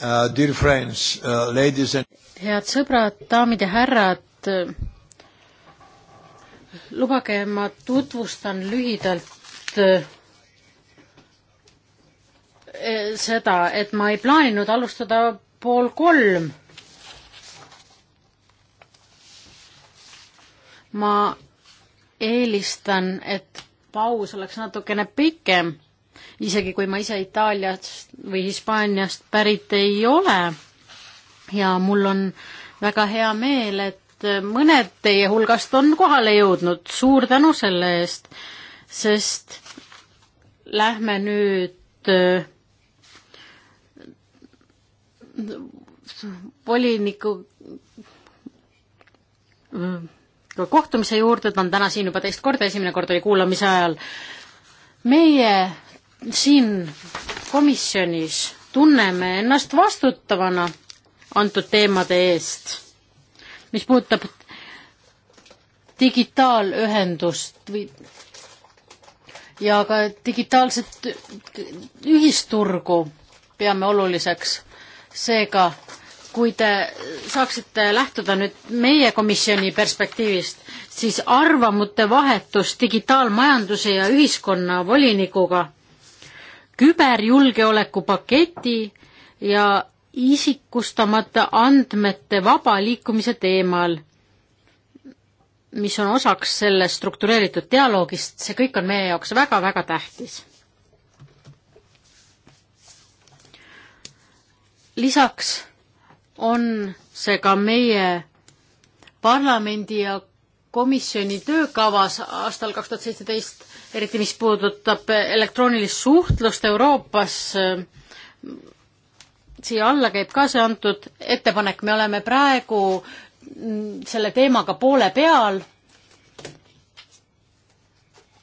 Uh, dear friends, uh, ladies and head sõbrad, daamid ja härrad, lubage, ma tutvustan lühidalt eh, seda, et ma ei plaaninud alustada pool kolm. ma eelistan, et paus oleks natukene pikem isegi kui ma ise Itaaliast või Hispaaniast pärit ei ole. ja mul on väga hea meel, et mõned teie hulgast on kohale jõudnud, suur tänu selle eest, sest lähme nüüd äh, voliniku äh, kohtumise juurde, ta on täna siin juba teist korda, esimene kord oli kuulamise ajal. meie siin komisjonis tunneme ennast vastutavana antud teemade eest, mis puudutab digitaalühendust või ja ka digitaalset ühisturgu peame oluliseks. seega, kui te saaksite lähtuda nüüd meie komisjoni perspektiivist, siis arvamute vahetus digitaalmajanduse ja ühiskonna volinikuga küberjulgeoleku paketi ja isikustamata andmete vaba liikumise teemal, mis on osaks sellest struktureeritud dialoogist, see kõik on meie jaoks väga-väga tähtis. lisaks on see ka meie parlamendi ja komisjoni töökavas aastal kaks tuhat seitseteist, eriti mis puudutab elektroonilist suhtlust Euroopas, siia alla käib ka see antud ettepanek, me oleme praegu selle teemaga poole peal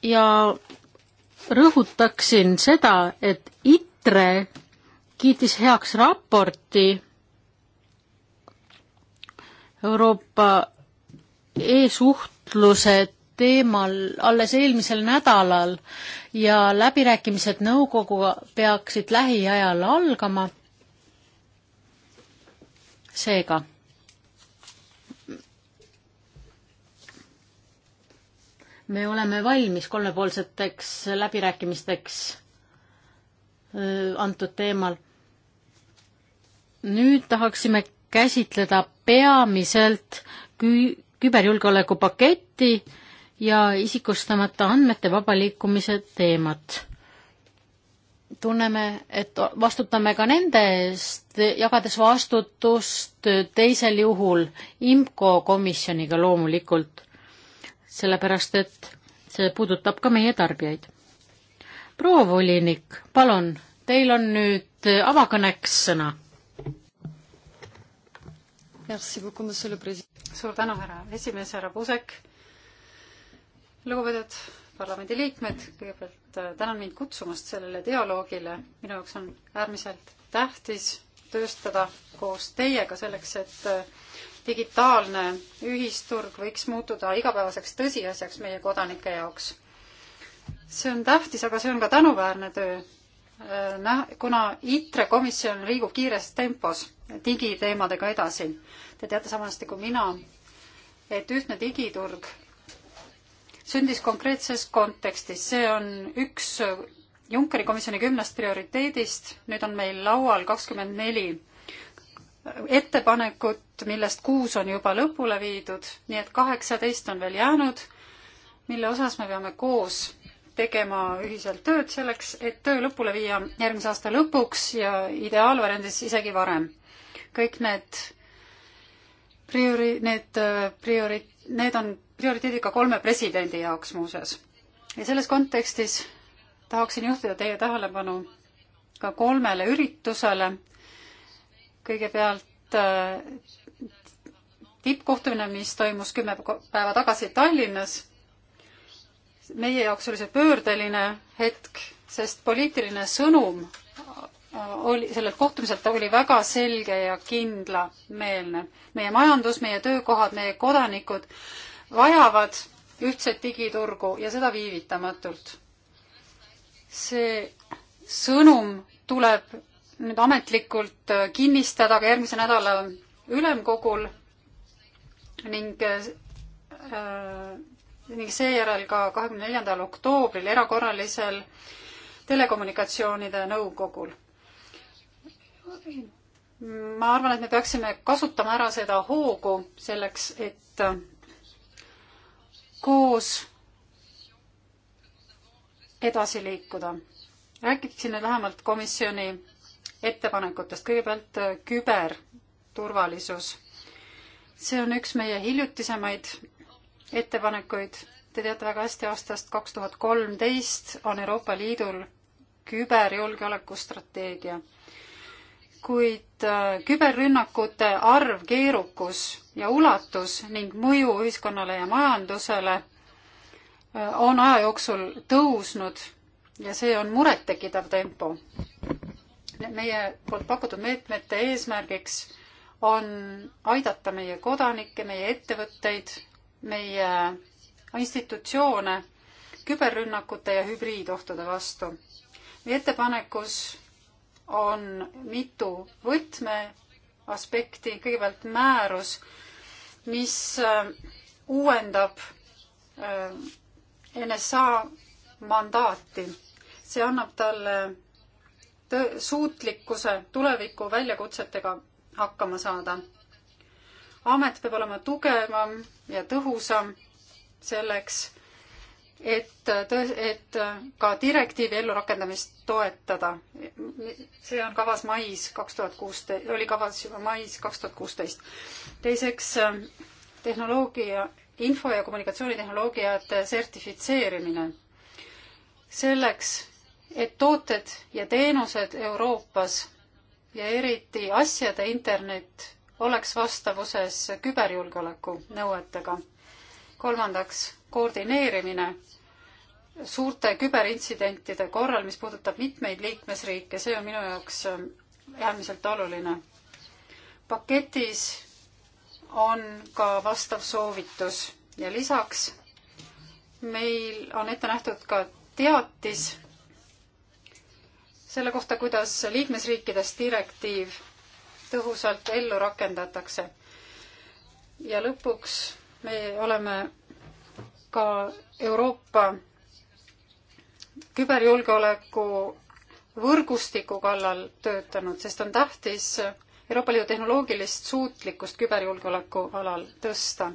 ja rõhutaksin seda, et ITRE kiitis heaks raporti Euroopa e-suhtluse teemal alles eelmisel nädalal ja läbirääkimised nõukoguga peaksid lähiajal algama. seega. me oleme valmis kolmepoolseteks läbirääkimisteks antud teemal. nüüd tahaksime käsitleda peamiselt kü-, küberjulgeoleku paketti ja isikustamata andmete vaba liikumise teemat. tunneme, et vastutame ka nende eest, jagades vastutust teisel juhul IMCO komisjoniga loomulikult, sellepärast et see puudutab ka meie tarbijaid. proua volinik, palun, teil on nüüd avakõneks sõna suur tänu, härra esimees, härra Puusek. lugupeetud parlamendiliikmed, kõigepealt äh, tänan mind kutsumast sellele dialoogile. minu jaoks on äärmiselt tähtis tööstada koos teiega selleks, et äh, digitaalne ühisturg võiks muutuda igapäevaseks tõsiasjaks meie kodanike jaoks. see on tähtis, aga see on ka tänuväärne töö näh-, kuna ITRE komisjon liigub kiires tempos digiteemadega edasi, te teate sama hästi kui mina, et ühtne digiturg sündis konkreetses kontekstis, see on üks Junckeri komisjoni kümnest prioriteedist, nüüd on meil laual kakskümmend neli ettepanekut, millest kuus on juba lõpule viidud, nii et kaheksateist on veel jäänud, mille osas me peame koos tegema ühiselt tööd selleks, et töö lõpule viia järgmise aasta lõpuks ja ideaalvariandis isegi varem. kõik need priori-, need äh, priori-, need on prioriteedid ka kolme presidendi jaoks muuseas. ja selles kontekstis tahaksin juhtida teie tähelepanu ka kolmele üritusele. kõigepealt äh, tippkohtumine, mis toimus kümme päeva tagasi Tallinnas meie jaoks oli see pöördeline hetk, sest poliitiline sõnum oli, sellelt kohtumiselt ta oli väga selge ja kindlameelne. meie majandus, meie töökohad, meie kodanikud vajavad ühtset digiturgu ja seda viivitamatult. see sõnum tuleb nüüd ametlikult kinnistada ka järgmise nädala ülemkogul ning äh, ning seejärel ka kahekümne neljandal oktoobril erakorralisel telekommunikatsioonide nõukogul. ma arvan, et me peaksime kasutama ära seda hoogu selleks, et koos edasi liikuda. räägiksin nüüd lähemalt komisjoni ettepanekutest. kõigepealt küberturvalisus. see on üks meie hiljutisemaid ettepanekuid. Te teate väga hästi, aastast kaks tuhat kolmteist on Euroopa Liidul küberjulgeoleku strateegia. kuid äh, küberrünnakute arv, keerukus ja ulatus ning mõju ühiskonnale ja majandusele äh, on aja jooksul tõusnud ja see on murettekitav tempo. meie poolt pakutud meetmete eesmärgiks on aidata meie kodanikke, meie ettevõtteid meie institutsioone küberrünnakute ja hübriidohtude vastu. meie ettepanekus on mitu võtmeaspekti, kõigepealt määrus, mis äh, uuendab äh, NSA mandaati. see annab talle suutlikkuse tuleviku väljakutsetega hakkama saada amet peab olema tugevam ja tõhusam selleks, et, et ka direktiivi ellurakendamist toetada. see on kavas mais kaks tuhat kuusteist, oli kavas juba mais kaks tuhat kuusteist. teiseks, tehnoloogia, info- ja kommunikatsioonitehnoloogiate sertifitseerimine. selleks, et tooted ja teenused Euroopas ja eriti asjade internet oleks vastavuses küberjulgeoleku nõuetega. kolmandaks, koordineerimine suurte küberintsidentide korral, mis puudutab mitmeid liikmesriike, see on minu jaoks ähm, äärmiselt oluline. paketis on ka vastav soovitus ja lisaks meil on ette nähtud ka teatis selle kohta, kuidas liikmesriikides direktiiv tõhusalt ellu rakendatakse. ja lõpuks me oleme ka Euroopa küberjulgeoleku võrgustiku kallal töötanud, sest on tähtis Euroopa Liidu tehnoloogilist suutlikkust küberjulgeoleku alal tõsta.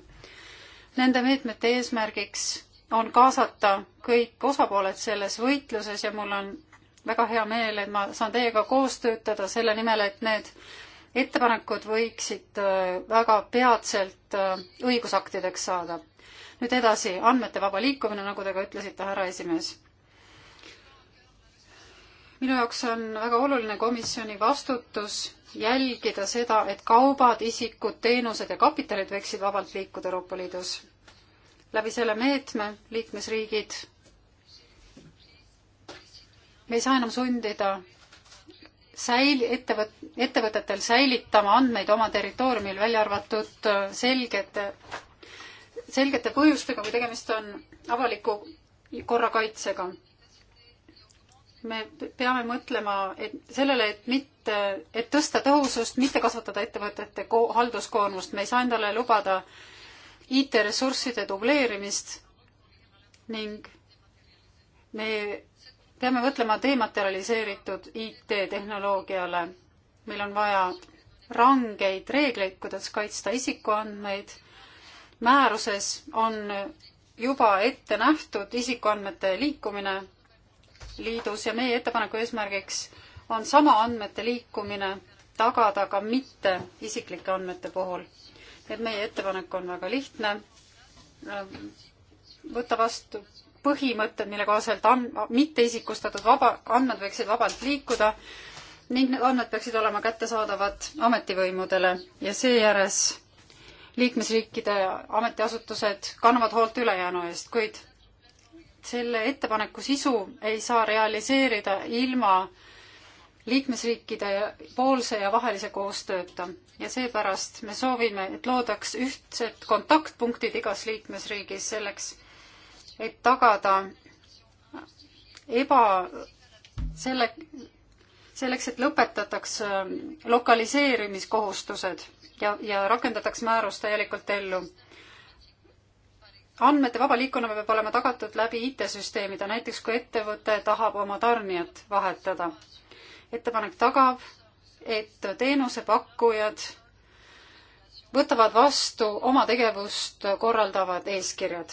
Nende meetmete eesmärgiks on kaasata kõik osapooled selles võitluses ja mul on väga hea meel, et ma saan teiega koos töötada selle nimel, et need ettepanekud võiksid äh, väga peatselt äh, õigusaktideks saada. nüüd edasi, andmete vaba liikumine, nagu te ka ütlesite, härra esimees. minu jaoks on väga oluline komisjoni vastutus jälgida seda, et kaubad, isikud, teenused ja kapitalid võiksid vabalt liikuda Euroopa Liidus. läbi selle meetme liikmesriigid me ei saa enam sundida säil-, ettevõt-, ettevõtetel säilitama andmeid oma territooriumil, välja arvatud äh, selgete, selgete põhjustega, kui tegemist on avaliku korrakaitsega. me peame mõtlema, et sellele, et mitte, et tõsta tõhusust, mitte kasvatada ettevõtete ko-, halduskoormust, me ei saa endale lubada IT-ressursside dubleerimist ning me peame mõtlema dematerialiseeritud IT-tehnoloogiale. meil on vaja rangeid reegleid, kuidas kaitsta isikuandmeid. määruses on juba ette nähtud isikuandmete liikumine liidus ja meie ettepaneku eesmärgiks on sama andmete liikumine tagada ka mitte isiklike andmete puhul. et meie ettepanek on väga lihtne. võtta vastu põhimõtted, mille kohaselt and-, mitteisikustatud vaba, andmed võiksid vabalt liikuda ning need andmed peaksid olema kättesaadavad ametivõimudele ja seejärel liikmesriikide ametiasutused kannavad hoolt ülejäänu eest, kuid selle ettepaneku sisu ei saa realiseerida ilma liikmesriikide poolse ja vahelise koostööta ja seepärast me soovime, et loodaks ühtsed kontaktpunktid igas liikmesriigis selleks, et tagada eba, selle, selleks, et lõpetataks ähm, lokaliseerimiskohustused ja, ja rakendataks määrus täielikult ellu. andmete vaba liikumine peab olema tagatud läbi IT-süsteemide, näiteks kui ettevõte tahab oma tarnijat vahetada. ettepanek tagab, et teenusepakkujad võtavad vastu oma tegevust korraldavad eeskirjad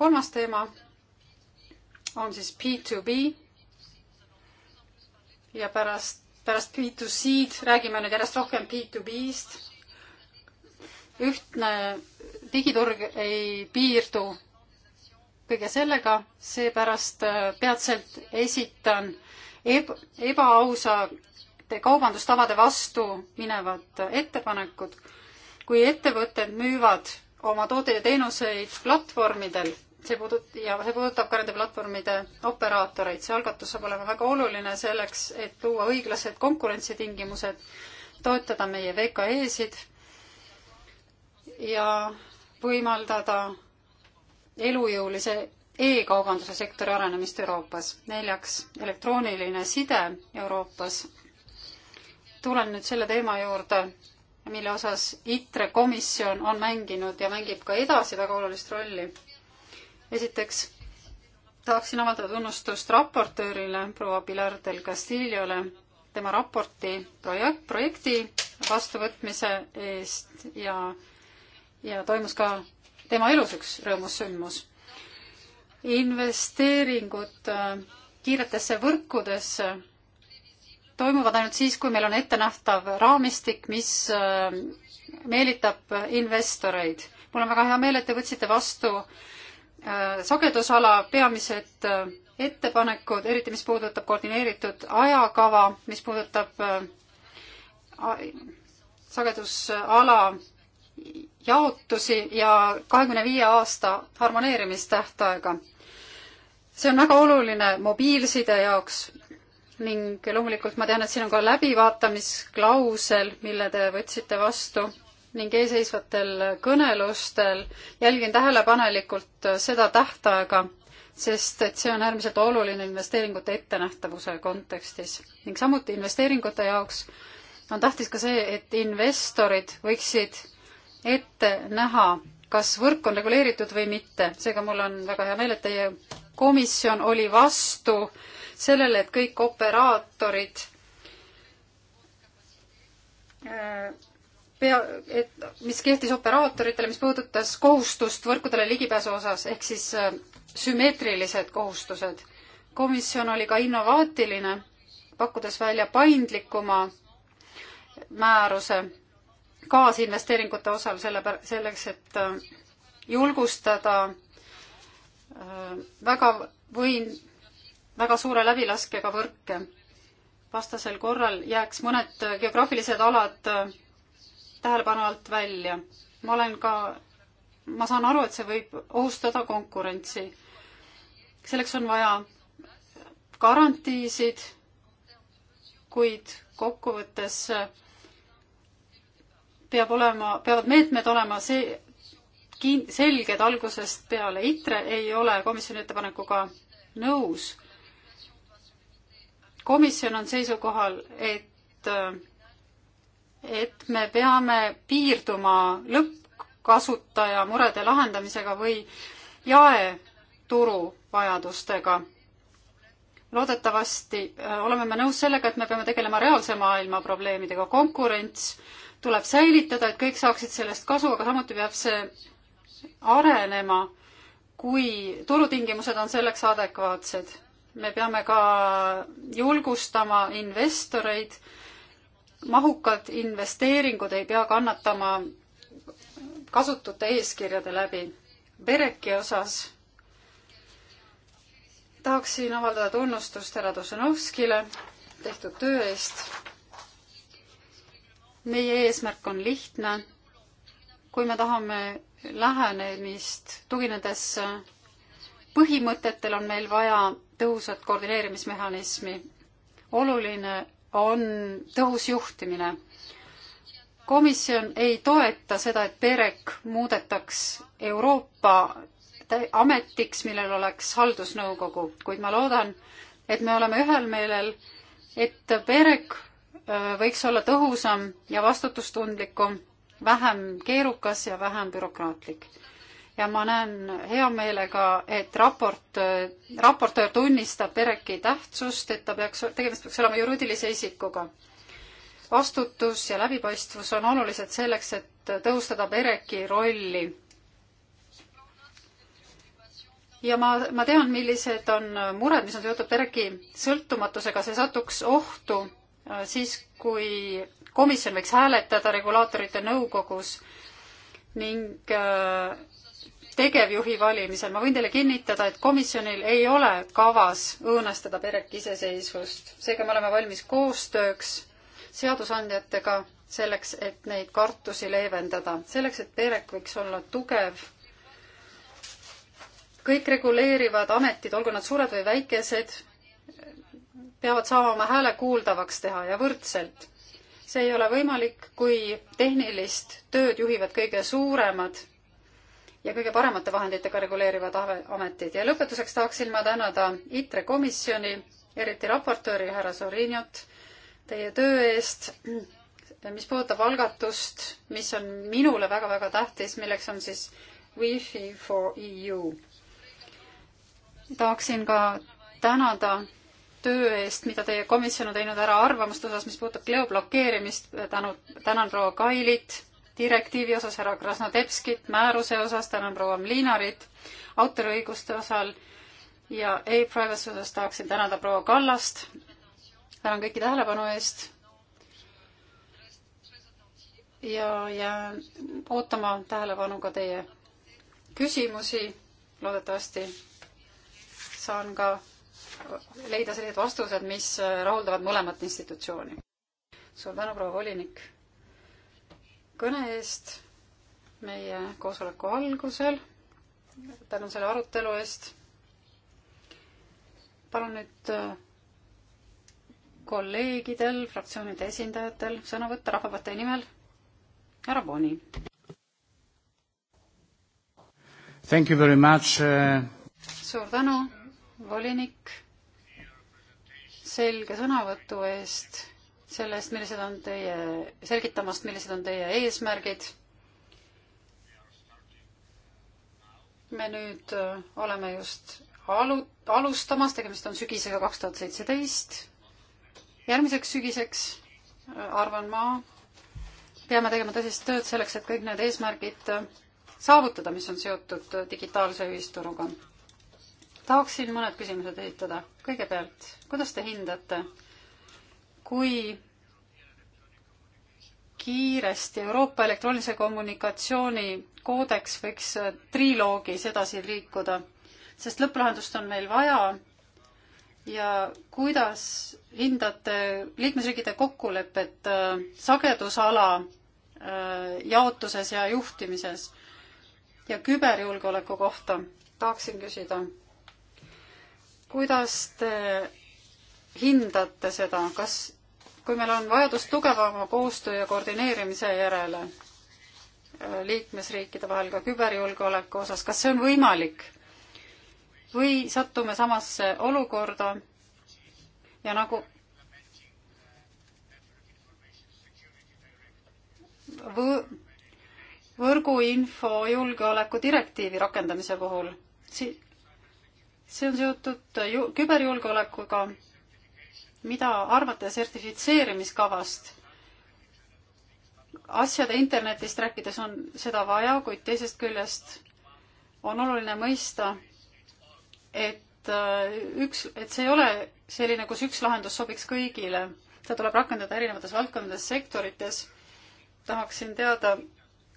kolmas teema on siis B2B ja pärast, pärast B2C-d räägime nüüd järjest rohkem B2B-st. ühtne digiturg ei piirdu kõige sellega, seepärast äh, peatselt esitan eb-, ebaausate kaubandustavade vastu minevad ettepanekud. kui ettevõtted müüvad oma tooteid ja teenuseid platvormidel see puudut- ja see puudutab ka nende platvormide operaatoreid. see algatus saab olema väga oluline selleks, et luua õiglased konkurentsitingimused, toetada meie VKE-sid ja võimaldada elujõulise e-kaubanduse sektori arenemist Euroopas. neljaks, elektrooniline side Euroopas. tulen nüüd selle teema juurde, mille osas ITRE komisjon on mänginud ja mängib ka edasi väga olulist rolli esiteks tahaksin avaldada tunnustust raportöörile proua Pilar del Castillole tema raporti projekt, projekti vastuvõtmise eest ja, ja toimus ka tema elus üks rõõmus sündmus. investeeringud äh, kiiretesse võrkudesse toimuvad ainult siis, kui meil on ettenähtav raamistik, mis äh, meelitab investoreid. mul on väga hea meel, et te võtsite vastu äh, Äh, sagedusala peamised äh, ettepanekud, eriti mis puudutab koordineeritud ajakava, mis puudutab äh, sagedusala jaotusi ja kahekümne viie aasta harmoneerimistähtaega. see on väga oluline mobiilside jaoks ning loomulikult ma tean, et siin on ka läbivaatamisklausel, mille te võtsite vastu ning eesseisvatel kõnelustel jälgin tähelepanelikult seda tähtaega, sest et see on äärmiselt oluline investeeringute ettenähtavuse kontekstis ning samuti investeeringute jaoks on tähtis ka see, et investorid võiksid ette näha, kas võrk on reguleeritud või mitte. seega mul on väga hea meel, et teie komisjon oli vastu sellele, et kõik operaatorid äh, pea, et mis kehtis operaatoritele, mis puudutas kohustust võrkudele ligipääsu osas, ehk siis äh, sümmeetrilised kohustused. komisjon oli ka innovaatiline, pakkudes välja paindlikuma määruse kaasinvesteeringute osal selle, selleks, et äh, julgustada äh, väga võin, väga suure läbilaskega võrke. vastasel korral jääks mõned geograafilised alad tähelepanu alt välja. ma olen ka, ma saan aru, et see võib ohustada konkurentsi. selleks on vaja garantiisid, kuid kokkuvõttes peab olema, peavad meetmed olema see, selged algusest peale. ITRE ei ole komisjoni ettepanekuga nõus. komisjon on seisukohal, et et me peame piirduma lõppkasutaja murede lahendamisega või jaeturu vajadustega. loodetavasti äh, oleme me nõus sellega, et me peame tegelema reaalse maailma probleemidega, konkurents tuleb säilitada, et kõik saaksid sellest kasu, aga samuti peab see arenema, kui turutingimused on selleks adekvaatsed. me peame ka julgustama investoreid äh, mahukad investeeringud ei pea kannatama kasutute eeskirjade läbi. Bereki osas tahaksin avaldada tunnustust härra Dosunovskile tehtud töö eest. meie eesmärk on lihtne. kui me tahame lähenemist tuginedes põhimõtetel, on meil vaja tõhusat koordineerimismehhanismi. oluline on tõhus juhtimine. komisjon ei toeta seda, et PEREK muudetaks Euroopa ametiks, millel oleks haldusnõukogu, kuid ma loodan, et me oleme ühel meelel, et PEREK võiks olla tõhusam ja vastutustundlikum, vähem keerukas ja vähem bürokraatlik ja ma näen hea meelega, et raport, raportöör tunnistab pereki tähtsust, et ta peaks, tegemist peaks olema juriidilise isikuga. vastutus ja läbipaistvus on olulised selleks, et tõhustada pereki rolli. ja ma, ma tean, millised on mured, mis on seotud pereki sõltumatusega, see satuks ohtu äh, siis, kui komisjon võiks hääletada regulaatorite nõukogus ning äh, tegevjuhi valimisel. ma võin teile kinnitada, et komisjonil ei ole kavas õõnestada pereki iseseisvust. seega me oleme valmis koostööks seadusandjatega selleks, et neid kartusi leevendada. selleks, et perek võiks olla tugev, kõik reguleerivad ametid, olgu nad suured või väikesed, peavad saama oma hääle kuuldavaks teha ja võrdselt see ei ole võimalik, kui tehnilist tööd juhivad kõige suuremad ja kõige paremate vahenditega reguleerivad ametid. ja lõpetuseks tahaksin ma tänada ITRE komisjoni, eriti raportööri härra Sorinjot, teie töö eest, mis puudutab algatust, mis on minule väga-väga tähtis, milleks on siis Wi-Fi for EU. tahaksin ka tänada töö eest, mida teie komisjon on teinud ära arvamuste osas, mis puudutab geoblokeerimist, tänu, tänan proua Kailit direktiivi osas härra Krasnodebskit, määruse osas tänan proua Mlinarit, autoriõiguste osal ja e-privacy osas tahaksin tänada proua Kallast. tänan kõiki tähelepanu eest. ja jään ootama tähelepanuga teie küsimusi. loodetavasti saan ka leida sellised vastused, mis rahuldavad mõlemat institutsiooni. suur tänu, proua volinik kõne eest meie koosoleku algusel. tänan selle arutelu eest. palun nüüd äh, kolleegidel, fraktsioonide esindajatel sõna võtta Rahvapartei nimel. härra Boni. Thank you very much uh.... suur tänu, volinik, selge sõnavõtu eest sellest, millised on teie, selgitamast, millised on teie eesmärgid. me nüüd äh, oleme just alu-, alustamas, tegemist on sügisega kaks tuhat seitseteist. järgmiseks sügiseks, äh, arvan ma, peame tegema tõsist tööd selleks, et kõik need eesmärgid äh, saavutada, mis on seotud digitaalse ühisturuga. tahaksin mõned küsimused esitada. kõigepealt, kuidas te hindate kui kiiresti Euroopa elektroonilise kommunikatsiooni koodeks võiks äh, triloogis edasi liikuda, sest lõpplahendust on meil vaja ja kuidas hindate liikmesriikide kokkulepet äh, sagedusala äh, jaotuses ja juhtimises ja küberjulgeoleku kohta tahaksin küsida, kuidas te hindate seda, kas kui meil on vajadus tugevama koostöö ja koordineerimise järele äh, liikmesriikide vahel ka küberjulgeoleku osas, kas see on võimalik? või sattume samasse olukorda ja nagu võ-, võrguinfo julgeoleku direktiivi rakendamise puhul si-, see on seotud ju-, küberjulgeolekuga mida arvate sertifitseerimiskavast? asjade internetist rääkides on seda vaja, kuid teisest küljest on oluline mõista, et äh, üks, et see ei ole selline, kus üks lahendus sobiks kõigile. seda tuleb rakendada erinevates valdkondades, sektorites. tahaksin teada,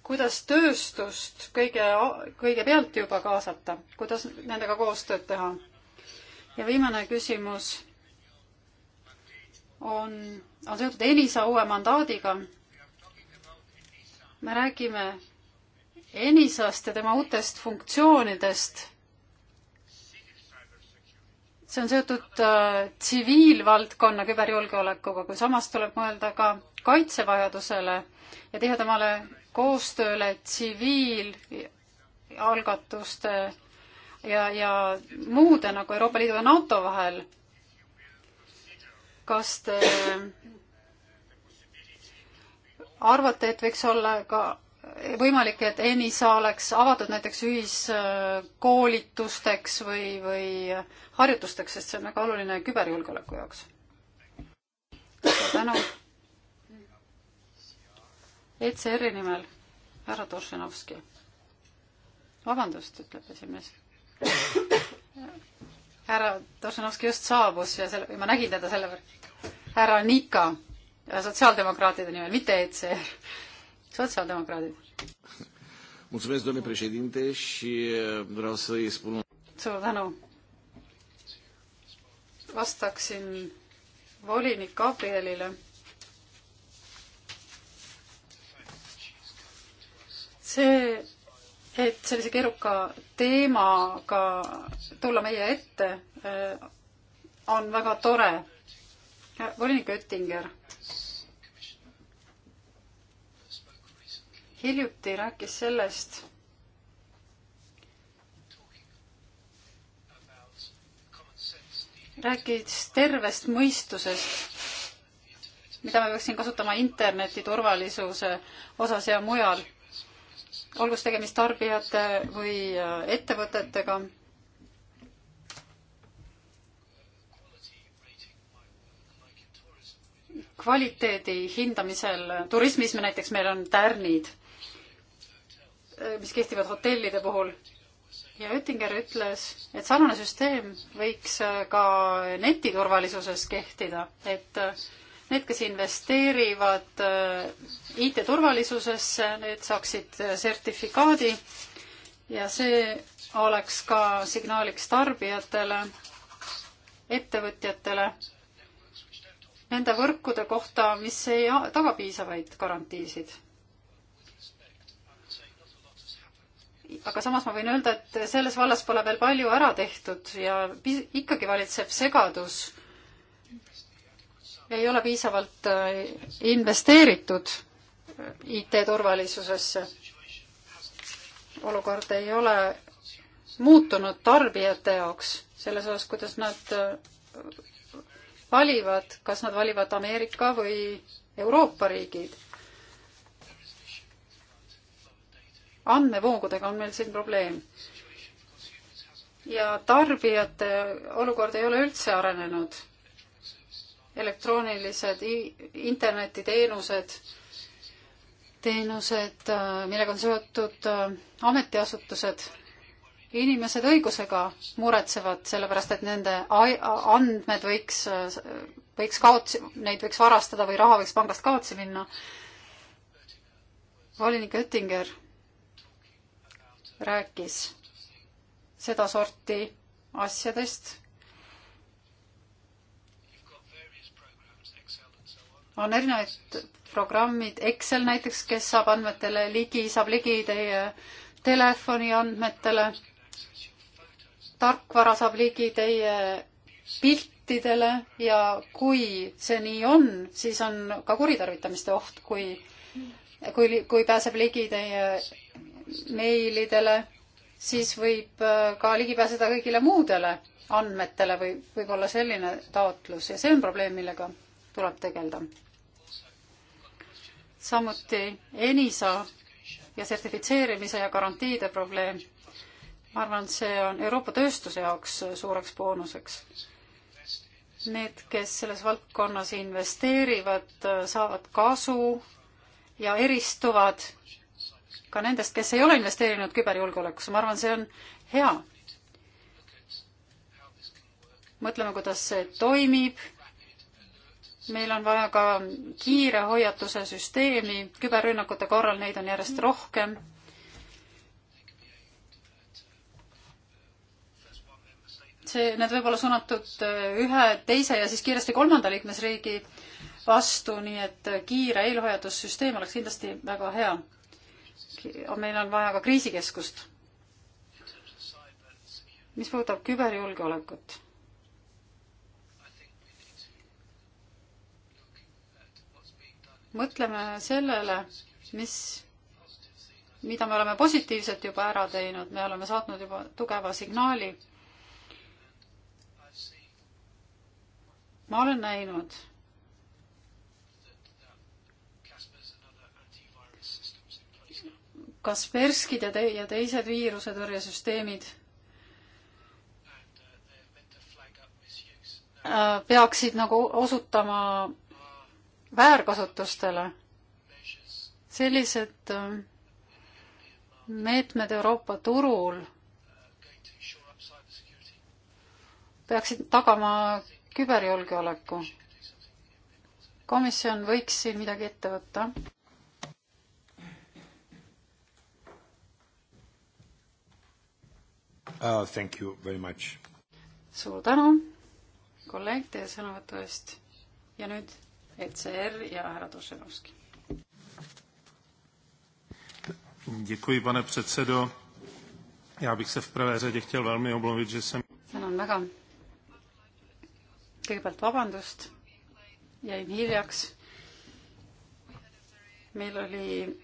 kuidas tööstust kõige, kõigepealt juba kaasata, kuidas nendega koostööd teha? ja viimane küsimus on, on seotud Elisa uue mandaadiga. me räägime Enisast ja tema uutest funktsioonidest. see on seotud äh, tsiviilvaldkonna äh, küberjulgeolekuga, kui samas tuleb mõelda ka kaitsevajadusele ja tihedamale koostööle tsiviilalgatuste ja, ja muude nagu Euroopa Liidu ja NATO vahel kas te arvate, et võiks olla ka võimalik, et ENISA oleks avatud näiteks ühiskoolitusteks või, või harjutusteks, sest see on väga oluline küberjulgeoleku jaoks. suur tänu. ECR-i nimel härra Toršenovski. vabandust, ütleb esimees härra Tošanovski just saabus ja selle, ma nägin teda selle võrra. härra Nika, äh, sotsiaaldemokraatide nimel, mitte ECR, sotsiaaldemokraadid. Eh, suur tänu. vastaksin volinik Gabrielile. see et sellise keeruka teemaga tulla meie ette äh, on väga tore. volinik Oettinger hiljuti rääkis sellest, rääkis tervest mõistusest, mida me peaksime kasutama interneti turvalisuse osas ja mujal olgu see tegemist tarbijate või äh, ettevõtetega. kvaliteedi hindamisel, turismis me näiteks, meil on tärnid, äh, mis kehtivad hotellide puhul ja Oettinger ütles, et sarnane süsteem võiks äh, ka netiturvalisuses kehtida, et Need, kes investeerivad äh, IT-turvalisusesse, need saaksid äh, sertifikaadi ja see oleks ka signaaliks tarbijatele, ettevõtjatele, nende võrkude kohta, mis ei taga piisavaid garantiisid aga samas ma võin öelda, et selles vallas pole veel palju ära tehtud ja ikkagi valitseb segadus ei ole piisavalt äh, investeeritud IT-turvalisusesse. olukord ei ole muutunud tarbijate jaoks selles osas, kuidas nad äh, valivad, kas nad valivad Ameerika või Euroopa riigid. andmevoogudega on meil siin probleem. ja tarbijate olukord ei ole üldse arenenud elektroonilised internetiteenused, teenused, äh, millega on seotud äh, ametiasutused. inimesed õigusega muretsevad, sellepärast et nende andmed võiks, äh, võiks kaotsi, neid võiks varastada või raha võiks pangast kaotsi minna. volinik Oettinger rääkis sedasorti asjadest on erinevaid programmid, Excel näiteks, kes saab andmetele ligi, saab ligi teie telefoni andmetele, tarkvara saab ligi teie piltidele ja kui see nii on, siis on ka kuritarvitamiste oht, kui, kui, kui pääseb ligi teie meilidele, siis võib äh, ka ligi pääseda kõigile muudele andmetele või võib olla selline taotlus ja see on probleem, millega tuleb tegeleda. samuti ENISA ja sertifitseerimise ja garantiide probleem. ma arvan, et see on Euroopa tööstuse jaoks suureks boonuseks. Need, kes selles valdkonnas investeerivad, saavad kasu ja eristuvad ka nendest, kes ei ole investeerinud küberjulgeolekusse, ma arvan, see on hea. mõtleme, kuidas see toimib meil on vaja ka kiire hoiatuse süsteemi, küberrünnakute korral neid on järjest rohkem. see, need võib olla suunatud äh, ühe, teise ja siis kiiresti kolmanda liikmesriigi vastu, nii et äh, kiire eelhoiatussüsteem oleks kindlasti väga hea. meil on vaja ka kriisikeskust. mis puudutab küberjulgeolekut mõtleme sellele, mis, mida me oleme positiivselt juba ära teinud, me oleme saatnud juba tugeva signaali. ma olen näinud, Kasperskid ja, te ja teised viirusetõrjesüsteemid äh, peaksid nagu osutama väärkasutustele. sellised äh, meetmed Euroopa turul peaksid tagama küberjulgeoleku. komisjon võiks siin midagi ette võtta. Uh, thank you very much. suur tänu, kolleeg, teie sõnavõtu eest. ja nüüd ECR ja härra Tošenovski. Děkuji, pane předsedo. Já bych se v prvé řadě chtěl velmi omluvit, že jsem... Tänan väga. Kõigepealt vabandust. Jäin hiljaks. Meil oli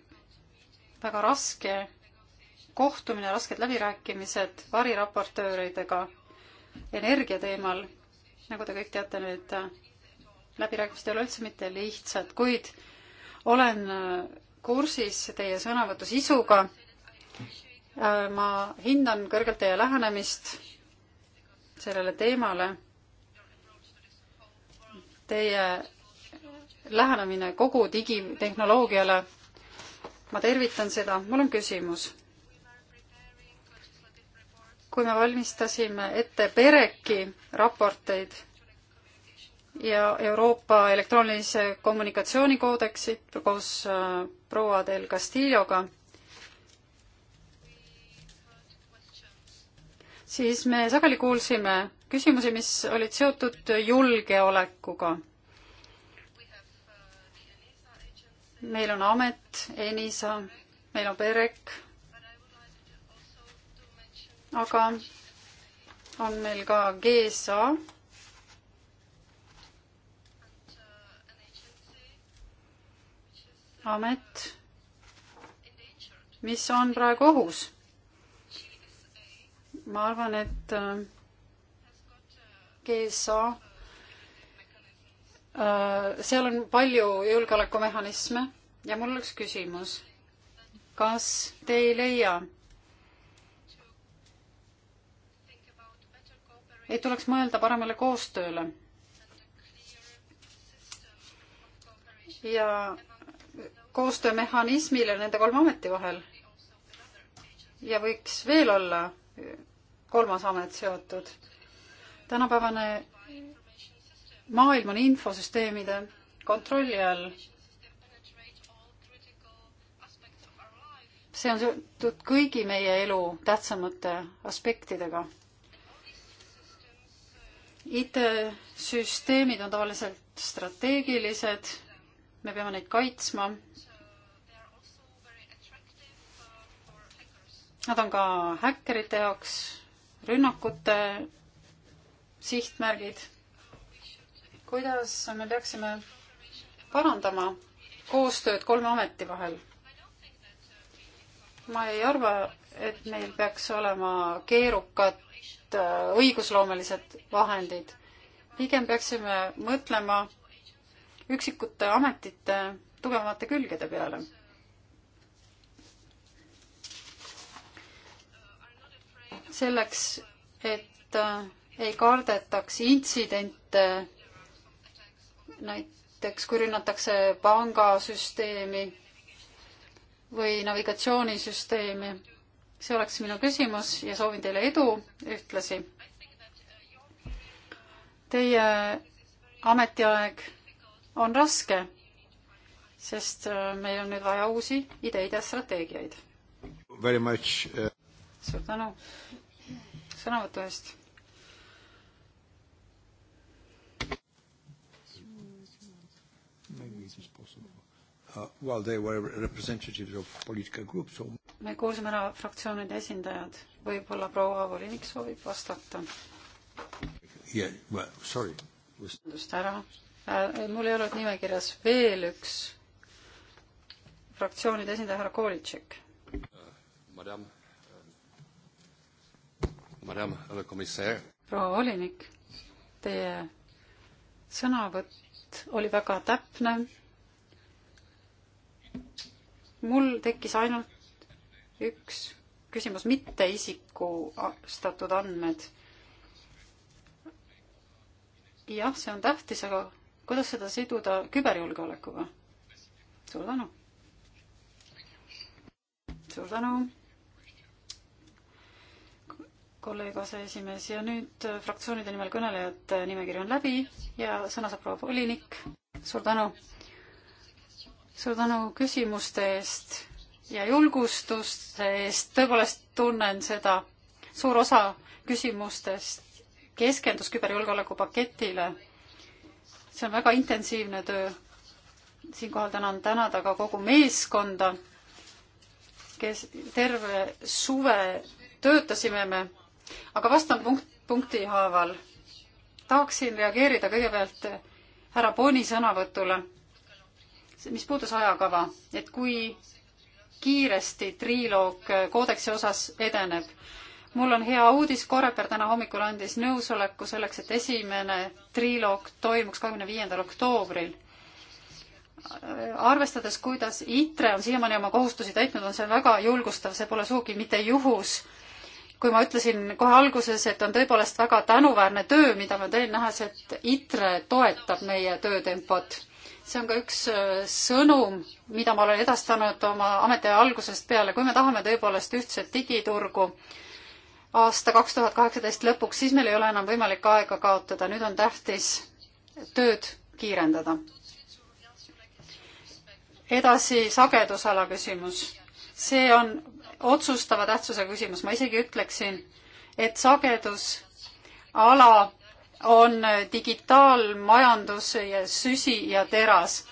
väga raske kohtumine, rasked läbirääkimised variraportööridega energia teemal. Nagu te kõik teate, nüüd läbirääkimised ei ole üldse mitte lihtsad, kuid olen äh, kursis teie sõnavõtu sisuga. Äh, ma hindan kõrgelt teie lähenemist sellele teemale. Teie lähenemine kogu digitehnoloogiale, ma tervitan seda. mul on küsimus. kui me valmistasime ette PERECi raporteid ja Euroopa elektroonilise kommunikatsiooni koodeksit koos äh, proua del Castilloga, siis me sageli kuulsime küsimusi, mis olid seotud julgeolekuga. meil on amet, ENISA, meil on PEREK, aga on meil ka GSA amet, mis on praegu ohus. ma arvan, et äh, GSA, äh, seal on palju julgeolekumehhanisme ja mul oleks küsimus, kas te ei leia, et tuleks mõelda paremale koostööle ja koostöömehhanismile nende kolme ameti vahel. ja võiks veel olla kolmas amet seotud. tänapäevane maailm on infosüsteemide kontrolli all. see on seotud kõigi meie elu tähtsamate aspektidega. IT-süsteemid on tavaliselt strateegilised me peame neid kaitsma. Nad on ka häkkerite jaoks rünnakute sihtmärgid. kuidas me peaksime parandama koostööd kolme ameti vahel? ma ei arva, et meil peaks olema keerukad äh, õigusloomelised vahendid. pigem peaksime mõtlema üksikute ametite tugevamate külgede peale. selleks, et äh, ei kardetaks intsidente, näiteks kui rünnatakse pangasüsteemi või navigatsioonisüsteemi. see oleks minu küsimus ja soovin teile edu ühtlasi. Teie ametiaeg on raske, sest äh, meil on nüüd vaja uusi ideid ja strateegiaid. Äh, suur tänu sõnavõtu eest. Uh, me kuulsime ära fraktsioonide esindajad, võib-olla proua volinik soovib vastata. vabandust yeah, well,, ära Äh, mul ei olnud nimekirjas veel üks fraktsioonide esindaja, härra Kolitšek. Äh, äh, proua volinik, teie sõnavõtt oli väga täpne. mul tekkis ainult üks küsimus, mitte isikustatud andmed. jah, see on tähtis, aga kuidas seda siduda küberjulgeolekuga? suur tänu! suur tänu! kolleeg aseesimees ja nüüd äh, fraktsioonide nimel kõnelejate nimekiri on läbi ja sõna saab proua volinik. suur tänu! suur tänu küsimuste eest ja julgustuste eest, tõepoolest tunnen seda. suur osa küsimustest keskendus küberjulgeoleku paketile see on väga intensiivne töö. siinkohal tänan tänada ka kogu meeskonda, kes terve suve töötasime me, aga vastan punkt, punkti haaval. tahaksin reageerida kõigepealt härra Boni sõnavõtule, mis puudus ajakava, et kui kiiresti triloog koodeksi osas edeneb mul on hea uudis, Koreper täna hommikul andis nõusoleku selleks, et esimene triloog toimuks kahekümne viiendal oktoobril. arvestades, kuidas ITRE on siiamaani oma kohustusi täitnud, on see väga julgustav, see pole sugugi mitte juhus. kui ma ütlesin kohe alguses, et on tõepoolest väga tänuväärne töö, mida ma teen, nähes, et ITRE toetab meie töötempot see on ka üks äh, sõnum, mida ma olen edastanud oma ametiaja algusest peale, kui me tahame tõepoolest ühtset digiturgu, aasta kaks tuhat kaheksateist lõpuks, siis meil ei ole enam võimalik aega kaotada, nüüd on tähtis tööd kiirendada. edasi sagedusala küsimus. see on otsustava tähtsuse küsimus, ma isegi ütleksin, et sagedusala on digitaalmajandus ja süsi ja teras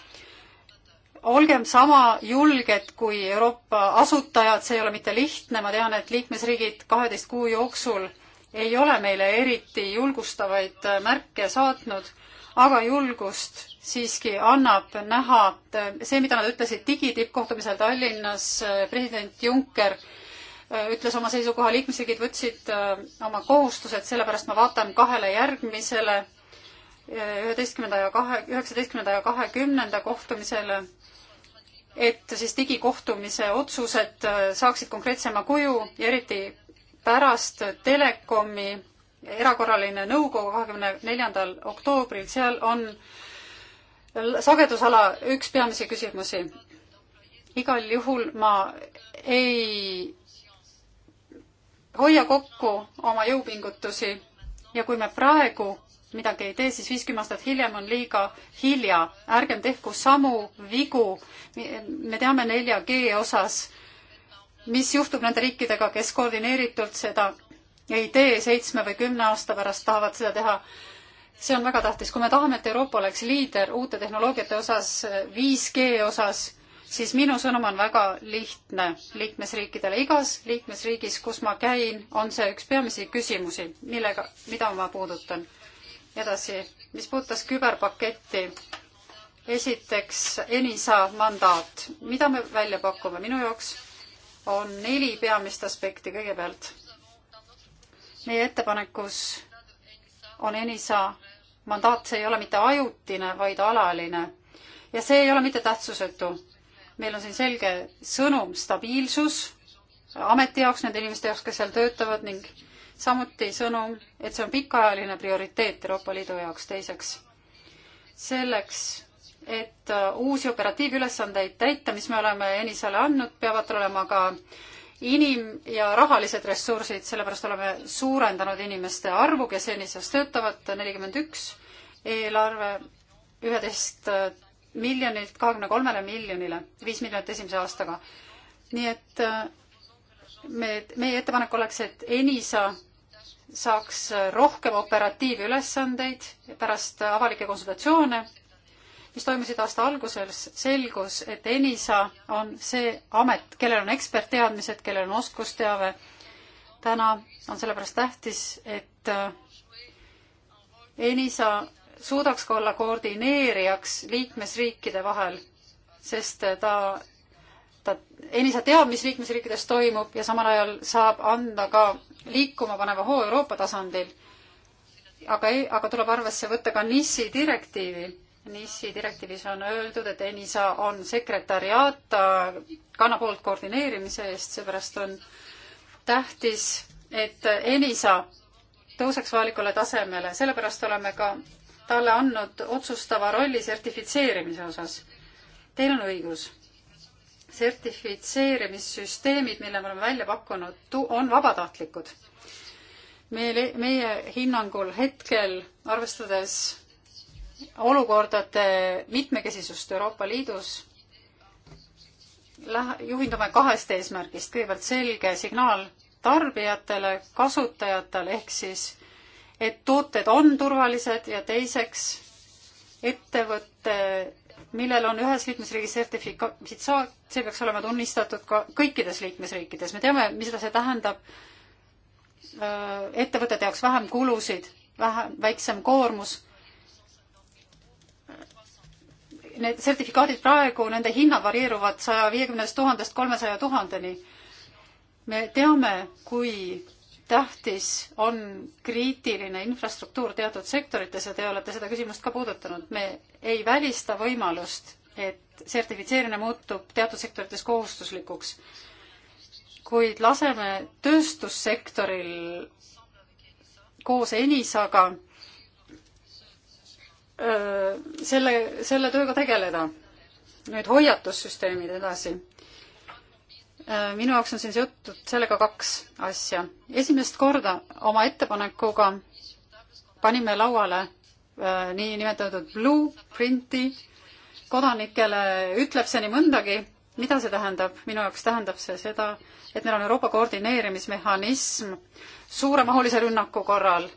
olgem sama julged kui Euroopa asutajad, see ei ole mitte lihtne, ma tean, et liikmesriigid kaheteist kuu jooksul ei ole meile eriti julgustavaid äh, märke saatnud, aga julgust siiski annab näha äh, see, mida nad ütlesid digitippkohtumisel Tallinnas, äh, president Juncker ütles oma seisukoha, liikmesriigid võtsid oma kohustused, sellepärast ma vaatan kahele järgmisele üheteistkümnenda ja kahe, üheksateistkümnenda ja kahekümnenda kohtumisele et siis digikohtumise otsused äh, saaksid konkreetsema kuju ja eriti pärast Telekomi erakorraline nõukogu kahekümne neljandal oktoobril, seal on sagedusala üks peamisi küsimusi. igal juhul ma ei hoia kokku oma jõupingutusi ja kui me praegu midagi ei tee, siis viiskümmend aastat hiljem on liiga hilja. ärgem tehku samu vigu. me teame 4G osas, mis juhtub nende riikidega, kes koordineeritult seda ei tee, seitsme või kümne aasta pärast tahavad seda teha. see on väga tähtis. kui me tahame, et Euroopa oleks liider uute tehnoloogiate osas, 5G osas, siis minu sõnum on väga lihtne liikmesriikidele. igas liikmesriigis, kus ma käin, on see üks peamisi küsimusi, millega, mida ma puudutan edasi, mis puudutas küberpaketti, esiteks ENISA mandaat, mida me välja pakume, minu jaoks on neli peamist aspekti kõigepealt. meie ettepanekus on ENISA mandaat, see ei ole mitte ajutine, vaid alaline ja see ei ole mitte tähtsusetu. meil on siin selge sõnum stabiilsus ameti jaoks, nende inimeste jaoks, kes seal töötavad ning samuti sõnum, et see on pikaajaline prioriteet Euroopa Liidu jaoks teiseks. selleks, et äh, uusi operatiivülesandeid täita, mis me oleme ENISA-le andnud, peavad olema ka inim- ja rahalised ressursid, sellepärast oleme suurendanud inimeste arvu, kes ENISA-s töötavad, nelikümmend üks, eelarve üheteist äh, miljonilt kahekümne kolmele miljonile, viis miljonit esimese aastaga. nii et äh, me, meie ettepanek oleks, et ENISA saaks rohkem operatiivülesandeid pärast avalikke konsultatsioone, mis toimusid aasta alguses, selgus, et ENISA on see amet, kellel on ekspertteadmised, kellel on oskusteave. täna on sellepärast tähtis, et ENISA suudaks ka olla koordineerijaks liikmesriikide vahel, sest ta ta Enisa teab, mis liikmesriikides toimub ja samal ajal saab anda ka liikuma paneva hoo Euroopa tasandil. aga ei, aga tuleb arvesse võtta ka NIS-i direktiivi. NIS-i direktiivis on öeldud, et Enisa on sekretäriaat, ta kannab hoolt koordineerimise eest, seepärast on tähtis, et Enisa tõuseks vajalikule tasemele, sellepärast oleme ka talle andnud otsustava rolli sertifitseerimise osas. Teil on õigus sertifitseerimissüsteemid, mille me oleme välja pakkunud, on vabatahtlikud. meil, meie hinnangul hetkel, arvestades olukordade mitmekesisust Euroopa Liidus, lähe-, juhindume kahest eesmärgist, kõigepealt selge signaal tarbijatele, kasutajatele, ehk siis et tooted on turvalised ja teiseks ettevõtte millel on ühes liikmesriigis sertifikaat, see peaks olema tunnistatud ka kõikides liikmesriikides. me teame, mida see tähendab äh, ettevõtete jaoks vähem kulusid, vähe, väiksem koormus. Need sertifikaadid praegu, nende hinnad varieeruvad saja viiekümnest tuhandest kolmesaja tuhandeni. me teame, kui tähtis on kriitiline infrastruktuur teatud sektorites ja te olete seda küsimust ka puudutanud. me ei välista võimalust, et sertifitseerimine muutub teatud sektorites kohustuslikuks, kuid laseme tööstussektoril koos ENISA-ga selle, selle tööga tegeleda. nüüd hoiatussüsteemid edasi Äh, minu jaoks on siin seotud sellega kaks asja. esimest korda oma ettepanekuga panime lauale äh, niinimetatud blueprinti. kodanikele ütleb see nii mõndagi. mida see tähendab? minu jaoks tähendab see seda, et meil on Euroopa koordineerimismehhanism suuremahulise rünnaku korral.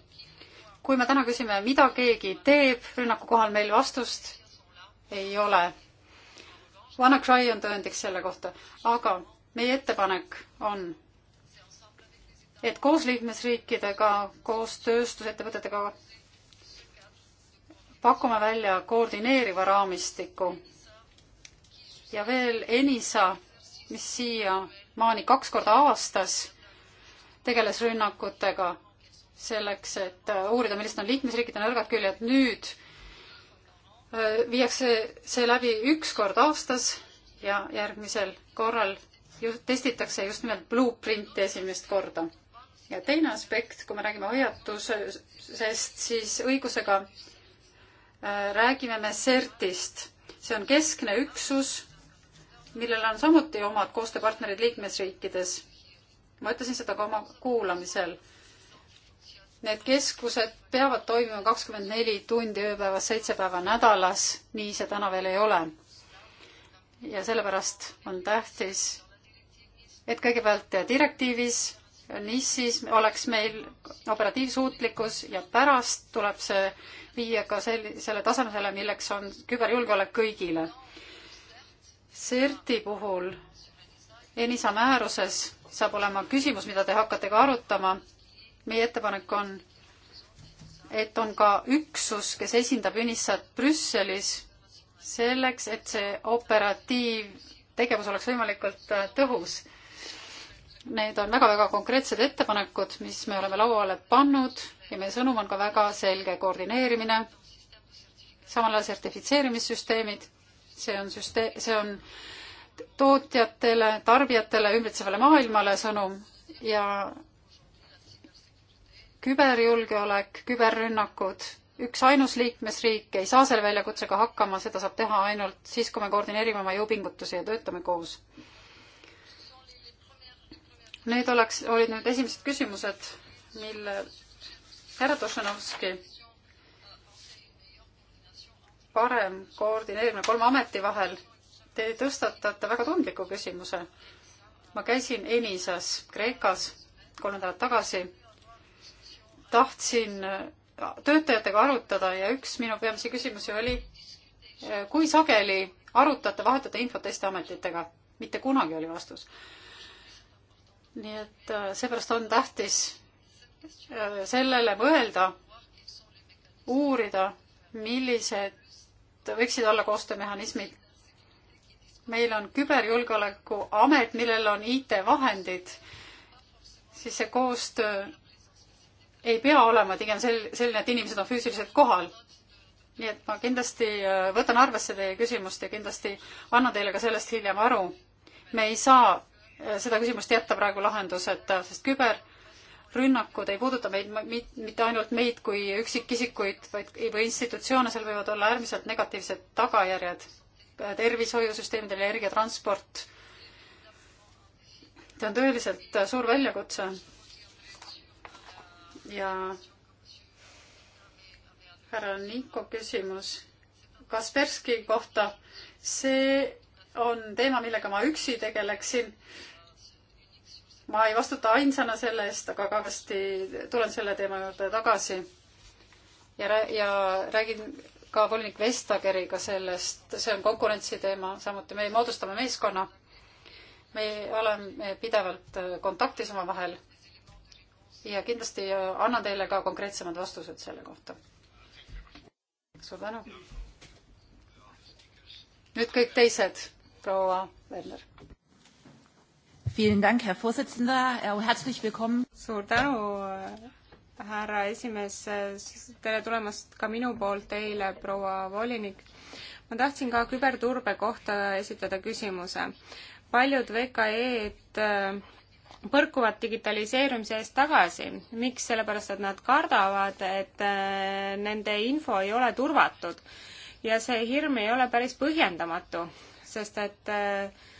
kui me täna küsime, mida keegi teeb rünnaku kohal, meil vastust ei ole. WannaCry on tõendiks selle kohta, aga meie ettepanek on, et koos liikmesriikidega, koos tööstusettevõtetega pakume välja koordineeriva raamistiku ja veel ENISA, mis siiamaani kaks korda aastas tegeles rünnakutega selleks, et äh, uurida, millised on liikmesriikide nõrgad küljed. nüüd äh, viiakse see läbi üks kord aastas ja järgmisel korral testitakse just nimelt blueprinti esimest korda. ja teine aspekt, kui me räägime hoiatusest, siis õigusega äh, räägime me CERT-ist. see on keskne üksus, millel on samuti omad koostööpartnerid liikmesriikides. ma ütlesin seda ka oma kuulamisel. Need keskused peavad toimima kakskümmend neli tundi ööpäevas, seitse päeva nädalas, nii see täna veel ei ole ja sellepärast on tähtis, et kõigepealt direktiivis, NIS-is oleks meil operatiivsuutlikkus ja pärast tuleb see viia ka sellisele tasemele, milleks on küberjulgeolek kõigile. CERT-i puhul ENISA määruses saab olema küsimus, mida te hakkate ka arutama. meie ettepanek on, et on ka üksus, kes esindab UNISA-t Brüsselis selleks, et see operatiivtegevus oleks võimalikult äh, tõhus. Need on väga-väga konkreetsed ettepanekud, mis me oleme lauale pannud ja meie sõnum on ka väga selge koordineerimine, samal ajal sertifitseerimissüsteemid, see on süste-, see on tootjatele, tarbijatele, ümbritsevale maailmale sõnum ja küberjulgeolek, küberrünnakud, üksainus liikmesriik ei saa selle väljakutsega hakkama, seda saab teha ainult siis, kui me koordineerime oma jõupingutusi ja töötame koos Need oleks, olid nüüd esimesed küsimused, mille härra Tošenovski parem koordineerimine kolme ameti vahel. Te tõstatate väga tundliku küsimuse. ma käisin Enisas Kreekas kolm nädalat tagasi. tahtsin äh, töötajatega arutada ja üks minu peamisi küsimusi oli, äh, kui sageli arutate, vahetate infot teiste ametitega? mitte kunagi oli vastus nii et äh, seepärast on tähtis äh, sellele mõelda, uurida, millised võiksid olla koostöömehhanismid. meil on küberjulgeolekuamet, millel on IT-vahendid, siis see koostöö ei pea olema pigem sel-, selline, et inimesed on füüsiliselt kohal. nii et ma kindlasti äh, võtan arvesse teie küsimust ja kindlasti annan teile ka sellest hiljem aru. me ei saa Äh, seda küsimust jätta praegu lahenduseta, sest küberrünnakud ei puuduta meid, mitte ainult meid kui üksikisikuid, vaid, või institutsioone, seal võivad olla äärmiselt negatiivsed tagajärjed äh, tervishoiusüsteemidele, energiatransport. see on tõeliselt äh, suur väljakutse. ja härra Niko küsimus Kasperski kohta. see on teema, millega ma üksi tegeleksin ma ei vastuta ainsana selle eest, aga kindlasti tulen selle teema juurde tagasi ja, ja räägin ka volinik Vestageriga sellest, see on konkurentsi teema, samuti me moodustame meeskonna. me oleme pidevalt kontaktis omavahel. ja kindlasti annan teile ka konkreetsemad vastused selle kohta. suur tänu. nüüd kõik teised, proua Werner. Vielen Dank, Herr Vorsitzender. Äh, herzlich willkommen. Suur tänu, härra esimees. Tere tulemast ka minu poolt teile, proua volinik. Ma tahtsin ka küberturbe kohta esitada küsimuse. Paljud VKE-d äh, põrkuvad digitaliseerumise eest tagasi. miks? sellepärast, et nad kardavad, et äh, nende info ei ole turvatud ja see hirm ei ole päris põhjendamatu, sest et äh,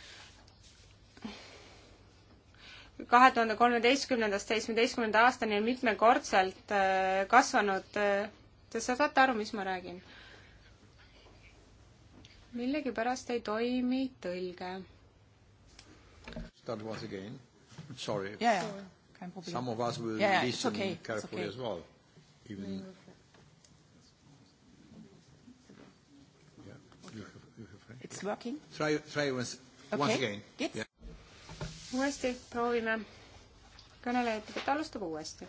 kahe tuhande kolmeteistkümnendast seitsmeteistkümnenda aastani on mitmekordselt äh, kasvanud. Äh, te saate aru, mis ma räägin? millegipärast ei toimi tõlge. Start once again. Sorry. Yeah, yeah. Kein Problem. Some of us will yeah, yeah. listen okay. carefully okay. as well. Even mm. yeah. It's working? Try, try once, okay. once again. Geht's? Yeah uuesti proovime. kõneleja ütleb, et alustab uuesti.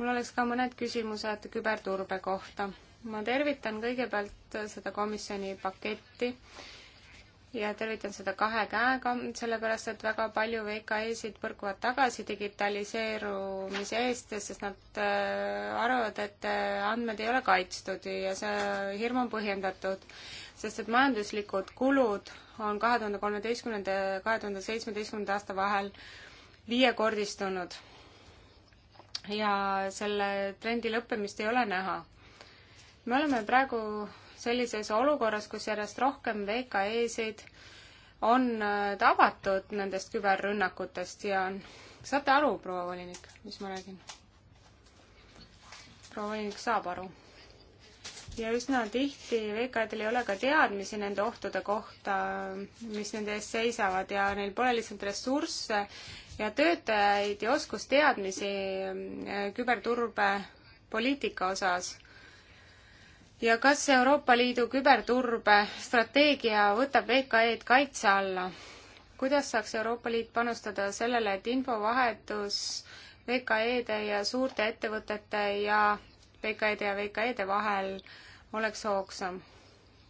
mul oleks ka mõned küsimused küberturbe kohta. ma tervitan kõigepealt seda komisjoni paketti ja tervitan seda kahe käega, sellepärast et väga palju VKE-sid põrkuvad tagasi digitaliseerumise eest, sest nad äh, arvavad, et äh, andmed ei ole kaitstud ja see hirm on põhjendatud sest et majanduslikud kulud on kahe tuhande kolmeteistkümnenda ja kahe tuhande seitsmeteistkümnenda aasta vahel viiekordistunud. ja selle trendi lõppemist ei ole näha. me oleme praegu sellises olukorras, kus järjest rohkem VKE-sid on äh, tabatud nendest küberrünnakutest ja saate aru, proua volinik, mis ma räägin? proua volinik saab aru ja üsna tihti VKD-del ei ole ka teadmisi nende ohtude kohta, mis nende ees seisavad ja neil pole lihtsalt ressursse ja töötajaid ja oskusteadmisi eh, küberturbepoliitika osas. ja kas Euroopa Liidu küberturbestrateegia võtab VKE-d kaitse alla? kuidas saaks Euroopa Liit panustada sellele, et infovahetus VKE-de ja suurte ettevõtete ja VKE-de ja VKE-de vahel äh, oleks hoogsam.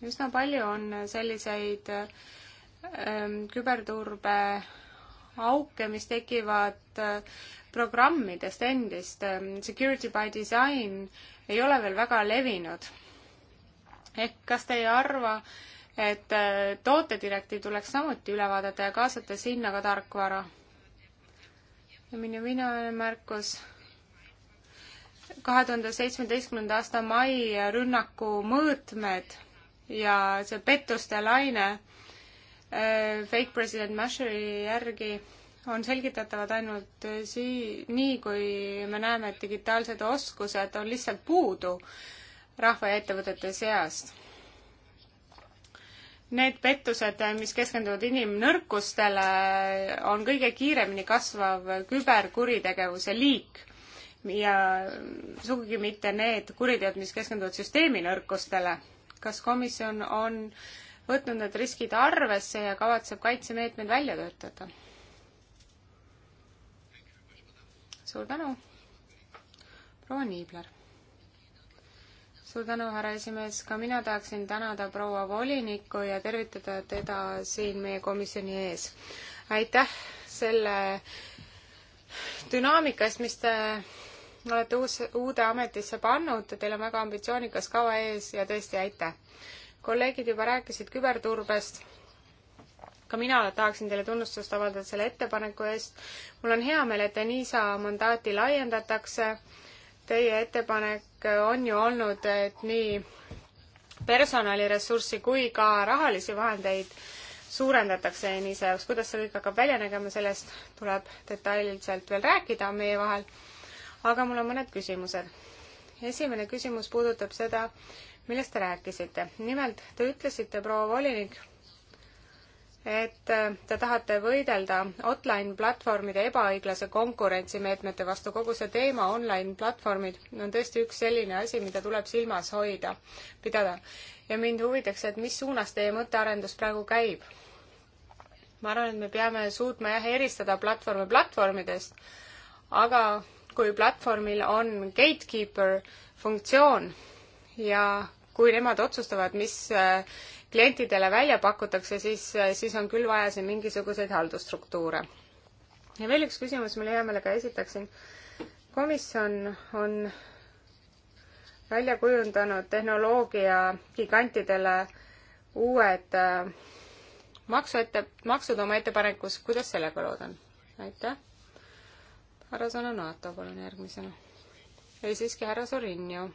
üsna palju on selliseid ähm, küberturbe auke, mis tekivad äh, programmidest endist. Ähm, security by design ei ole veel väga levinud. ehk kas te ei arva, et äh, tootedirektiiv tuleks samuti üle vaadata ja kaasata sinna ka tarkvara? ja minu viimane märkus kahe tuhande seitsmeteistkümnenda aasta mai rünnaku mõõtmed ja see pettuste laine äh, fake president Bashiri järgi on selgitatavad ainult sii-, nii, kui me näeme, et digitaalsed oskused on lihtsalt puudu rahva ja ettevõtete seast. Need pettused, mis keskenduvad inimnõrkustele, on kõige kiiremini kasvav küberkuritegevuse liik ja sugugi mitte need kuriteod, mis keskenduvad süsteemi nõrkustele. kas komisjon on võtnud need riskid arvesse ja kavatseb kaitsemeetmed välja töötada? suur tänu, proua Niibler. suur tänu, härra esimees, ka mina tahaksin tänada proua volinikku ja tervitada teda siin meie komisjoni ees. aitäh selle dünaamika eest, mis te olete uus, uude ametisse pannud, teil on väga ambitsioonikas kava ees ja tõesti aitäh! kolleegid juba rääkisid küberturbest, ka mina tahaksin teile tunnustust avaldada selle ettepaneku eest. mul on hea meel, et Enisa mandaati laiendatakse. Teie ettepanek on ju olnud, et nii personaliressurssi kui ka rahalisi vahendeid suurendatakse Enisa jaoks. kuidas see kõik hakkab välja nägema, sellest tuleb detailselt veel rääkida meie vahel aga mul on mõned küsimused. esimene küsimus puudutab seda, millest te rääkisite. nimelt, te ütlesite, proua volinik, et äh, te tahate võidelda online platvormide ebaõiglase konkurentsi meetmete vastu. kogu see teema online platvormid on tõesti üks selline asi, mida tuleb silmas hoida, pidada. ja mind huvitaks, et mis suunas teie mõttearendus praegu käib? ma arvan, et me peame suutma jah, eristada platvorme platvormidest, aga kui platvormil on gatekeeper funktsioon ja kui nemad otsustavad, mis äh, klientidele välja pakutakse, siis, äh, siis on küll vaja siin mingisuguseid haldusstruktuure. ja veel üks küsimus, mille hea meelega esitaksin. komisjon on välja kujundanud tehnoloogia gigantidele uued äh, maksuette, maksud oma ettepanekus, kuidas sellega lood on? aitäh härra Zananato, palun järgmisena. ei, siiski härra Sorinio.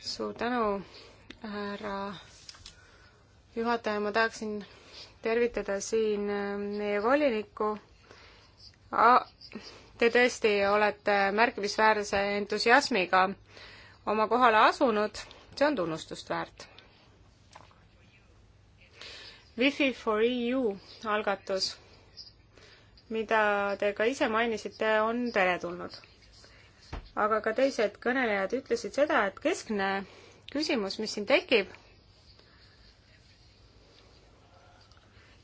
suur tänu, härra juhataja, ma tahaksin tervitada siin ähm, meie volinikku. Te tõesti olete märkimisväärse entusiasmiga oma kohale asunud, see on tunnustust väärt Wi-Fi for EU algatus, mida te ka ise mainisite, on teretulnud. aga ka teised kõnelejad ütlesid seda, et keskne küsimus, mis siin tekib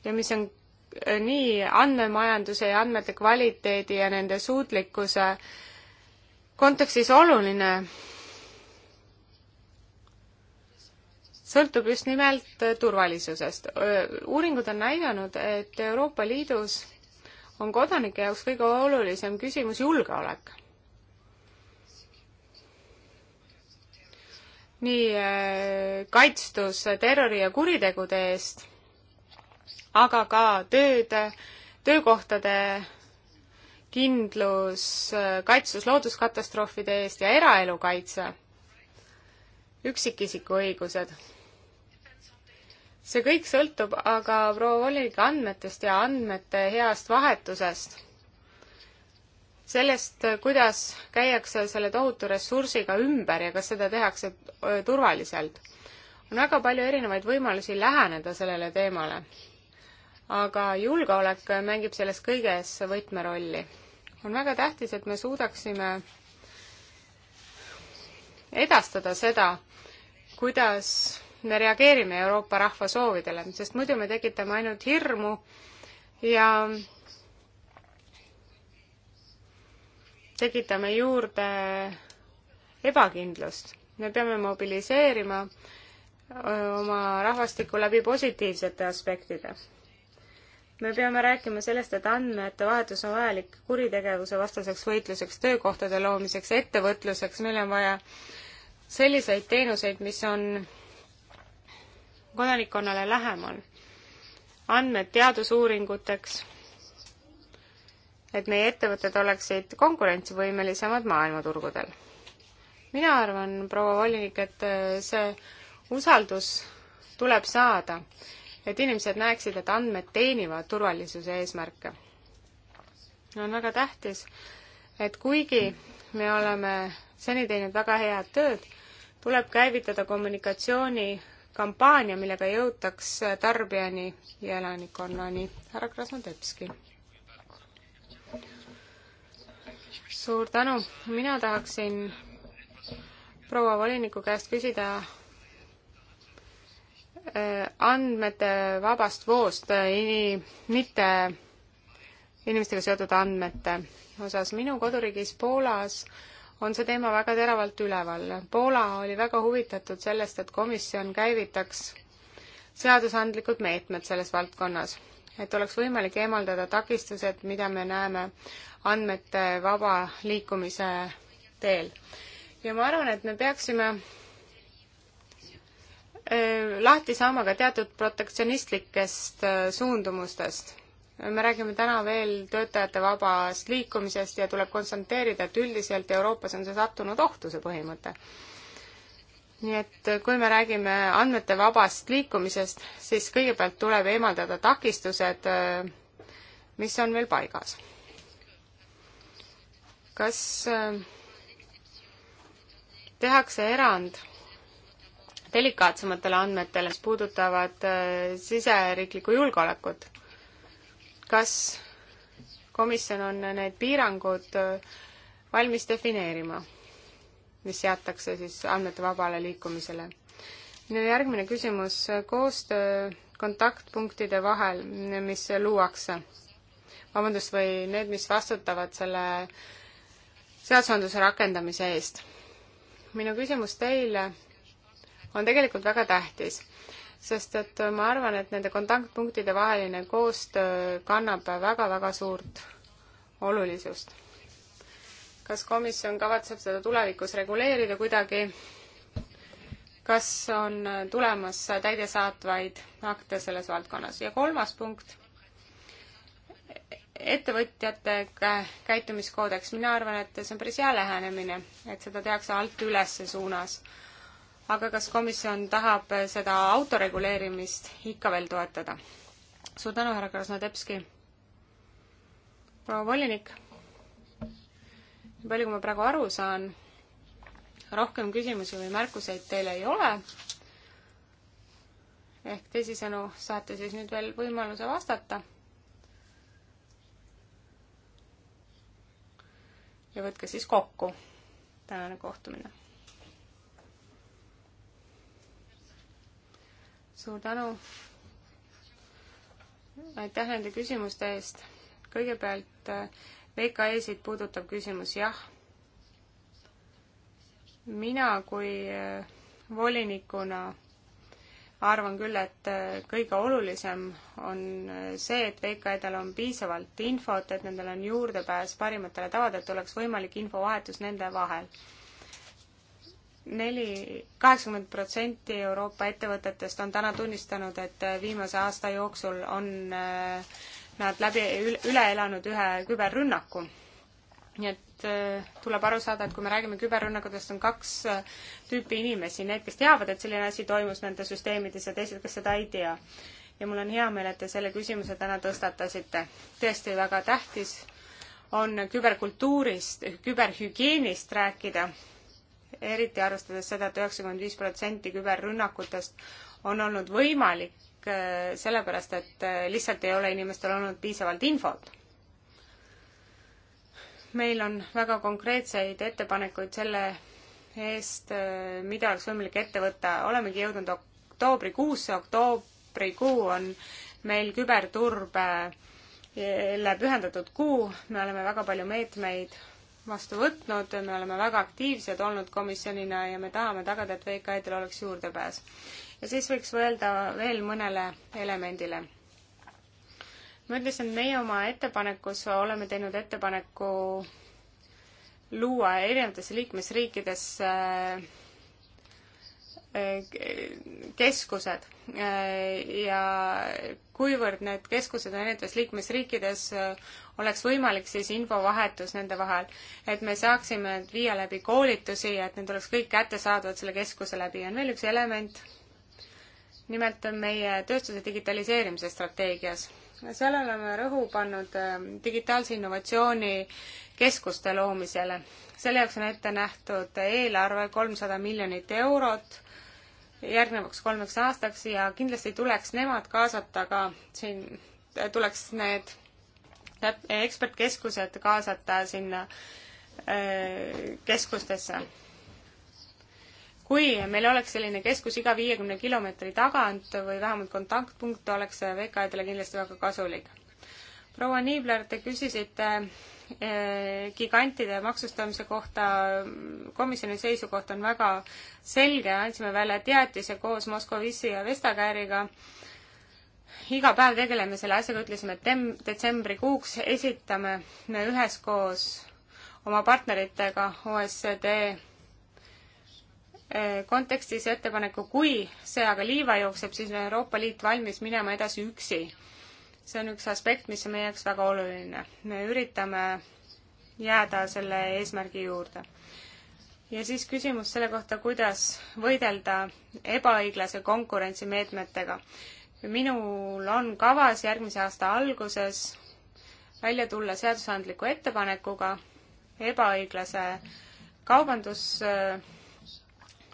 ja mis on eh, nii andmemajanduse ja andmete kvaliteedi ja nende suutlikkuse kontekstis oluline, sõltub just nimelt äh, turvalisusest. uuringud on näidanud, et Euroopa Liidus on kodanike jaoks kõige olulisem küsimus julgeolek. nii äh, kaitstus terrori ja kuritegude eest, aga ka tööd, töökohtade kindlus, äh, kaitstus looduskatastroofide eest ja eraelu kaitse üksikisiku õigused see kõik sõltub aga proua volinike andmetest ja andmete heast vahetusest. sellest, kuidas käiakse selle tohutu ressursiga ümber ja kas seda tehakse turvaliselt. on väga palju erinevaid võimalusi läheneda sellele teemale. aga julgeolek mängib selles kõiges võtmerolli. on väga tähtis, et me suudaksime edastada seda, kuidas me reageerime Euroopa rahva soovidele, sest muidu me tekitame ainult hirmu ja tekitame juurde ebakindlust. me peame mobiliseerima oma rahvastikku läbi positiivsete aspektide. me peame rääkima sellest, et andmete vahetus on vajalik kuritegevuse vastaseks võitluseks, töökohtade loomiseks, ettevõtluseks, meil on vaja selliseid teenuseid, mis on kodanikkonnale lähemal. andmed teadusuuringuteks, et meie ettevõtted oleksid konkurentsivõimelisemad maailmaturgudel. mina arvan, proua volinik, et äh, see usaldus tuleb saada, et inimesed näeksid, et andmed teenivad turvalisuse eesmärke. on väga tähtis, et kuigi me oleme seni teinud väga head tööd, tuleb käivitada kommunikatsiooni kampaania, millega jõutaks tarbijani ja elanikkonnani. härra Krasnodebski. suur tänu, mina tahaksin proua voliniku käest küsida äh, andmete vabast voost, äh, mitte inimestega seotud andmete osas. minu koduriigis Poolas äh, on see teema väga teravalt üleval. Poola oli väga huvitatud sellest, et komisjon käivitaks seadusandlikud meetmed selles valdkonnas, et oleks võimalik eemaldada takistused, mida me näeme andmete vaba liikumise teel. ja ma arvan, et me peaksime äh, lahti saama ka teatud protektsionistlikest äh, suundumustest me räägime täna veel töötajate vabast liikumisest ja tuleb konstanteerida, et üldiselt Euroopas on see sattunud ohtu, see põhimõte. nii et kui me räägime andmete vabast liikumisest, siis kõigepealt tuleb eemaldada takistused, mis on veel paigas. kas äh, tehakse erand delikaatsematele andmetele, mis puudutavad äh, siseriiklikku julgeolekut? kas komisjon on need piirangud äh, valmis defineerima, mis seatakse siis andmete vabale liikumisele. minu järgmine küsimus, äh, koostöö kontaktpunktide vahel, mis luuakse, vabandust, või need, mis vastutavad selle seadusandluse rakendamise eest. minu küsimus teile on tegelikult väga tähtis sest et ma arvan, et nende kontaktpunktide vaheline koostöö kannab väga-väga suurt olulisust. kas komisjon kavatseb seda tulevikus reguleerida kuidagi? kas on tulemas täidesaatvaid akte selles valdkonnas? ja kolmas punkt, ettevõtjate käitumiskoodeks, mina arvan, et see on päris hea lähenemine, et seda tehakse alt üles suunas aga kas komisjon tahab seda autoreguleerimist ikka veel toetada? suur tänu, härra Krasnodebski. proua volinik, nii palju, kui ma praegu aru saan, rohkem küsimusi või märkuseid teil ei ole. ehk teisisõnu, saate siis nüüd veel võimaluse vastata. ja võtke siis kokku tänane kohtumine suur tänu. aitäh nende küsimuste eest. kõigepealt äh, VKE-sid puudutav küsimus, jah. mina kui äh, volinikuna arvan küll, et äh, kõige olulisem on see, et VKE-del on piisavalt infot, et nendel on juurdepääs parimatele tavadele, et oleks võimalik infovahetus nende vahel neli, kaheksakümmend protsenti Euroopa ettevõtetest on täna tunnistanud, et äh, viimase aasta jooksul on äh, nad läbi, üle elanud ühe küberrünnaku. nii et äh, tuleb aru saada, et kui me räägime küberrünnakutest, on kaks tüüpi inimesi, need, kes teavad, et selline asi toimus nende süsteemides ja teised, kes seda ei tea. ja mul on hea meel, et te selle küsimuse täna tõstatasite. tõesti väga tähtis on küberkultuurist, küberhügieenist rääkida eriti arvestades seda et, et üheksakümmend viis protsenti küberrünnakutest on olnud võimalik äh, sellepärast, et äh, lihtsalt ei ole inimestel olnud piisavalt infot. meil on väga konkreetseid ettepanekuid selle eest, äh, mida oleks võimalik ette võtta, olemegi jõudnud oktoobrikuusse, oktoobrikuu on meil küberturbe läheb ühendatud kuu, me oleme väga palju meetmeid vastu võtnud, me oleme väga aktiivsed olnud komisjonina ja me tahame tagada, et VKE-del oleks juurdepääs. ja siis võiks mõelda veel mõnele elemendile. ma ütlesin, et meie oma ettepanekus oleme teinud ettepaneku luua erinevates liikmesriikides äh, keskused äh, ja kuivõrd need keskused on erinevates liikmesriikides, oleks võimalik siis infovahetus nende vahel, et me saaksime viia läbi koolitusi ja et need oleks kõik kättesaadavad selle keskuse läbi. on veel üks element, nimelt on meie tööstuse digitaliseerimise strateegias. seal oleme rõhu pannud ähm, digitaalse innovatsiooni keskuste loomisele. selle jaoks on ette nähtud eelarve kolmsada miljonit eurot järgnevaks kolmeks aastaks ja kindlasti tuleks nemad kaasata ka siin, tuleks need täp-, ekspertkeskused kaasata sinna äh, keskustesse. kui meil oleks selline keskus iga viiekümne kilomeetri tagant või vähemalt kontaktpunkt, oleks see VKE-dele kindlasti väga kasulik. proua Niibler, te küsisite äh, gigantide maksustamise kohta, komisjoni seisukoht on väga selge, andsime välja teatise koos Moskovici ja Vestagääriga iga päev tegeleme selle asjaga, ütlesime, et dem-, detsembrikuuks esitame me üheskoos oma partneritega OSCD eh, kontekstis ettepaneku, kui see aga liiva jookseb, siis on Euroopa Liit valmis minema edasi üksi. see on üks aspekt, mis on meie jaoks väga oluline. me üritame jääda selle eesmärgi juurde. ja siis küsimus selle kohta, kuidas võidelda ebaõiglase konkurentsi meetmetega minul on kavas järgmise aasta alguses välja tulla seadusandliku ettepanekuga ebaõiglase kaubandus, äh,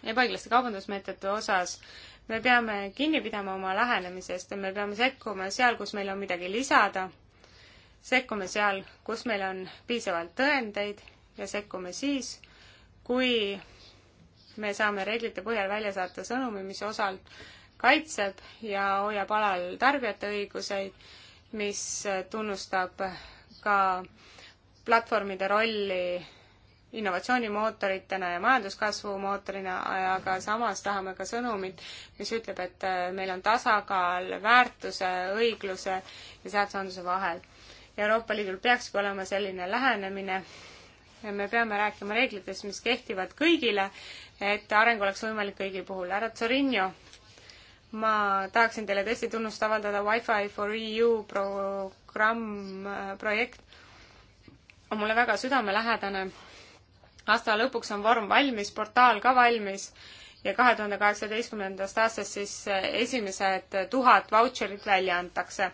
ebaõiglaste kaubandusmeetodite osas me peame kinni pidama oma lähenemisest ja me peame sekkuma seal, kus meil on midagi lisada, sekkume seal, kus meil on piisavalt tõendeid ja sekkume siis, kui me saame reeglite põhjal välja saata sõnumi, mis osalt kaitseb ja hoiab alal tarbijate õiguseid, mis tunnustab ka platvormide rolli innovatsioonimootoritena ja majanduskasvu mootorina, aga samas tahame ka sõnumit, mis ütleb, et äh, meil on tasakaal väärtuse, õigluse ja seadusandluse vahel. Euroopa Liidul peakski olema selline lähenemine ja me peame rääkima reeglitest, mis kehtivad kõigile, et areng oleks võimalik kõigi puhul. härra Zorinjo ma tahaksin teile tõesti tunnust avaldada Wi-Fi for EU programm, äh, projekt on mulle väga südamelähedane. aasta lõpuks on vorm valmis, portaal ka valmis ja kahe tuhande kaheksateistkümnendast aastast siis äh, esimesed tuhat vautšerit välja antakse.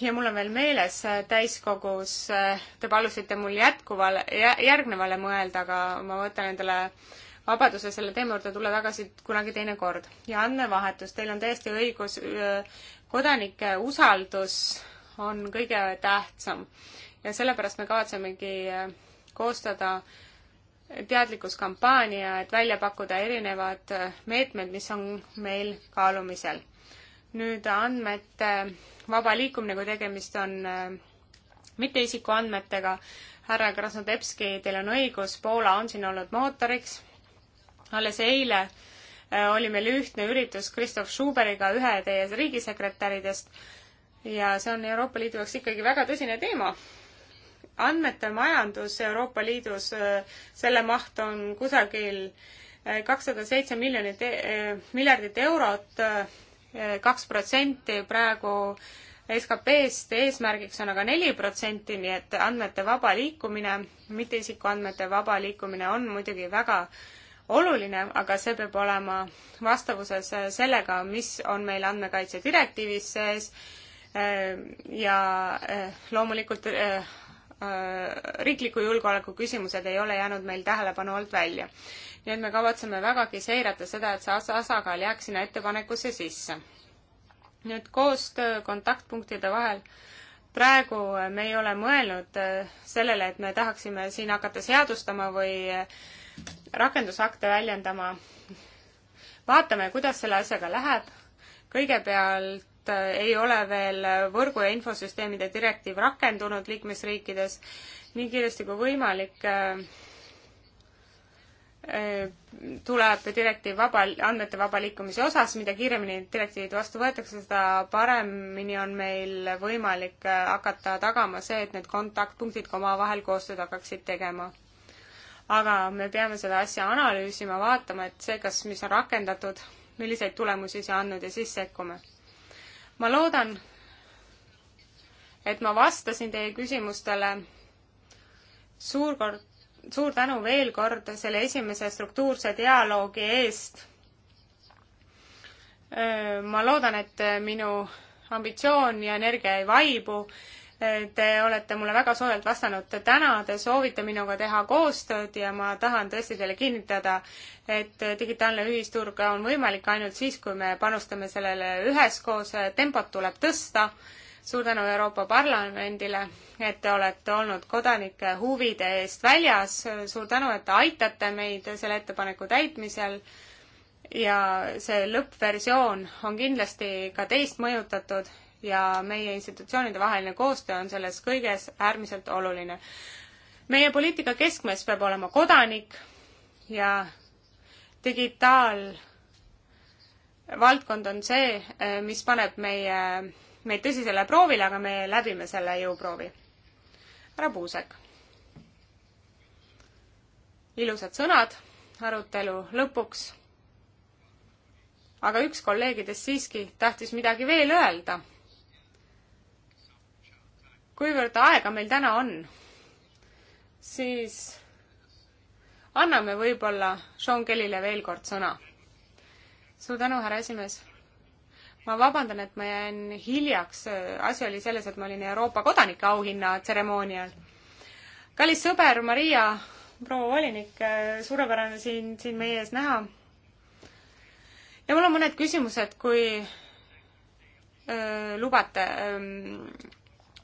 ja mul on veel meeles äh, täiskogus, te palusite mul jätkuvale, järgnevale mõelda, aga ma võtan endale äh, vabaduse selle teema juurde tulla tagasi kunagi teinekord. ja andmevahetus, teil on täiesti õigus, kodanike usaldus on kõige tähtsam ja sellepärast me kavatsemegi koostada teadlikkuskampaania, et välja pakkuda erinevad meetmed, mis on meil kaalumisel. nüüd andmete vaba liikumine, kui tegemist on mitteisikuandmetega, härra Krasnodebski, teil on õigus, Poola on siin olnud mootoriks alles eile äh, oli meil ühtne üritus Christoph Schuberiga, ühe teie riigisekretäridest, ja see on Euroopa Liidu jaoks ikkagi väga tõsine teema. andmete majandus Euroopa Liidus, äh, selle maht on kusagil äh, kakssada seitse miljonit, e-, miljardit eurot, kaks protsenti praegu SKP-st, eesmärgiks on aga neli protsenti, nii et andmete vaba liikumine, mitteisikuandmete vaba liikumine on muidugi väga oluline, aga see peab olema vastavuses äh, sellega, mis on meil andmekaitse direktiivis sees äh, ja äh, loomulikult riikliku julgeoleku küsimused ei ole jäänud meil tähelepanu alt välja. nii et me kavatseme vägagi seirata seda, et see tasakaal jääks sinna ettepanekusse sisse. nüüd koostöö kontaktpunktide vahel. praegu me ei ole mõelnud sellele, et me tahaksime siin hakata seadustama või rakendusakte väljendama. vaatame, kuidas selle asjaga läheb. kõigepealt äh, ei ole veel võrgu- ja infosüsteemide direktiiv rakendunud liikmesriikides nii kiiresti kui võimalik äh, äh, tuleb direktiiv vaba, andmete vaba liikumise osas, mida kiiremini direktiivid vastu võetakse, seda paremini on meil võimalik hakata tagama see, et need kontaktpunktid ka omavahel koostööd hakkaksid tegema aga me peame seda asja analüüsima, vaatama, et see, kas, mis on rakendatud, milliseid tulemusi see andnud ja siis sekkuma. ma loodan, et ma vastasin teie küsimustele. suur kord, suur tänu veel kord selle esimese struktuurse dialoogi eest. ma loodan, et minu ambitsioon ja energia ei vaibu Te olete mulle väga soojalt vastanud täna, te soovite minuga teha koostööd ja ma tahan tõesti teile kinnitada, et digitaalne ühisturg on võimalik ainult siis, kui me panustame sellele üheskoos, tempot tuleb tõsta. suur tänu Euroopa Parlamendile, et te olete olnud kodanike huvide eest väljas, suur tänu, et te aitate meid selle ettepaneku täitmisel ja see lõppversioon on kindlasti ka teist mõjutatud ja meie institutsioonide vaheline koostöö on selles kõiges äärmiselt oluline. meie poliitika keskmes peab olema kodanik ja digitaalvaldkond on see, eh, mis paneb meie, meid tõsisele proovile, aga me läbime selle jõuproovi. härra Puusek. ilusad sõnad arutelu lõpuks. aga üks kolleegidest siiski tahtis midagi veel öelda kuivõrd aega meil täna on, siis anname võib-olla Sean Kellyle veel kord sõna. suur tänu, härra esimees. ma vabandan, et ma jään hiljaks, asi oli selles, et ma olin Euroopa kodanike auhinna tseremoonial. kallis sõber Maria, proua volinik, suurepärane siin, siin meie ees näha. ja mul on mõned küsimused, kui öö, äh, lubate öö, ehm,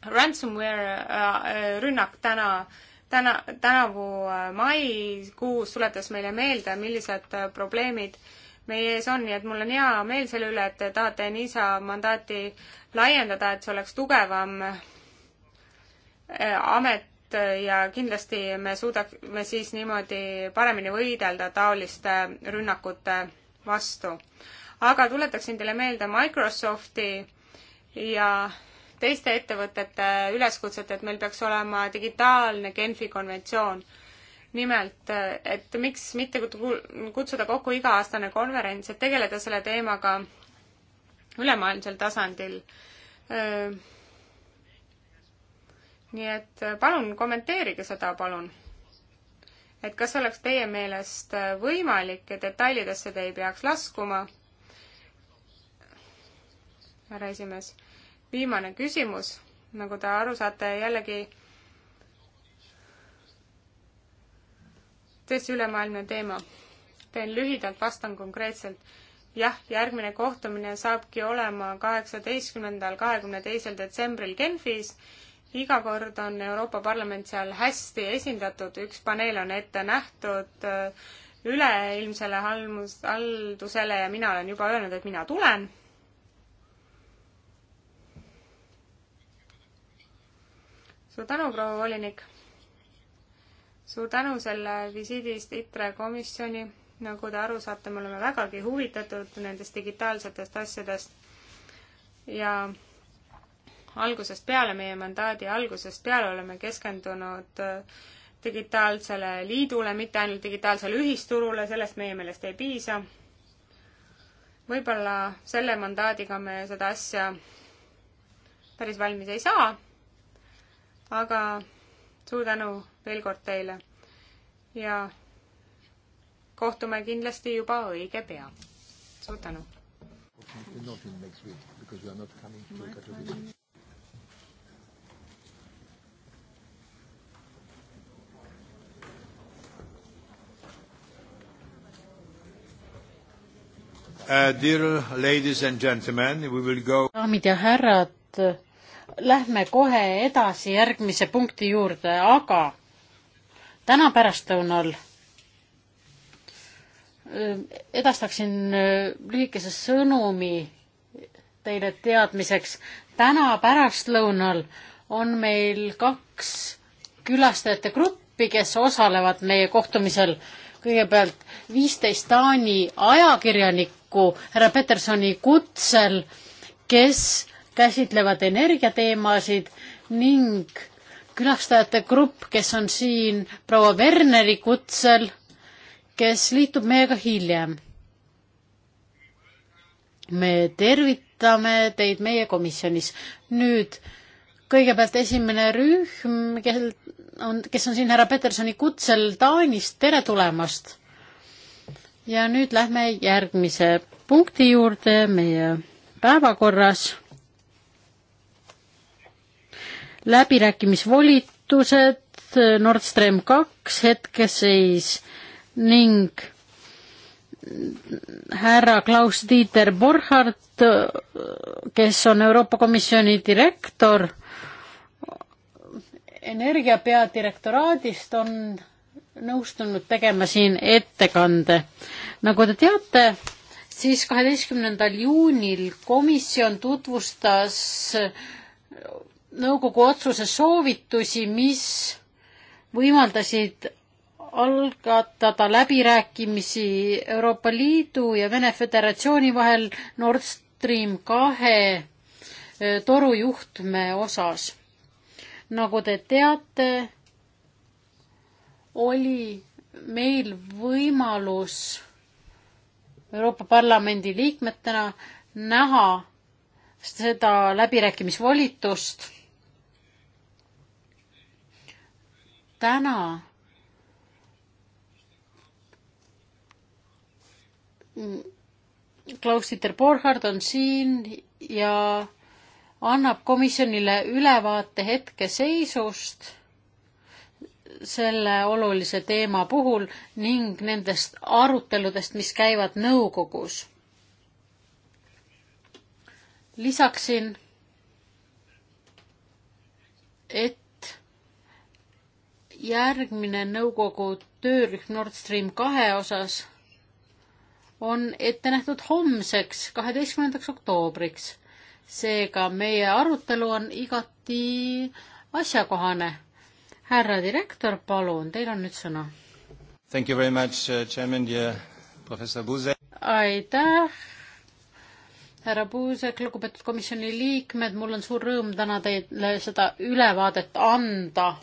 ransomware äh, rünnak täna, täna, tänavu äh, maikuus tuletas meile meelde, millised äh, probleemid meie ees on, nii et mul on hea meel selle üle, et te tahate NISA mandaati laiendada, et see oleks tugevam amet ja kindlasti me suudame siis niimoodi paremini võidelda taoliste rünnakute vastu. aga tuletaksin teile meelde Microsofti ja teiste ettevõtete üleskutset, et meil peaks olema digitaalne Genfi konventsioon. nimelt, et miks mitte kutsuda kokku iga-aastane konverents, et tegeleda selle teemaga ülemaailmsel tasandil. nii et palun kommenteerige seda, palun et kas oleks teie meelest võimalik ja detailidesse te ei peaks laskuma? härra esimees viimane küsimus, nagu te aru saate, jällegi tõesti ülemaailmne teema. teen lühidalt, vastan konkreetselt. jah, järgmine kohtumine saabki olema kaheksateistkümnendal, kahekümne teisel detsembril Genfis. iga kord on Euroopa Parlament seal hästi esindatud, üks paneel on ette nähtud äh, üleilmsele halmus, haldusele ja mina olen juba öelnud, et mina tulen suur tänu, proua volinik! suur tänu selle visiidi eest ITRE komisjoni. nagu te aru saate, me oleme vägagi huvitatud nendest digitaalsetest asjadest ja algusest peale, meie mandaadi algusest peale oleme keskendunud äh, digitaalsele liidule, mitte ainult digitaalsele ühisturule, sellest meie meelest ei piisa. võib-olla selle mandaadiga me seda asja päris valmis ei saa aga suur tänu veel kord teile ja kohtume kindlasti juba õige pea. suur tänu! Not in next week because you are not coming to Katowice. Uh, dear ladies and gentlemen, we will go. daamid ja härrad, lähme kohe edasi järgmise punkti juurde, aga täna pärastlõunal ähm, edastaksin äh, lühikese sõnumi teile teadmiseks. täna pärastlõunal on meil kaks külastajate gruppi, kes osalevad meie kohtumisel. kõigepealt viisteist Taani ajakirjanikku härra Petersoni kutsel, kes käsitlevad energiateemasid ning külastajate grupp, kes on siin proua Werneri kutsel, kes liitub meiega hiljem. me tervitame teid meie komisjonis. nüüd kõigepealt esimene rühm, kes on, kes on siin härra Petersoni kutsel Taanist, tere tulemast! ja nüüd lähme järgmise punkti juurde meie päevakorras läbirääkimisvolitused Nord Stream kaks hetkeseis ning härra Klaus-Dieter Borchardt, kes on Euroopa Komisjoni direktor, energia peadirektoraadist on nõustunud tegema siin ettekande. nagu te teate, siis kaheteistkümnendal juunil komisjon tutvustas äh, nõukogu otsuse soovitusi, mis võimaldasid algatada läbirääkimisi Euroopa Liidu ja Vene Föderatsiooni vahel Nord Stream kahe eh, torujuhtme osas. nagu te teate, oli meil võimalus Euroopa Parlamendi liikmetena näha seda läbirääkimisvolitust täna Klaus-Dieter Borchardt on siin ja annab komisjonile ülevaate hetkeseisust selle olulise teema puhul ning nendest aruteludest, mis käivad nõukogus. lisaksin, et järgmine nõukogu töörühm Nord Stream kahe osas on ette nähtud homseks, kaheteistkümnendaks oktoobriks. seega meie arutelu on igati asjakohane. härra direktor, palun, teil on nüüd sõna. Thank you very much uh,, chairman ja professor Buzek. aitäh, härra Buzek, lugupeetud komisjoni liikmed, mul on suur rõõm täna teile seda ülevaadet anda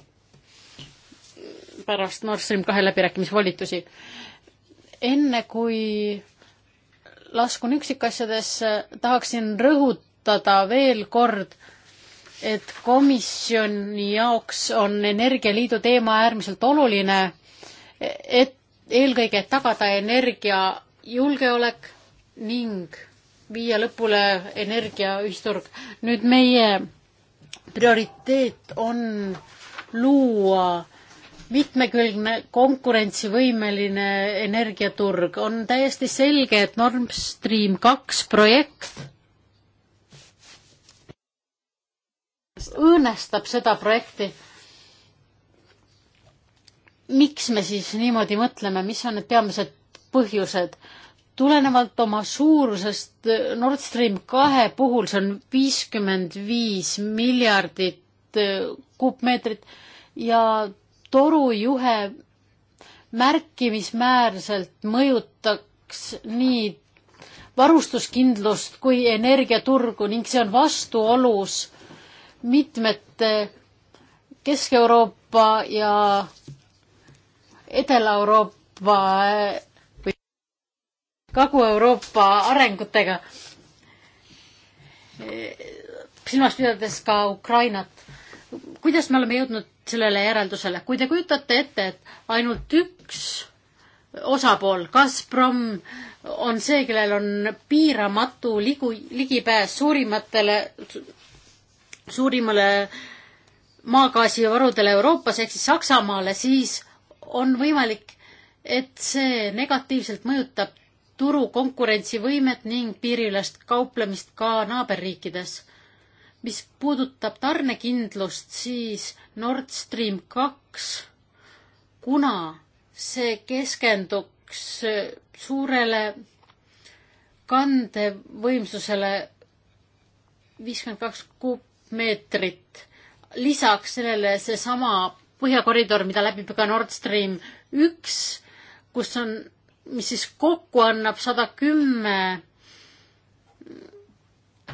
pärast Nord Stream kahe läbirääkimisvolitusi. enne kui laskun üksikasjadesse, tahaksin rõhutada veel kord, et komisjoni jaoks on Energialiidu teema äärmiselt oluline, et eelkõige, et tagada energiajulgeolek ning viia lõpule energiaühisturg. nüüd meie prioriteet on luua mitmekülgne konkurentsivõimeline energiaturg. on täiesti selge, et Nord Stream kaks projekt õõnestab seda projekti. miks me siis niimoodi mõtleme, mis on need peamised põhjused? tulenevalt oma suurusest Nord Stream kahe puhul, see on viiskümmend viis miljardit eh, kuupmeetrit ja torujuhe märkimismäärselt mõjutaks nii varustuskindlust kui energiaturgu ning see on vastuolus mitmete Kesk-Euroopa ja Edela-Euroopa või Kagu-Euroopa arengutega, silmas pidades ka Ukrainat. kuidas me oleme jõudnud sellele järeldusele. kui te kujutate ette, et ainult üks osapool, Gazprom on see, kellel on piiramatu ligu, ligipääs suurimatele, suurimale maagaasivarudele Euroopas ehk siis Saksamaale, siis on võimalik, et see negatiivselt mõjutab turu konkurentsivõimet ning piiriülest kauplemist ka naaberriikides mis puudutab tarnekindlust, siis Nord Stream kaks, kuna see keskenduks suurele kandevõimsusele viiskümmend kaks kuupmeetrit, lisaks sellele seesama põhjakoridor, mida läbib ka Nord Stream üks, kus on, mis siis kokku annab sada kümme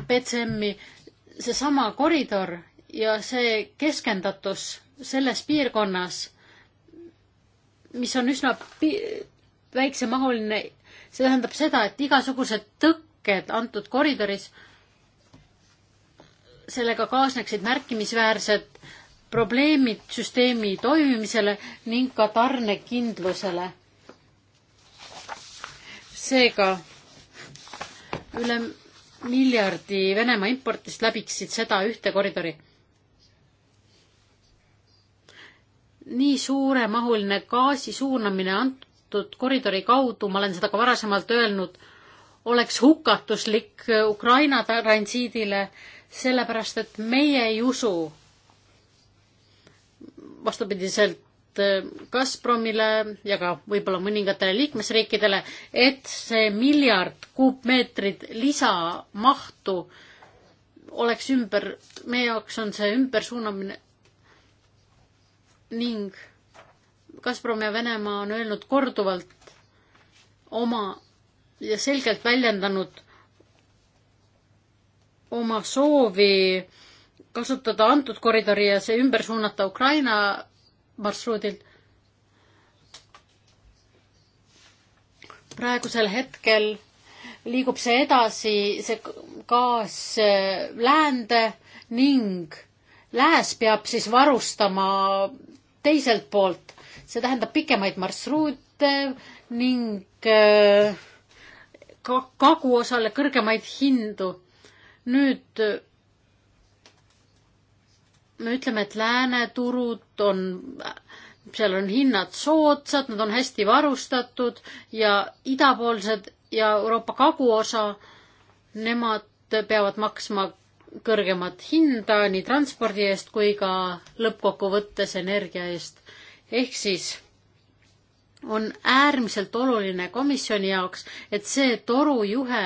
BCM-i seesama koridor ja see keskendatus selles piirkonnas, mis on üsna pi-, väiksemahuline, see tähendab seda, et igasugused tõkked antud koridoris, sellega kaasneksid märkimisväärsed probleemid süsteemi toimimisele ning ka tarnekindlusele. seega üle miljardi Venemaa importist läbiksid seda ühte koridori. nii suuremahuline gaasi suunamine antud koridori kaudu, ma olen seda ka varasemalt öelnud, oleks hukatuslik Ukraina transiidile, sellepärast et meie ei usu vastupidiselt Äh, Gazpromile ja ka võib-olla mõningatele liikmesriikidele, et see miljard kuupmeetrit lisamahtu oleks ümber, meie jaoks on see ümbersuunamine ning Gazprom ja Venemaa on öelnud korduvalt oma ja selgelt väljendanud oma soovi kasutada antud koridori ja see ümber suunata Ukraina marsruudil. praegusel hetkel liigub see edasi, see gaas äh, läände ning lääs peab siis varustama teiselt poolt, see tähendab pikemaid marsruute ning äh, ka kaguosale kõrgemaid hindu. nüüd äh, me ütleme, et lääne turud on, seal on hinnad soodsad, nad on hästi varustatud ja idapoolsed ja Euroopa kaguosa, nemad peavad maksma kõrgemat hinda nii transpordi eest kui ka lõppkokkuvõttes energia eest. ehk siis on äärmiselt oluline komisjoni jaoks, et see torujuhe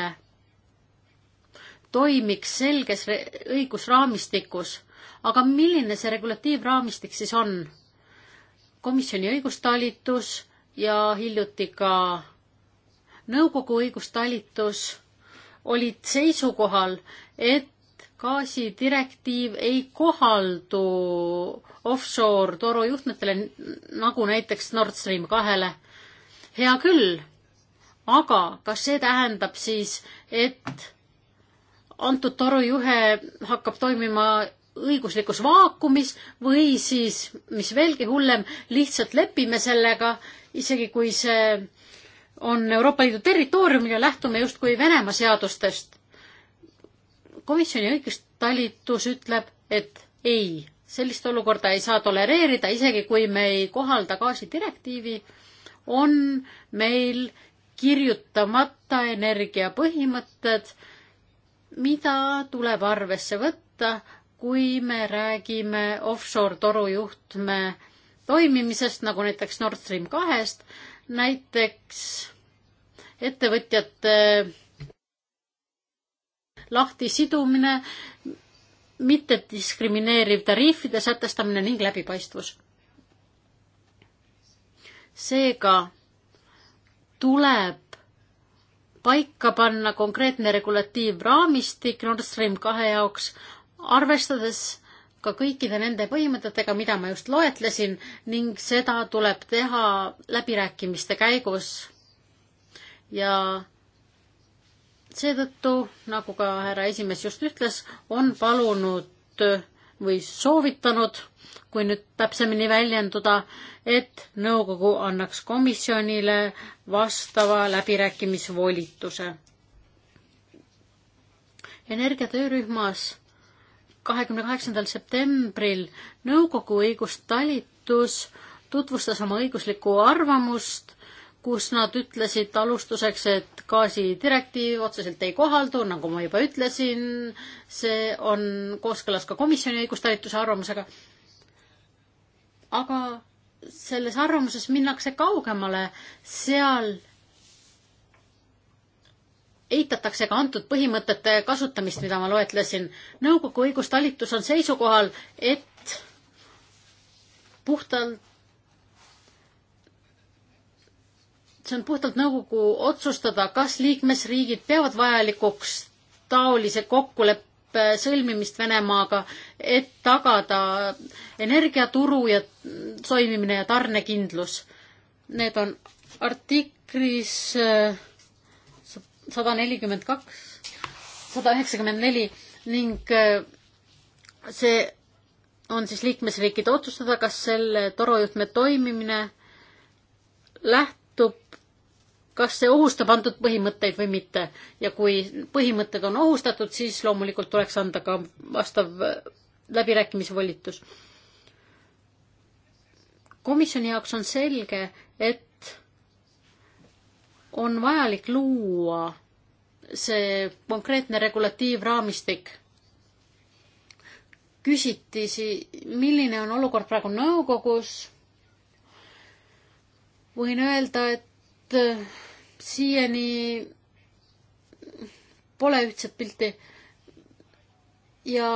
toimiks selges õigusraamistikus aga milline see regulatiivraamistik siis on? komisjoni õigustalitus ja hiljuti ka nõukogu õigustalitus olid seisukohal, et gaasidirektiiv ei kohaldu offshore torujuhtmetele, nagu näiteks Nord Stream kahele. hea küll, aga kas see tähendab siis, et antud torujuhe hakkab toimima õiguslikus vaakumis või siis, mis veelgi hullem, lihtsalt lepime sellega, isegi kui see on Euroopa Liidu territooriumil ja lähtume justkui Venemaa seadustest. komisjoni õigustalitus ütleb, et ei, sellist olukorda ei saa tolereerida, isegi kui me ei kohalda gaasidirektiivi, on meil kirjutamata energiapõhimõtted, mida tuleb arvesse võtta kui me räägime offshore torujuhtme toimimisest, nagu näiteks Nord Stream kahest, näiteks ettevõtjate lahtisidumine, mittediskrimineeriv tariifide sätestamine ning läbipaistvus. seega tuleb paika panna konkreetne regulatiivraamistik Nord Stream kahe jaoks, arvestades ka kõikide nende põhimõtetega, mida ma just loetlesin ning seda tuleb teha läbirääkimiste käigus. ja seetõttu, nagu ka härra esimees just ütles, on palunud või soovitanud, kui nüüd täpsemini väljenduda, et nõukogu annaks komisjonile vastava läbirääkimisvolituse. energiatöörühmas kahekümne kaheksandal septembril nõukogu õigustalitus tutvustas oma õiguslikku arvamust, kus nad ütlesid alustuseks, et gaasidirektiiv otseselt ei kohaldu, nagu ma juba ütlesin, see on kooskõlas ka komisjoni õigustalituse arvamusega. aga selles arvamuses minnakse kaugemale, seal eitatakse ka antud põhimõtete kasutamist, mida ma loetlesin. nõukogu õigustalitus on seisukohal, et puhtalt, see on puhtalt nõukogu otsustada, kas liikmesriigid peavad vajalikuks taolise kokkuleppe sõlmimist Venemaaga, et tagada energiaturu ja toimimine ja tarnekindlus. Need on artiklis äh, sada nelikümmend kaks, sada üheksakümmend neli ning äh, see on siis liikmesriikide otsustada, kas selle torujuhtme toimimine lähtub, kas see ohustab antud põhimõtteid või mitte. ja kui põhimõtted on ohustatud, siis loomulikult tuleks anda ka vastav äh, läbirääkimisvolitus. komisjoni jaoks on selge, et on vajalik luua see konkreetne regulatiivraamistik. küsiti si-, milline on olukord praegu nõukogus. võin öelda, et äh, siiani pole ühtset pilti ja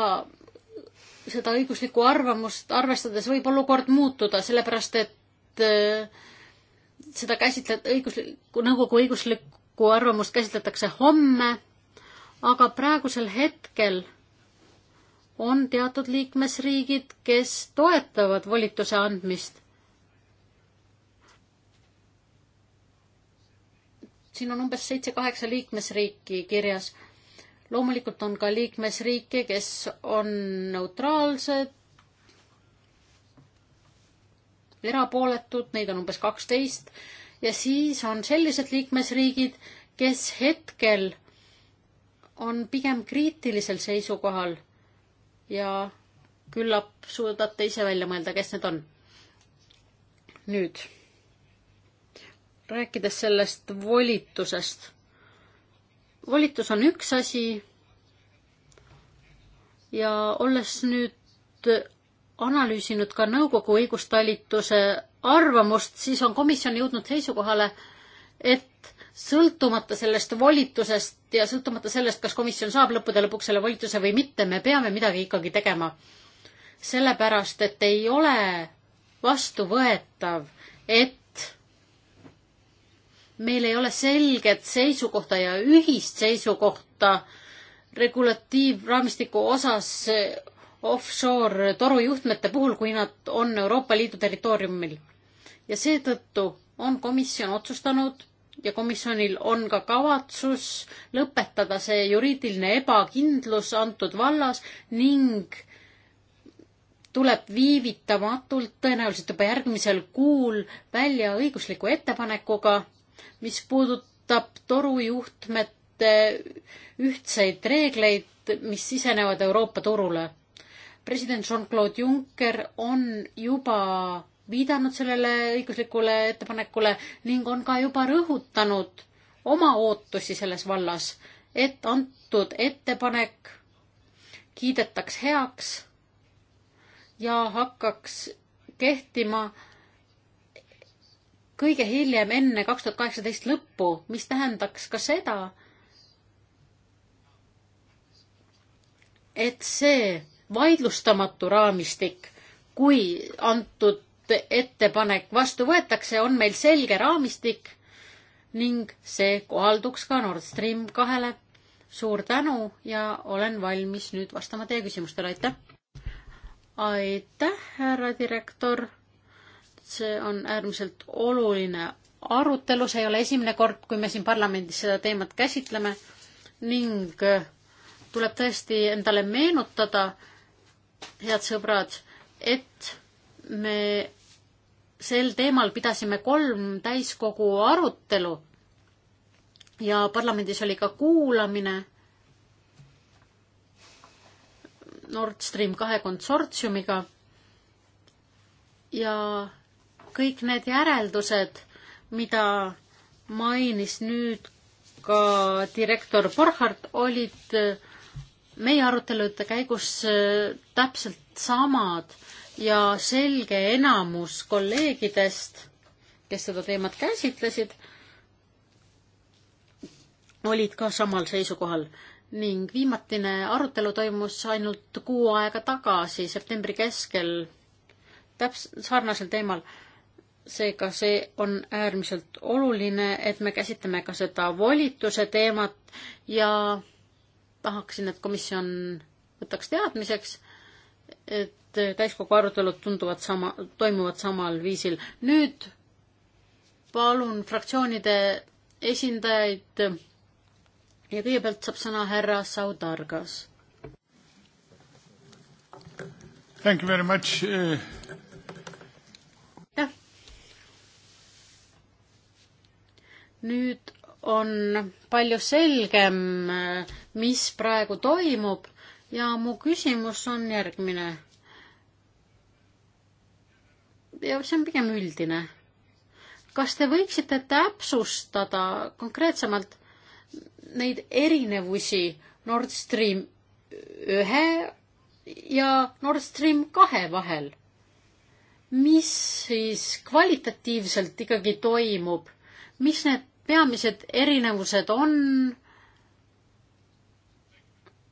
seda õiguslikku arvamust arvestades võib olukord muutuda, sellepärast et äh, seda käsitlet-, õigusliku, nõukogu õiguslikku arvamust käsitletakse homme, aga praegusel hetkel on teatud liikmesriigid, kes toetavad volituse andmist. siin on umbes seitse-kaheksa liikmesriiki kirjas. loomulikult on ka liikmesriike, kes on neutraalsed, erapooletud, neid on umbes kaksteist ja siis on sellised liikmesriigid, kes hetkel on pigem kriitilisel seisukohal ja küllap suudate ise välja mõelda, kes need on. nüüd, rääkides sellest volitusest. volitus on üks asi ja olles nüüd analüüsinud ka nõukogu õigustalituse arvamust, siis on komisjon jõudnud seisukohale, et sõltumata sellest volitusest ja sõltumata sellest, kas komisjon saab lõppude lõpuks selle volituse või mitte, me peame midagi ikkagi tegema. sellepärast, et ei ole vastuvõetav, et meil ei ole selget seisukohta ja ühist seisukohta regulatiivraamistiku osas offshore torujuhtmete puhul, kui nad on Euroopa Liidu territooriumil. ja seetõttu on komisjon otsustanud ja komisjonil on ka kavatsus lõpetada see juriidiline ebakindlus antud vallas ning tuleb viivitamatult, tõenäoliselt juba järgmisel kuul, välja õigusliku ettepanekuga, mis puudutab torujuhtmete ühtseid reegleid, mis sisenevad Euroopa turule president Jean-Claude Juncker on juba viidanud sellele õiguslikule ettepanekule ning on ka juba rõhutanud oma ootusi selles vallas, et antud ettepanek kiidetaks heaks ja hakkaks kehtima kõige hiljem enne kaks tuhat kaheksateist lõppu, mis tähendaks ka seda, et see vaidlustamatu raamistik, kui antud ettepanek vastu võetakse, on meil selge raamistik ning see kohalduks ka Nord Stream kahele. suur tänu ja olen valmis nüüd vastama teie küsimustele, aitäh! aitäh, härra direktor! see on äärmiselt oluline arutelu, see ei ole esimene kord, kui me siin parlamendis seda teemat käsitleme ning tuleb tõesti endale meenutada, head sõbrad, et me sel teemal pidasime kolm täiskogu arutelu ja parlamendis oli ka kuulamine Nord Stream kahe konsortsiumiga ja kõik need järeldused, mida mainis nüüd ka direktor Borchardt, olid meie arutelude käigus äh, täpselt samad ja selge enamus kolleegidest, kes seda teemat käsitlesid, olid ka samal seisukohal ning viimatine arutelu toimus ainult kuu aega tagasi, septembri keskel, täps-, sarnasel teemal. seega see on äärmiselt oluline, et me käsitleme ka seda volituse teemat ja tahaksin, et komisjon võtaks teadmiseks, et täiskogu arutelud tunduvad sama, toimuvad samal viisil. nüüd palun fraktsioonide esindajaid ja kõigepealt saab sõna härra Saudargas. Thank you very much uh.... Eh. aitäh. nüüd on palju selgem äh, mis praegu toimub ja mu küsimus on järgmine. ja see on pigem üldine. kas te võiksite täpsustada konkreetsemalt neid erinevusi Nord Stream ühe ja Nord Stream kahe vahel? mis siis kvalitatiivselt ikkagi toimub, mis need peamised erinevused on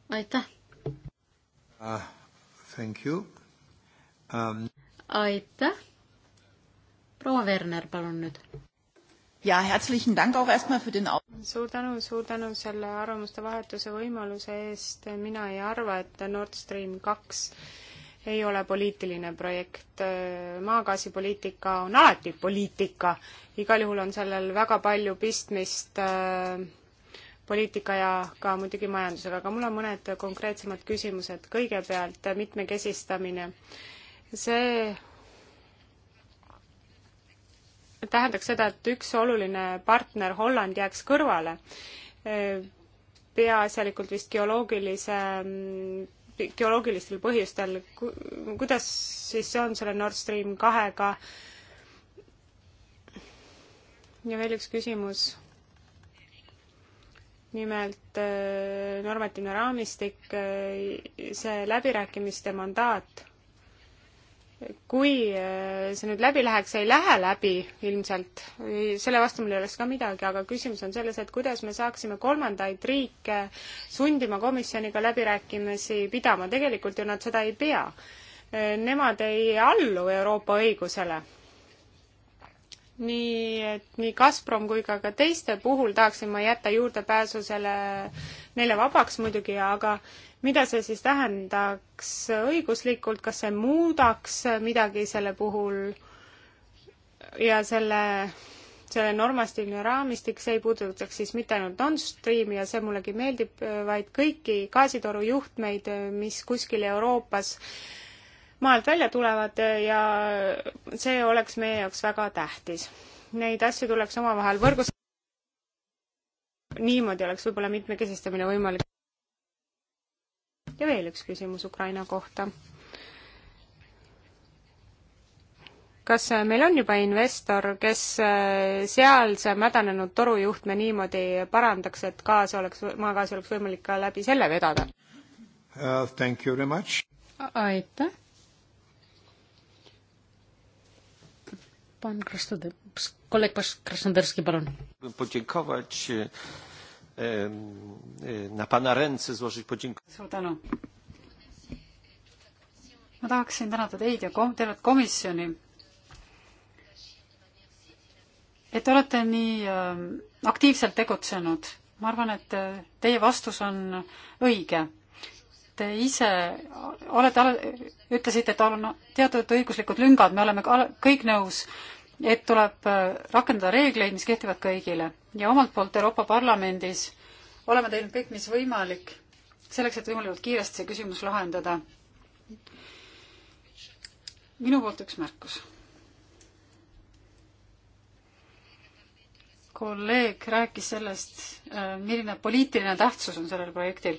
aitäh uh,! Thank you um...! aitäh! proua Werner, palun nüüd. ja herzlichen Dank auch erstmal für den au-. suur tänu, suur tänu selle arvamuste vahetuse võimaluse eest, mina ei arva, et Nord Stream kaks ei ole poliitiline projekt, maagaasipoliitika on alati poliitika, igal juhul on sellel väga palju pistmist äh, poliitika ja ka muidugi majandusega, aga mul on mõned konkreetsemad küsimused. kõigepealt mitmekesistamine. see tähendaks seda, et üks oluline partner, Holland, jääks kõrvale, peaasjalikult vist geoloogilise, geoloogilistel põhjustel. kuidas siis see on selle Nord Stream kahega? ja veel üks küsimus nimelt äh, normatiivne raamistik, äh, see läbirääkimiste mandaat. kui äh, see nüüd läbi läheks, ei lähe läbi ilmselt, selle vastu mul ei oleks ka midagi, aga küsimus on selles, et kuidas me saaksime kolmandaid riike sundima komisjoniga läbirääkimisi pidama, tegelikult ju nad seda ei pea. Nemad ei allu Euroopa õigusele nii et nii Gazprom kui ka ka teiste puhul tahaksin ma jätta juurdepääsu selle neile vabaks muidugi, aga mida see siis tähendaks õiguslikult, kas see muudaks midagi selle puhul ja selle, selle normatiivne raamistik, see ei puudutaks siis mitte ainult Nord Streami ja see mullegi meeldib, vaid kõiki gaasitorujuhtmeid, mis kuskil Euroopas äh, maalt välja tulevad ja see oleks meie jaoks väga tähtis. Neid asju tuleks omavahel võrgus-. niimoodi oleks võib-olla mitmekesistamine võimalik. ja veel üks küsimus Ukraina kohta. kas äh, meil on juba investor, kes äh, sealse mädanenud torujuhtme niimoodi parandaks, et gaas oleks, maagaasi oleks võimalik ka läbi selle vedada uh,? Thank you very much! aitäh! pan Krasnodeb, kolleeg Krasnodarski, palun. E, e, suur tänu. ma tahaksin tänada teid ja kom-, tervet komisjoni, et te olete nii äh, aktiivselt tegutsenud. ma arvan, et teie vastus on õige te ise olete, ütlesite, et on teatud õiguslikud lüngad, me oleme kõik nõus, et tuleb äh, rakendada reegleid, mis kehtivad kõigile ja omalt poolt Euroopa Parlamendis oleme teinud kõik, mis võimalik, selleks, et võimalikult kiiresti see küsimus lahendada. minu poolt üks märkus. kolleeg rääkis sellest, äh, milline poliitiline tähtsus on sellel projektil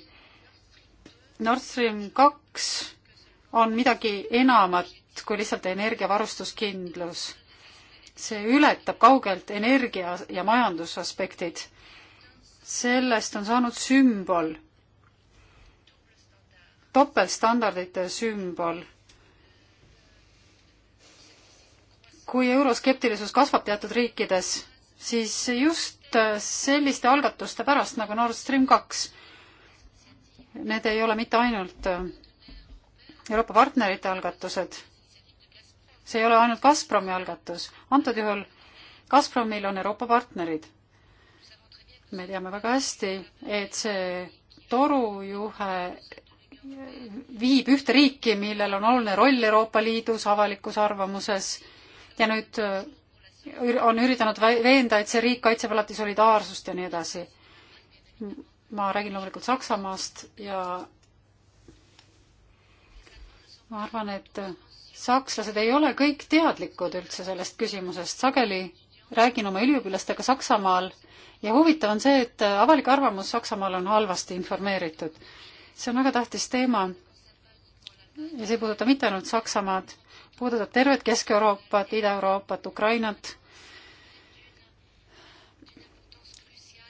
Nord Stream kaks on midagi enamat kui lihtsalt energiavarustuskindlus. see ületab kaugelt energia ja majandusaspektid. sellest on saanud sümbol, topeltstandardite sümbol. kui euroskeptilisus kasvab teatud riikides, siis just selliste algatuste pärast nagu Nord Stream kaks need ei ole mitte ainult äh, Euroopa partnerite algatused, see ei ole ainult Gazpromi algatus, antud juhul Gazpromil on Euroopa partnerid. me teame väga hästi, et see torujuhe viib ühte riiki, millel on oluline roll Euroopa Liidus avalikus arvamuses ja nüüd äh, on üritanud veenda, et see riik kaitseb alati solidaarsust ja nii edasi ma räägin loomulikult Saksamaast ja ma arvan, et sakslased ei ole kõik teadlikud üldse sellest küsimusest, sageli räägin oma üliõpilastega Saksamaal ja huvitav on see, et avalik arvamus Saksamaal on halvasti informeeritud. see on väga tähtis teema ja see ei puuduta mitte ainult Saksamaad, puudutab tervet Kesk-Euroopat, Ida-Euroopat, Ukrainat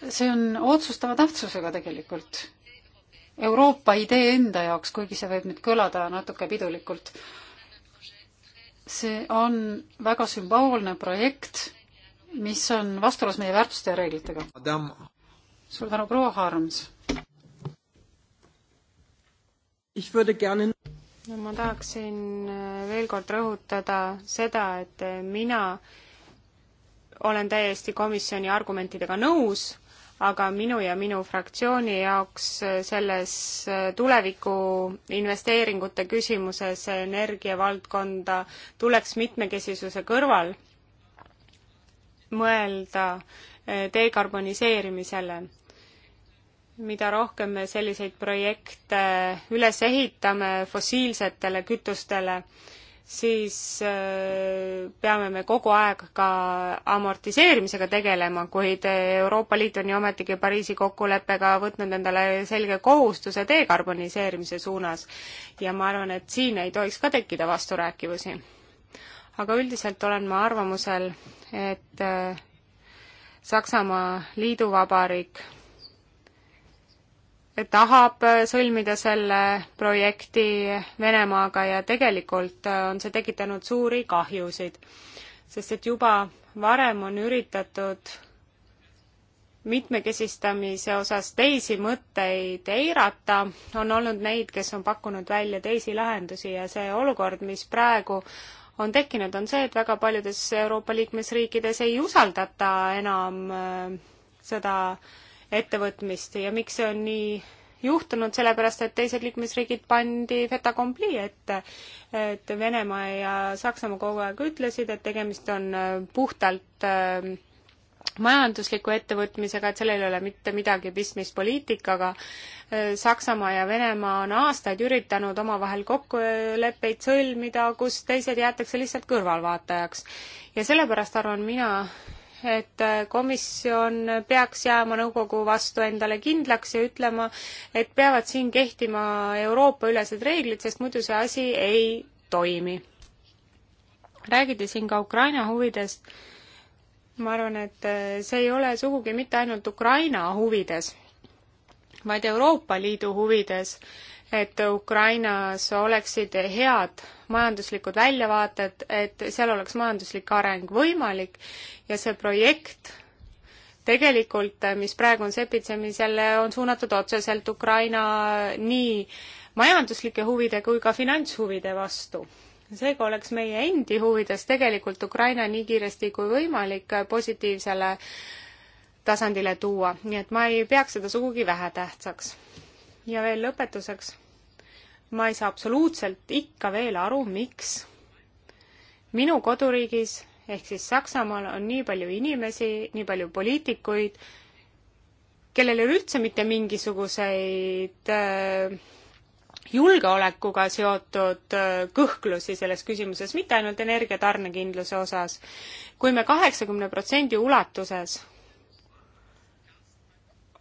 see on otsustava tähtsusega tegelikult. Euroopa idee enda jaoks, kuigi see võib nüüd kõlada natuke pidulikult. see on väga sümboolne projekt, mis on vastuolus meie väärtuste ja reeglitega. suur tänu, proua Harms! no ma tahaksin äh, veel kord rõhutada seda, et äh, mina olen täiesti komisjoni argumentidega nõus aga minu ja minu fraktsiooni jaoks äh, selles äh, tuleviku investeeringute küsimuses energiavaldkonda tuleks mitmekesisuse kõrval mõelda äh, dekarboniseerimisele. mida rohkem me selliseid projekte üles ehitame fossiilsetele kütustele, siis äh, peame me kogu aeg ka amortiseerimisega tegelema, kuid äh, Euroopa Liit on ju ometigi Pariisi kokkuleppega võtnud endale selge kohustuse dekarboniseerimise suunas ja ma arvan, et siin ei tohiks ka tekkida vasturääkivusi. aga üldiselt olen ma arvamusel, et äh, Saksamaa liiduvabariik tahab äh, sõlmida selle projekti Venemaaga ja tegelikult äh, on see tekitanud suuri kahjusid, sest et juba varem on üritatud mitmekesistamise osas teisi mõtteid eirata, on olnud neid, kes on pakkunud välja teisi lahendusi ja see olukord, mis praegu on tekkinud, on see, et väga paljudes Euroopa liikmesriikides ei usaldata enam äh, seda äh, ettevõtmist ja miks see on nii juhtunud, sellepärast et teised liikmesriigid pandi fait accompli ette. et Venemaa ja Saksamaa kogu aeg ütlesid, et tegemist on äh, puhtalt äh, majandusliku ettevõtmisega, et sellel ei ole mitte midagi pistmist poliitikaga. Äh, Saksamaa ja Venemaa on aastaid üritanud omavahel kokkuleppeid sõlmida, kus teised jäetakse lihtsalt kõrvalvaatajaks. ja sellepärast arvan mina, et äh, komisjon peaks jääma nõukogu vastu endale kindlaks ja ütlema, et peavad siin kehtima Euroopa-ülesed reeglid, sest muidu see asi ei toimi. räägiti siin ka Ukraina huvidest. ma arvan, et äh, see ei ole sugugi mitte ainult Ukraina huvides, vaid Euroopa Liidu huvides, et Ukrainas oleksid head majanduslikud väljavaated, et seal oleks majanduslik areng võimalik ja see projekt tegelikult, mis praegu on sepitsemisele, on suunatud otseselt Ukraina nii majanduslike huvide kui ka finantshuvide vastu. seega oleks meie endi huvides tegelikult Ukraina nii kiiresti kui võimalik positiivsele tasandile tuua, nii et ma ei peaks seda sugugi vähetähtsaks ja veel lõpetuseks, ma ei saa absoluutselt ikka veel aru, miks minu koduriigis ehk siis Saksamaal on nii palju inimesi, nii palju poliitikuid, kellel ei ole üldse mitte mingisuguseid äh, julgeolekuga seotud äh, kõhklusi selles küsimuses, mitte ainult energiatarnekindluse osas. kui me kaheksakümne protsendi ulatuses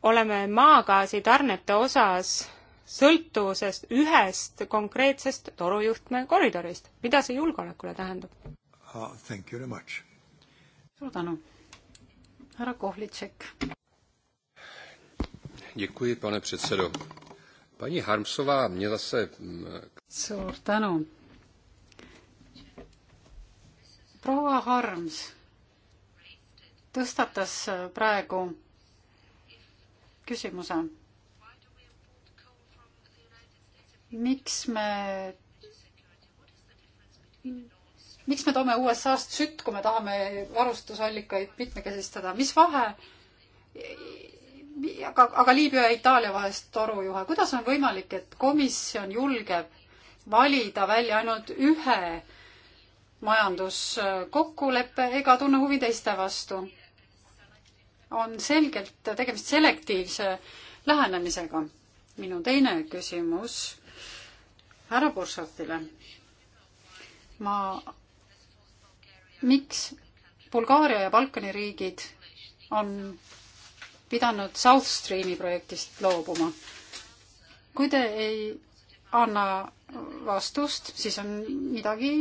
oleme maagaasi tarnete osas sõltuvuses ühest konkreetsest torujuhtme koridorist. mida see julgeolekule tähendab uh,? Thank you very much. suur tänu. härra Kohlitšek. Děkuji, pane předsedo. Paní Harmsová mě zase... Mm, suur tänu. Proua Harms tõstatas praegu küsimuse. miks me, miks me toome USA-st sütt, kui me tahame varustusallikaid mitmekesistada, mis vahe aga, aga Liibüa ja Itaalia vahest torujuhe, kuidas on võimalik, et komisjon julgeb valida välja ainult ühe majanduskokkuleppe ega tunne huvi teiste vastu? on selgelt tegemist selektiivse lähenemisega. minu teine küsimus härra Buršatile. ma, miks Bulgaaria ja Balkani riigid on pidanud South Streami projektist loobuma? kui te ei anna vastust, siis on midagi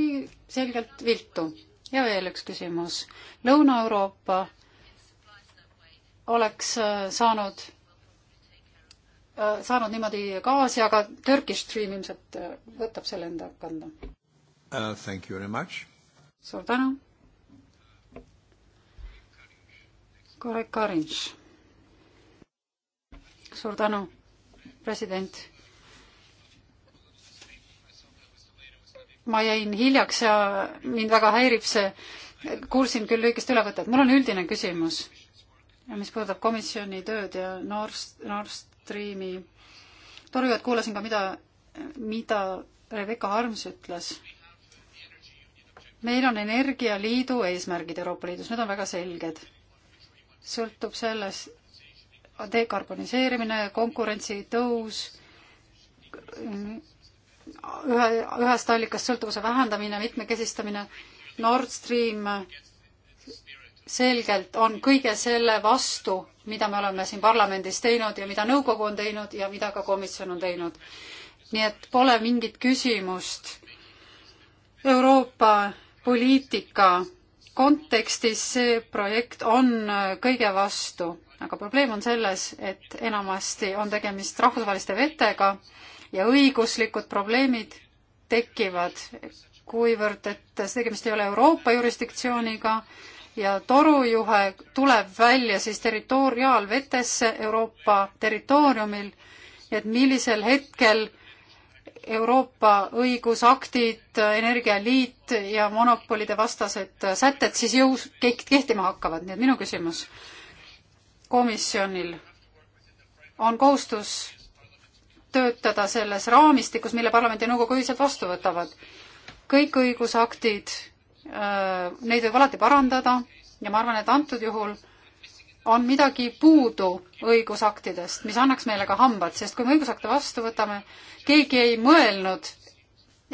selgelt viltu. ja veel üks küsimus. Lõuna-Euroopa oleks äh, saanud, äh, saanud niimoodi gaasi, aga Turkish Stream ilmselt äh, võtab selle enda kanda uh,. Thank you very much. suur tänu. Korek Karinš. suur tänu, president. ma jäin hiljaks ja mind väga häirib see, kuulsin küll lühikest ülevõtet, mul on üldine küsimus mis puudutab komisjoni tööd ja Nord, Nord Streami torjujat, kuulasin ka, mida, mida Rebecca Harms ütles. meil on Energialiidu eesmärgid Euroopa Liidus, need on väga selged. sõltub sellest dekarboniseerimine, konkurentsi tõus, ühe, ühest allikast sõltuvuse vähendamine, mitmekesistamine, Nord Stream selgelt on kõige selle vastu, mida me oleme siin parlamendis teinud ja mida nõukogu on teinud ja mida ka komisjon on teinud. nii et pole mingit küsimust Euroopa poliitika kontekstis see projekt on kõige vastu, aga probleem on selles, et enamasti on tegemist rahvusvaheliste vetega ja õiguslikud probleemid tekivad, kuivõrd et tegemist ei ole Euroopa jurisdiktsiooniga, ja torujuhe tuleb välja siis territoriaalvetesse Euroopa territooriumil, et millisel hetkel Euroopa õigusaktid, Energialiit ja monopolide vastased sätted siis jõus, kehtima hakkavad, nii et minu küsimus komisjonil on kohustus töötada selles raamistikus, mille parlamendi ja nõukogu ühiselt vastu võtavad. kõik õigusaktid Äh, neid võib alati parandada ja ma arvan, et antud juhul on midagi puudu õigusaktidest, mis annaks meile ka hambad, sest kui me õigusakte vastu võtame, keegi ei mõelnud,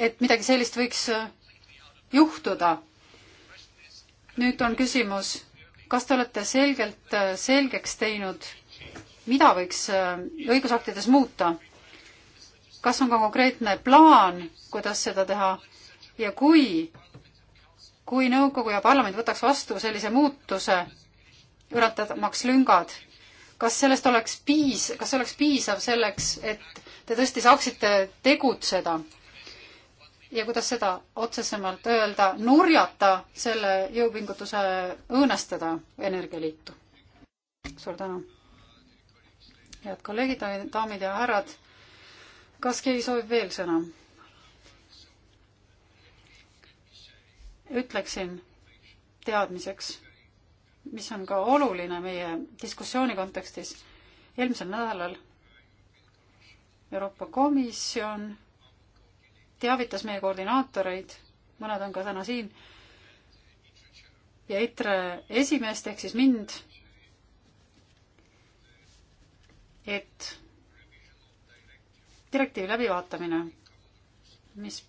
et midagi sellist võiks äh, juhtuda. nüüd on küsimus, kas te olete selgelt äh, selgeks teinud, mida võiks õigusaktides muuta? kas on ka konkreetne plaan, kuidas seda teha ja kui kui nõukogu ja parlament võtaks vastu sellise muutuse, ületamaks lüngad, kas sellest oleks piis, kas see oleks piisav selleks, et te tõesti saaksite tegutseda? ja kuidas seda otsesemalt öelda, nurjata selle jõupingutuse õõnestada energialiitu? suur tänu. head kolleegid, daamid ja härrad, kas keegi soovib veel sõna? ütleksin teadmiseks, mis on ka oluline meie diskussiooni kontekstis, eelmisel nädalal Euroopa Komisjon teavitas meie koordinaatoreid, mõned on ka täna siin, ja ITRE esimeest ehk siis mind, et direktiivi läbivaatamine, mis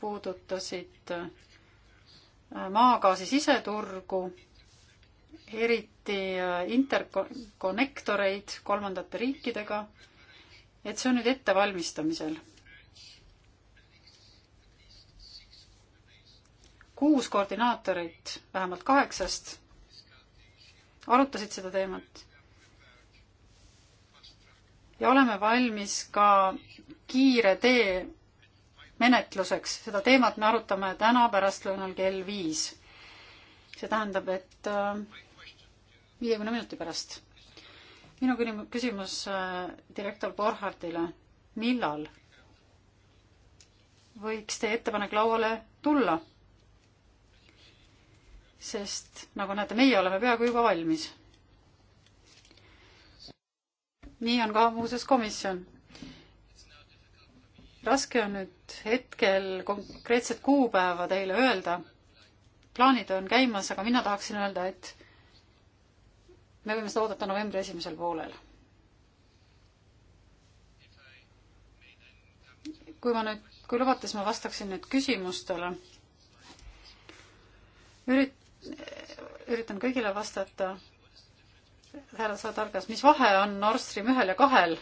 puudutasid maagaasi siseturgu, eriti äh, interkonnektoreid kolmandate riikidega, et see on nüüd ettevalmistamisel. kuus koordinaatorit vähemalt kaheksast arutasid seda teemat ja oleme valmis ka kiire tee menetluseks. seda teemat me arutame täna pärastlõunal kell viis. see tähendab, et äh, viiekümne minuti pärast. minu küsimus äh, direktor Borchardile. millal võiks teie ettepanek lauale tulla? sest nagu näete, meie oleme peaaegu juba valmis. nii on ka muuseas komisjon raske on nüüd hetkel konkreetset kuupäeva teile öelda. plaanid on käimas, aga mina tahaksin öelda, et me võime seda oodata novembri esimesel poolel. kui ma nüüd, kui lubate, siis ma vastaksin nüüd küsimustele. Ürit-, üritan kõigile vastata. härra Sadargas, mis vahe on Nord Stream ühel ja kahel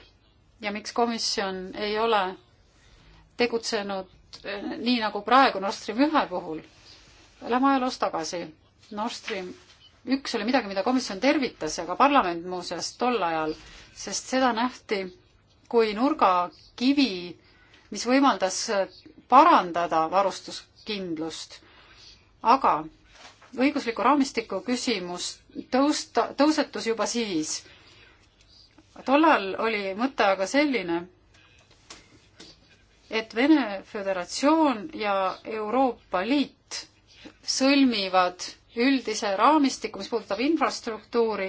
ja miks komisjon ei ole tegutsenud eh, nii nagu praegu Nord Stream ühe puhul. Lähme ajaloos tagasi. Nord Stream üks oli midagi, mida komisjon tervitas ja ka parlament muuseas tol ajal, sest seda nähti kui nurgakivi, mis võimaldas parandada varustuskindlust. aga õigusliku raamistiku küsimus tõusta, tõusetus juba siis. tollal oli mõte aga selline et Vene Föderatsioon ja Euroopa Liit sõlmivad üldise raamistiku, mis puudutab infrastruktuuri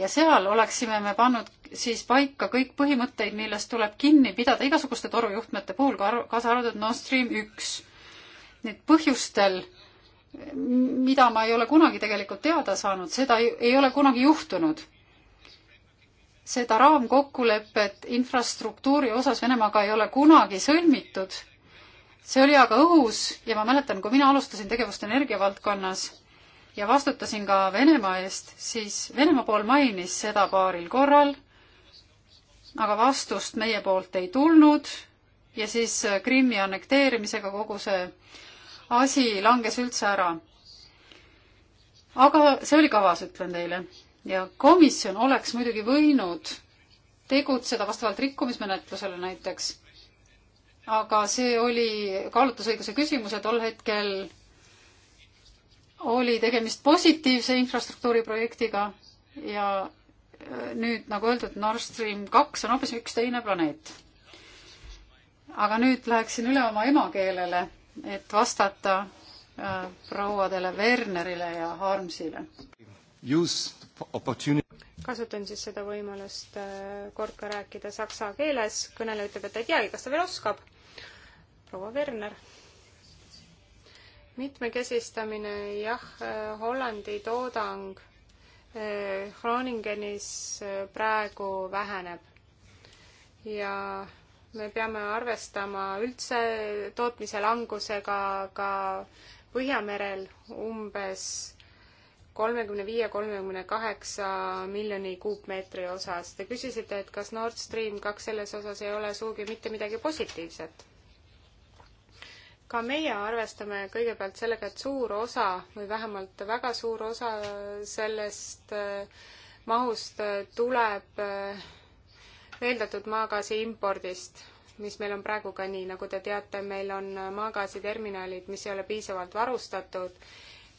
ja seal oleksime me pannud siis paika kõik põhimõtteid, millest tuleb kinni pidada igasuguste torujuhtmete puhul, kaasa arvatud Nord Stream üks. Need põhjustel, mida ma ei ole kunagi tegelikult teada saanud, seda ei, ei ole kunagi juhtunud seda raamkokkulepet infrastruktuuri osas Venemaaga ei ole kunagi sõlmitud. see oli aga õhus ja ma mäletan, kui mina alustasin tegevust energiavaldkonnas ja vastutasin ka Venemaa eest, siis Venemaa pool mainis seda paaril korral, aga vastust meie poolt ei tulnud ja siis Krimmi annekteerimisega kogu see asi langes üldse ära. aga see oli kavas, ütlen teile ja komisjon oleks muidugi võinud tegutseda vastavalt rikkumismenetlusele näiteks, aga see oli kaalutlusõiguse küsimus ja tol hetkel oli tegemist positiivse infrastruktuuriprojektiga ja äh, nüüd, nagu öeldud, Nord Stream kaks on hoopis üks teine planeet. aga nüüd läheksin üle oma emakeelele, et vastata äh, prouadele Wernerile ja Harmsile. Use kasutan siis seda võimalust äh, kord ka rääkida saksa keeles, kõneleja ütleb, et ta ei teagi, kas ta veel oskab. proua Werner. mitmekesistamine, jah, äh, Hollandi toodang äh, Groningenis praegu väheneb ja me peame arvestama üldse tootmise langusega ka Põhjamerel umbes kolmekümne viie, kolmekümne kaheksa miljoni kuupmeetri osas. Te küsisite, et kas Nord Stream kaks selles osas ei ole sugugi mitte midagi positiivset? ka meie arvestame kõigepealt sellega, et suur osa või vähemalt väga suur osa sellest äh, mahust äh, tuleb äh, veeldatud maagaasi impordist, mis meil on praegu ka nii, nagu te teate, meil on maagaasiterminalid, mis ei ole piisavalt varustatud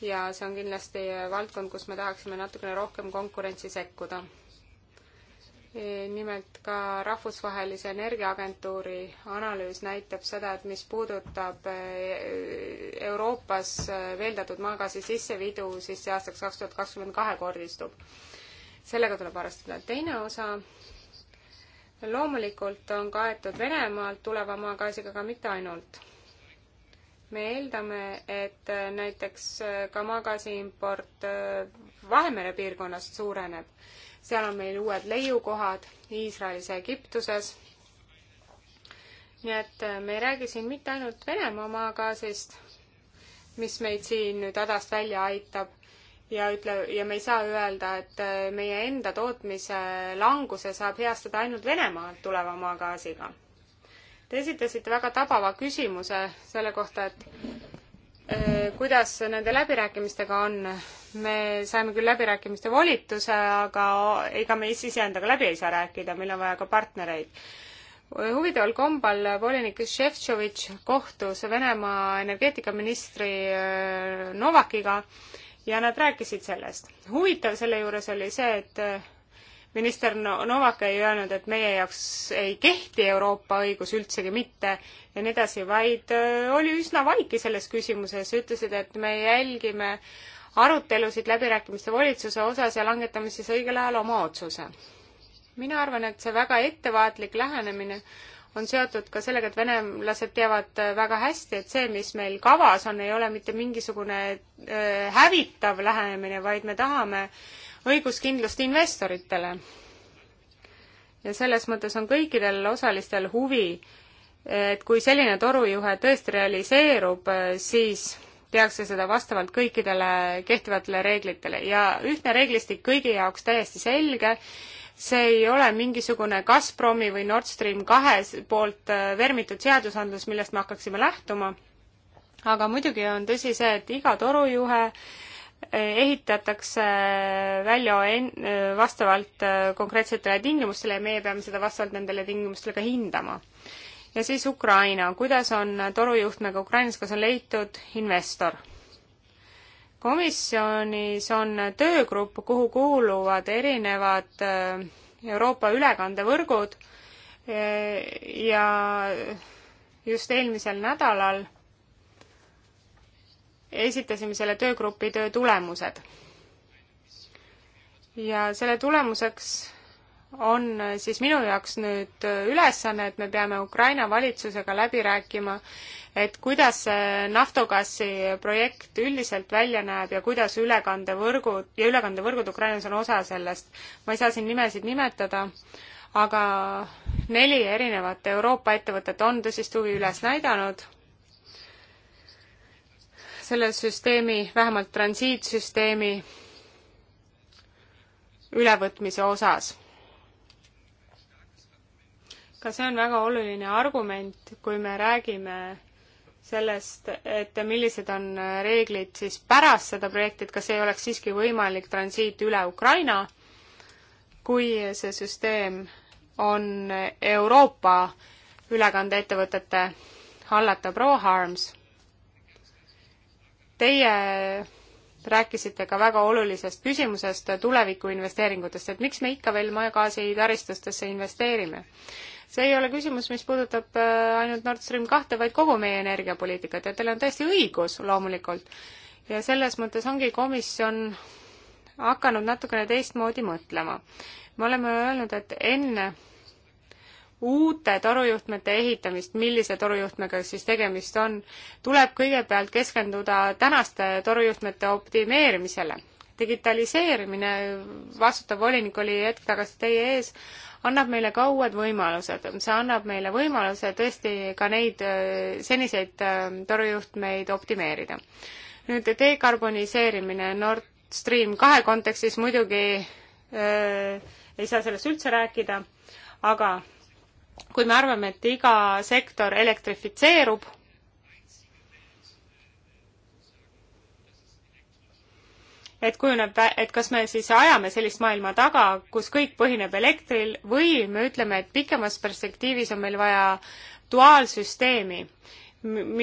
ja see on kindlasti valdkond, kus me tahaksime natukene rohkem konkurentsi sekkuda. E, nimelt ka Rahvusvahelise Energiaagentuuri analüüs näitab seda, et mis puudutab e, Euroopas e, veeldatud maagaasi sissevidu, siis see aastaks kaks tuhat kakskümmend kahekordistub. sellega tuleb arvestada. teine osa loomulikult on kaetud Venemaalt tuleva maagaasiga, aga mitte ainult me eeldame, et äh, näiteks äh, ka maagaasiimport äh, Vahemere piirkonnast suureneb. seal on meil uued leiukohad Iisraelis ja Egiptuses. nii et me ei räägi siin mitte ainult Venemaa maagaasist, mis meid siin nüüd hädast välja aitab ja ütle, ja me ei saa öelda, et meie enda tootmise languse saab heastada ainult Venemaalt tuleva maagaasiga Te esitasite väga tabava küsimuse selle kohta, et eh, kuidas nende läbirääkimistega on. me saime küll läbirääkimiste volituse, aga ega me iseendaga läbi ei saa rääkida, meil on vaja ka partnereid huvitaval kombal volinik Šefčovitš kohtus Venemaa energeetikaministri eh, Novakiga ja nad rääkisid sellest. huvitav selle juures oli see, et minister Novak ei öelnud, et meie jaoks ei kehti Euroopa õigus üldsegi mitte ja nii edasi, vaid äh, oli üsna vaiki selles küsimuses, ütlesid, et me jälgime arutelusid läbirääkimiste volitsuse osas ja langetame siis õigel ajal oma otsuse. mina arvan, et see väga ettevaatlik lähenemine on seotud ka sellega, et venelased teavad äh, väga hästi, et see, mis meil kavas on, ei ole mitte mingisugune äh, hävitav lähenemine, vaid me tahame äh, õiguskindlust investoritele. ja selles mõttes on kõikidel osalistel huvi, et kui selline torujuhe tõesti realiseerub, siis tehakse seda vastavalt kõikidele kehtivatele reeglitele ja ühtne reeglistik kõigi jaoks täiesti selge, see ei ole mingisugune Gazpromi või Nord Stream kahe poolt äh, vermitud seadusandlus, millest me hakkaksime lähtuma, aga muidugi on tõsi see, et iga torujuhe ehitatakse välja vastavalt äh, konkreetsetele tingimustele ja meie peame seda vastavalt nendele tingimustele ka hindama. ja siis Ukraina, kuidas on torujuhtmega nagu Ukrainas, kas on leitud investor? komisjonis on töögrupp, kuhu kuuluvad erinevad äh, Euroopa ülekandevõrgud äh, ja just eelmisel nädalal esitasime selle töögrupi töö tulemused. ja selle tulemuseks on siis minu jaoks nüüd ülesanne, et me peame Ukraina valitsusega läbi rääkima, et kuidas see Naftogasi projekt üldiselt välja näeb ja kuidas ülekandevõrgud ja ülekandevõrgud Ukrainas on osa sellest. ma ei saa siin nimesid nimetada, aga neli erinevat Euroopa ettevõtet on tõsist huvi üles näidanud selle süsteemi, vähemalt transiitsüsteemi ülevõtmise osas. ka see on väga oluline argument, kui me räägime sellest, et millised on reeglid siis pärast seda projekti, et kas ei oleks siiski võimalik transiit üle Ukraina, kui see süsteem on Euroopa ülekandeettevõtete hallata Pro Harms Teie rääkisite ka väga olulisest küsimusest tulevikuinvesteeringutest, et miks me ikka veel maagaasi taristustesse investeerime. see ei ole küsimus, mis puudutab äh, ainult Nord Stream kahte, vaid kogu meie energiapoliitikat ja teil on täiesti õigus loomulikult. ja selles mõttes ongi komisjon hakanud natukene teistmoodi mõtlema. me oleme öelnud, et enne uute torujuhtmete ehitamist, millise torujuhtmega siis tegemist on, tuleb kõigepealt keskenduda tänaste torujuhtmete optimeerimisele. digitaliseerimine, vastutav volinik oli hetk tagasi teie ees, annab meile ka uued võimalused, see annab meile võimaluse tõesti ka neid äh, seniseid äh, torujuhtmeid optimeerida. nüüd dekarboniseerimine Nord Stream kahe kontekstis muidugi öö, äh, ei saa sellest üldse rääkida, aga kui me arvame, et iga sektor elektrifitseerub, et kujuneb, et kas me siis ajame sellist maailma taga, kus kõik põhineb elektril või me ütleme, et pikemas perspektiivis on meil vaja duaalsüsteemi,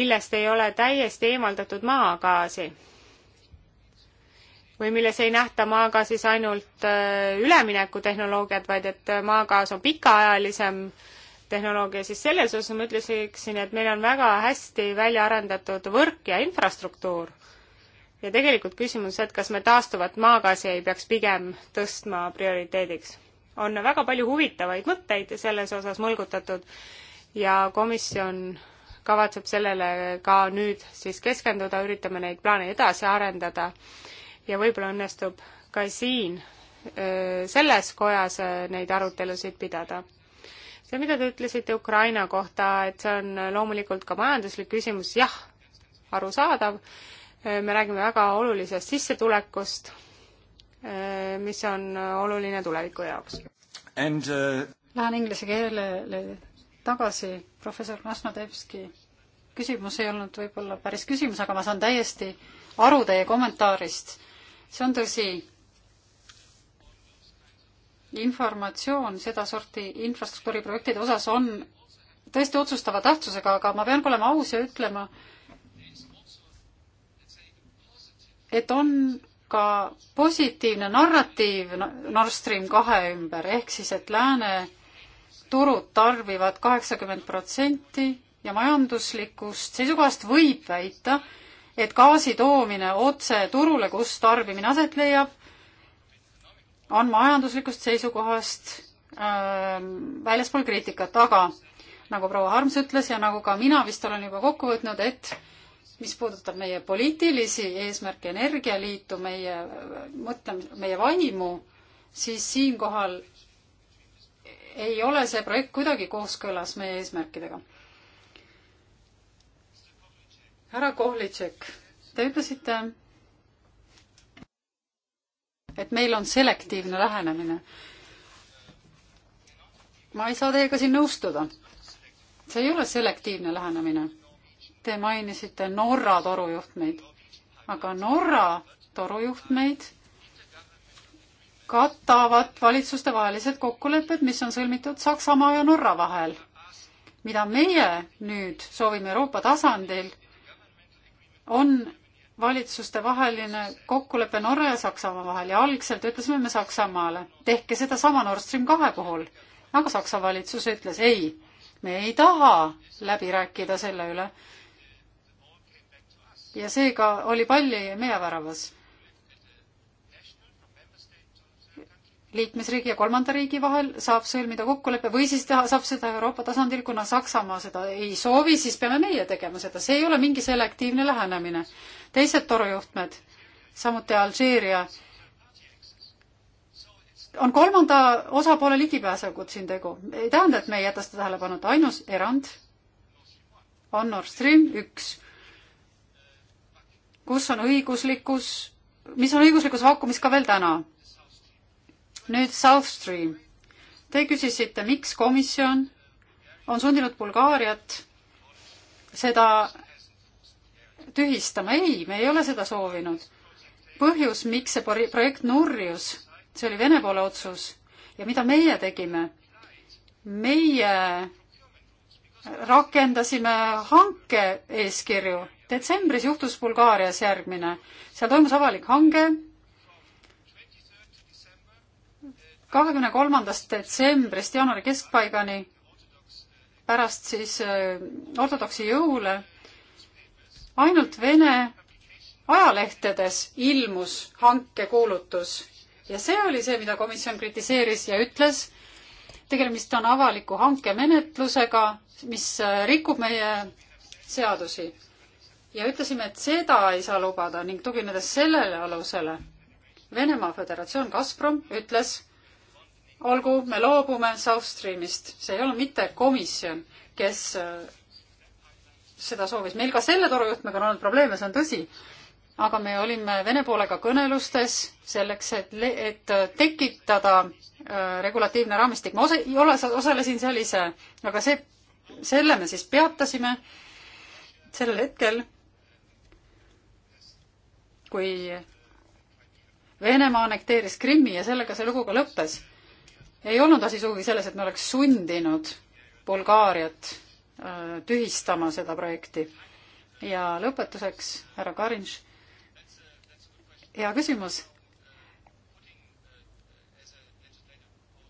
millest ei ole täiesti eemaldatud maagaasi või milles ei nähta maagaasis ainult äh, üleminekutehnoloogiat, vaid et äh, maagaas on pikaajalisem tehnoloogia, siis selles osas ma ütleksin, et meil on väga hästi välja arendatud võrk ja infrastruktuur. ja tegelikult küsimus, et kas me taastuvat maagaasi ei peaks pigem tõstma prioriteediks. on väga palju huvitavaid mõtteid selles osas mõlgutatud ja komisjon kavatseb sellele ka nüüd siis keskenduda, üritame neid plaane edasi arendada ja võib-olla õnnestub ka siin selles kojas neid arutelusid pidada. see, mida te ütlesite Ukraina kohta, et see on loomulikult ka majanduslik küsimus, jah, arusaadav, me räägime väga olulisest sissetulekust, mis on oluline tuleviku jaoks. Uh... Lähen inglise keelele tagasi, professor Krasnodevski küsimus ei olnud võib-olla päris küsimus, aga ma saan täiesti aru teie kommentaarist see on tõsi. informatsioon sedasorti infrastruktuuriprojektide osas on tõesti otsustava tähtsusega, aga ma pean ka olema aus ja ütlema, et on ka positiivne narratiiv Nord Stream kahe ümber, ehk siis, et lääne turud tarbivad kaheksakümmend protsenti ja majanduslikust seisukohast võib väita, et gaasi toomine otse turule, kus tarbimine aset leiab, on majanduslikust seisukohast äh, väljaspool kriitikat, aga nagu proua Harms ütles ja nagu ka mina vist olen juba kokku võtnud, et mis puudutab meie poliitilisi eesmärke, energialiitu, meie äh, mõtlemis, meie vaimu, siis siinkohal ei ole see projekt kuidagi kooskõlas meie eesmärkidega härra Kohlitšek, te ütlesite, et meil on selektiivne lähenemine. ma ei saa teiega siin nõustuda. see ei ole selektiivne lähenemine. Te mainisite Norra torujuhtmeid, aga Norra torujuhtmeid katavad valitsustevahelised kokkulepped, mis on sõlmitud Saksamaa ja Norra vahel. mida meie nüüd soovime Euroopa tasandil on valitsustevaheline kokkulepe Norra ja Saksamaa vahel ja algselt ütlesime me Saksamaale, tehke sedasama Nord Stream kahe puhul, aga Saksa valitsus ütles ei, me ei taha läbi rääkida selle üle. ja seega oli palli meie väravas liikmesriigi ja kolmanda riigi vahel, saab sõlmida kokkuleppe või siis teha, saab seda Euroopa tasandil, kuna Saksamaa seda ei soovi, siis peame meie tegema seda, see ei ole mingi selektiivne lähenemine. teised torujuhtmed, samuti Alžeeria, on kolmanda osapoole ligipääsekut siin tegu, ei tähenda, et me ei jäta seda tähelepanuta, ainus erand on Nord Stream üks, kus on õiguslikus, mis on õiguslikus vaakumis ka veel täna nüüd South Stream. Te küsisite, miks komisjon on sundinud Bulgaariat seda tühistama. ei, me ei ole seda soovinud. põhjus, miks see projekt nurjus, see oli Vene poole otsus ja mida meie tegime? meie rakendasime hanke eeskirju. detsembris juhtus Bulgaarias järgmine. seal toimus avalik hange kahekümne kolmandast detsembrist jaanuari keskpaigani, pärast siis äh, ortodoksi jõule, ainult Vene ajalehtedes ilmus hankekuulutus ja see oli see, mida komisjon kritiseeris ja ütles, tegemist on avaliku hankemenetlusega, mis äh, rikub meie seadusi. ja ütlesime, et seda ei saa lubada ning tuginedes sellele alusele, Venemaa Föderatsioon Gazprom ütles, olgu, me loobume South Streamist, see ei olnud mitte komisjon, kes äh, seda soovis. meil ka selle torujuhtmega on olnud probleeme, see on tõsi, aga me olime Vene poolega kõnelustes selleks, et, et äh, tekitada äh, regulatiivne raamistik. ma osa-, ole, osalesin seal ise, aga see, selle me siis peatasime sellel hetkel, kui Venemaa annekteeris Krimmi ja sellega see lugu ka lõppes ei olnud asi sugugi selles, et me oleks sundinud Bulgaariat äh, tühistama seda projekti. ja lõpetuseks, härra Karinš, hea küsimus.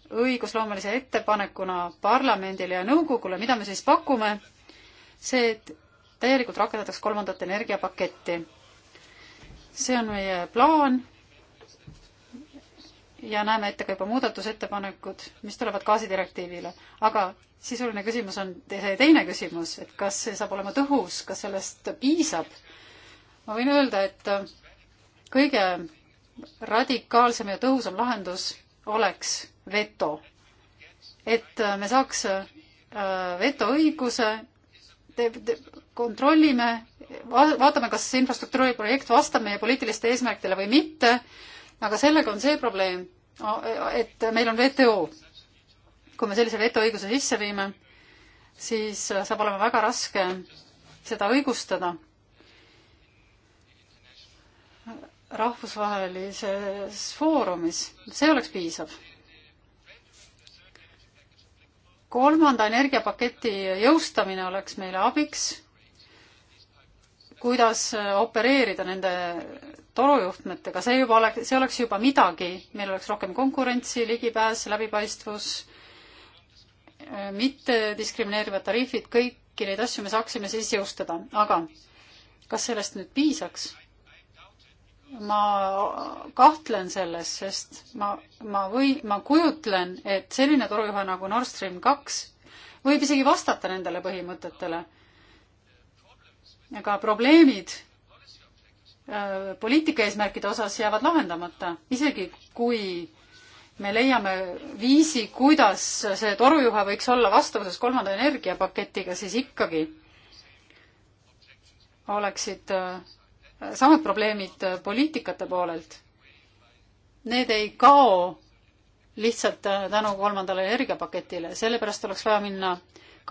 õigusloomelise ettepanekuna parlamendile ja nõukogule, mida me siis pakume, see, et täielikult rakendataks kolmandat energiapaketti. see on meie plaan ja näeme ette ka juba muudatusettepanekud, mis tulevad gaasidirektiivile. aga sisuline küsimus on see teine küsimus, et kas see saab olema tõhus, kas sellest piisab? ma võin öelda, et kõige radikaalsem ja tõhusam lahendus oleks veto. et me saaks äh, vetoõiguse, kontrollime, vaatame, kas infrastruktuuriprojekt vastab meie poliitiliste eesmärkidele või mitte aga sellega on see probleem, et meil on WTO. kui me sellise veto õiguse sisse viime, siis saab olema väga raske seda õigustada rahvusvahelises foorumis, see oleks piisav. kolmanda energiapaketi jõustamine oleks meile abiks, kuidas opereerida nende torujuhtmetega, see juba oleks, see oleks juba midagi, meil oleks rohkem konkurentsi, ligipääs, läbipaistvus, äh, mittediskrimineerivad tariifid, kõiki neid asju me saaksime siis jõustada, aga kas sellest nüüd piisaks? ma kahtlen selles, sest ma, ma või, ma kujutlen, et selline torujuhe nagu Nord Stream kaks võib isegi vastata nendele põhimõtetele. aga probleemid Äh, poliitika eesmärkide osas jäävad lahendamata, isegi kui me leiame viisi, kuidas see torujuhe võiks olla vastavuses kolmanda energiapaketiga, siis ikkagi oleksid äh, samad probleemid äh, poliitikate poolelt. Need ei kao lihtsalt tänu kolmandale energiapaketile, sellepärast oleks vaja minna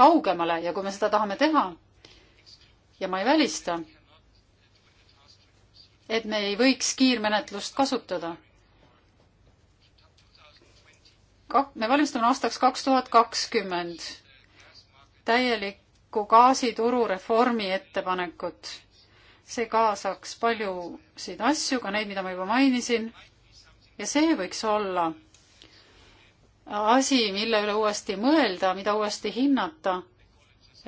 kaugemale ja kui me seda tahame teha, ja ma ei välista, et me ei võiks kiirmenetlust kasutada. Ka-, me valmistume aastaks kaks tuhat kakskümmend täielikku gaasituru reformi ettepanekut. see kaasaks paljusid asju, ka neid, mida ma juba mainisin, ja see võiks olla asi, mille üle uuesti mõelda, mida uuesti hinnata,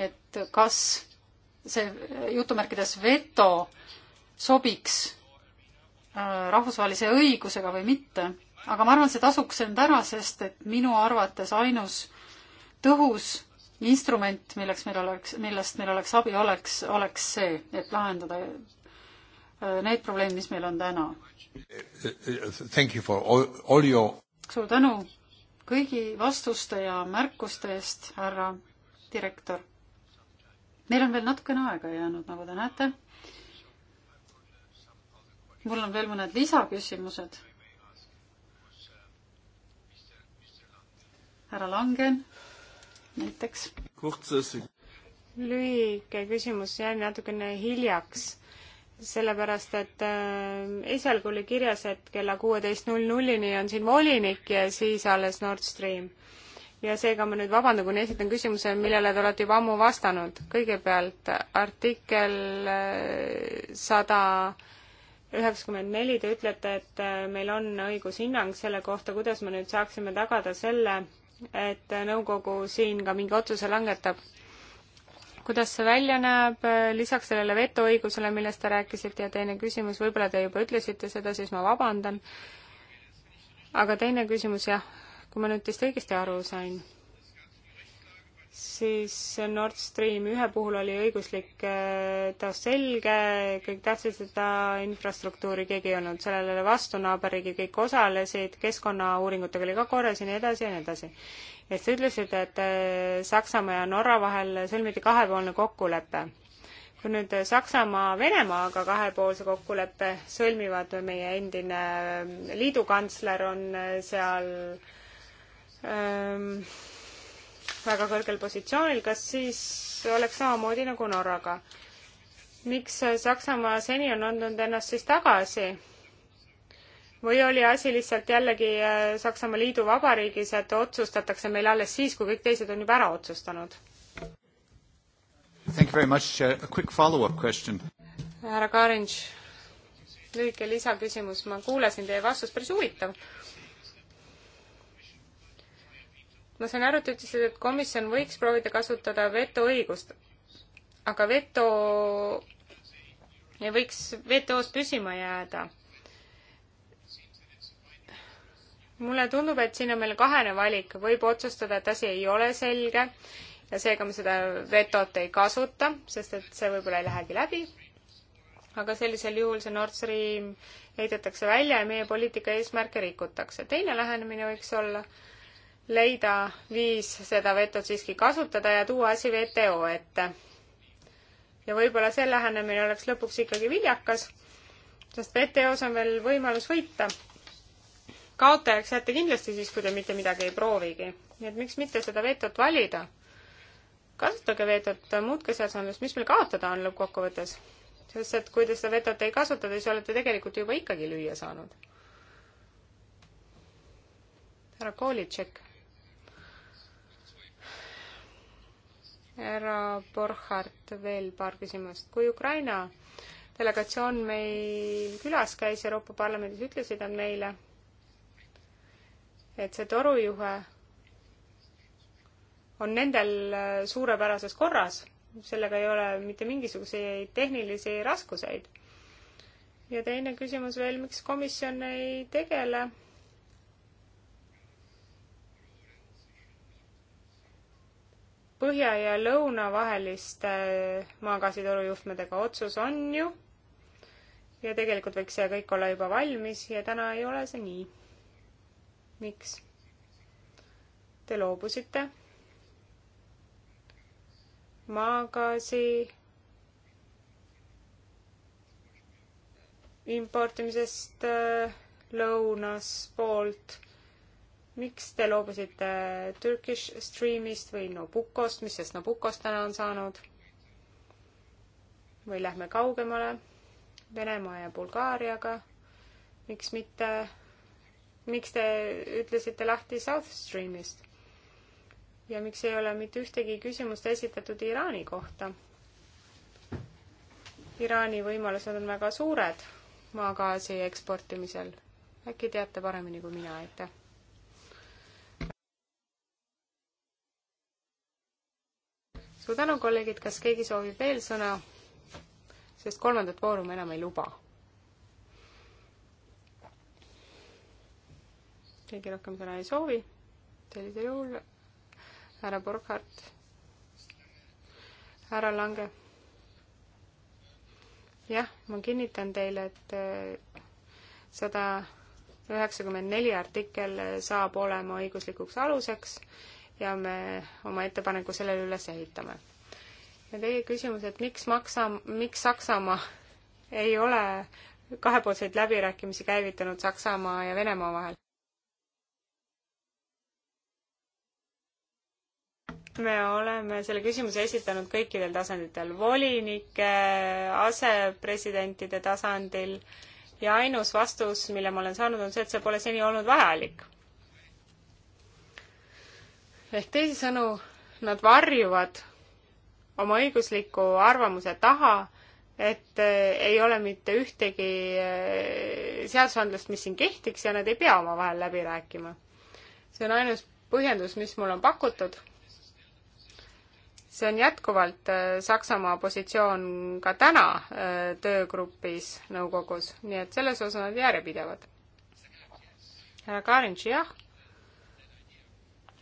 et kas see jutumärkides veto sobiks äh, rahvusvahelise õigusega või mitte. aga ma arvan, see tasuks end ära, sest et minu arvates ainus tõhus instrument, milleks meil oleks, millest meil oleks abi, oleks, oleks see, et lahendada äh, need probleemid, mis meil on täna. Your... suur tänu kõigi vastuste ja märkuste eest, härra direktor. meil on veel natukene aega jäänud, nagu te näete mul on veel mõned lisaküsimused. härra Langen näiteks. lühike küsimus, jäin natukene hiljaks, sellepärast et äh, esialgu oli kirjas, et kella kuueteist null nullini on siin volinik ja siis alles Nord Stream. ja seega ma nüüd vabandan, kui esitan küsimuse, millele te olete juba ammu vastanud. kõigepealt artikkel äh, sada äh, üheksakümmend neli, te ütlete, et äh, meil on õigushinnang selle kohta, kuidas me nüüd saaksime tagada selle, et nõukogu siin ka mingi otsuse langetab. kuidas see välja näeb, äh, lisaks sellele vetoõigusele, millest te rääkisite ja teine küsimus, võib-olla te juba ütlesite seda, siis ma vabandan. aga teine küsimus jah, kui ma nüüd teist õigesti aru sain siis Nord Stream ühe puhul oli õiguslik eh, ta selge, kõik tahtsid seda infrastruktuuri, keegi ei olnud sellele vastu, naaberriigid kõik osalesid, keskkonnauuringutega oli ka korras ja nii edasi ja nii edasi. ja siis ütlesid, et eh, Saksamaa ja Norra vahel sõlmiti kahepoolne kokkulepe. kui nüüd Saksamaa Venemaaga kahepoolse kokkuleppe sõlmivad, meie endine eh, liidukantsler on seal ähm, väga kõrgel positsioonil, kas siis oleks samamoodi nagu Norraga? miks Saksamaa seni on andnud ennast siis tagasi? või oli asi lihtsalt jällegi äh, Saksamaa liiduvabariigis, et otsustatakse meil alles siis, kui kõik teised on juba ära otsustanud? härra Karinš, lühike lisaküsimus, ma kuulasin teie vastust, päris huvitav ma saan aru, et ütlesid, et komisjon võiks proovida kasutada vetoõigust, aga veto ja võiks WTO-s püsima jääda. mulle tundub, et siin on meil kahene valik, võib otsustada, et asi ei ole selge ja seega me seda vetot ei kasuta, sest et see võib-olla ei lähegi läbi. aga sellisel juhul see Nord Stream heidetakse välja ja meie poliitika eesmärke rikutakse. teine lähenemine võiks olla äh, leida viis seda vetot siiski kasutada ja tuua asi WTO ette. ja võib-olla see lähenemine oleks lõpuks ikkagi viljakas, sest WTO-s on veel võimalus võita. kaotajaks jääte kindlasti siis, kui te mitte midagi ei proovigi. nii et miks mitte seda vetot valida? kasutage vetot, muutke seadusandlust, mis meil kaotada on lõppkokkuvõttes? sest et kui te seda vetot ei kasuta, siis olete tegelikult juba ikkagi lüüa saanud. härra Kolitšek härra Borchardt, veel paar küsimust. kui Ukraina delegatsioon meil külas käis Euroopa Parlamendis, ütlesid nad meile, et see torujuhe on nendel äh, suurepärases korras, sellega ei ole mitte mingisuguseid tehnilisi raskuseid. ja teine küsimus veel, miks komisjon ei tegele põhja ja lõuna vaheliste maagaasitoru juhtmedega otsus on ju ja tegelikult võiks see kõik olla juba valmis ja täna ei ole see nii. miks? Te loobusite maagaasi importimisest äh, lõunas poolt miks te loobusite Turkish Streamist või Nabucost, mis sest Nabucost täna on saanud? või lähme kaugemale Venemaa ja Bulgaariaga? miks mitte, miks te ütlesite lahti South Streamist? ja miks ei ole mitte ühtegi küsimust esitatud Iraani kohta? Iraani võimalused on väga suured maagaasi eksportimisel. äkki teate paremini kui mina, aitäh! suur tänu, kolleegid, kas keegi soovib veel sõna? sest kolmandat vooru me enam ei luba. keegi rohkem sõna ei soovi. sellisel juhul härra Burkhardt, härra Lange. jah, ma kinnitan teile, et äh, sada üheksakümmend neli artikkel saab olema õiguslikuks aluseks ja me oma ettepaneku sellele üles ehitame. ja teie küsimus, et miks maksa, miks Saksamaa ei ole kahepoolseid läbirääkimisi käivitanud Saksamaa ja Venemaa vahel? me oleme selle küsimuse esitanud kõikidel tasanditel, volinike, asepresidentide tasandil ja ainus vastus, mille ma olen saanud, on see, et see pole seni olnud vajalik ehk teisisõnu, nad varjuvad oma õigusliku arvamuse taha, et eh, ei ole mitte ühtegi eh, seadusandlust, mis siin kehtiks ja nad ei pea omavahel läbi rääkima. see on ainus põhjendus, mis mul on pakutud. see on jätkuvalt eh, Saksamaa positsioon ka täna töögrupis nõukogus, nii et selles osas nad järjepidevad. härra Karinš, jah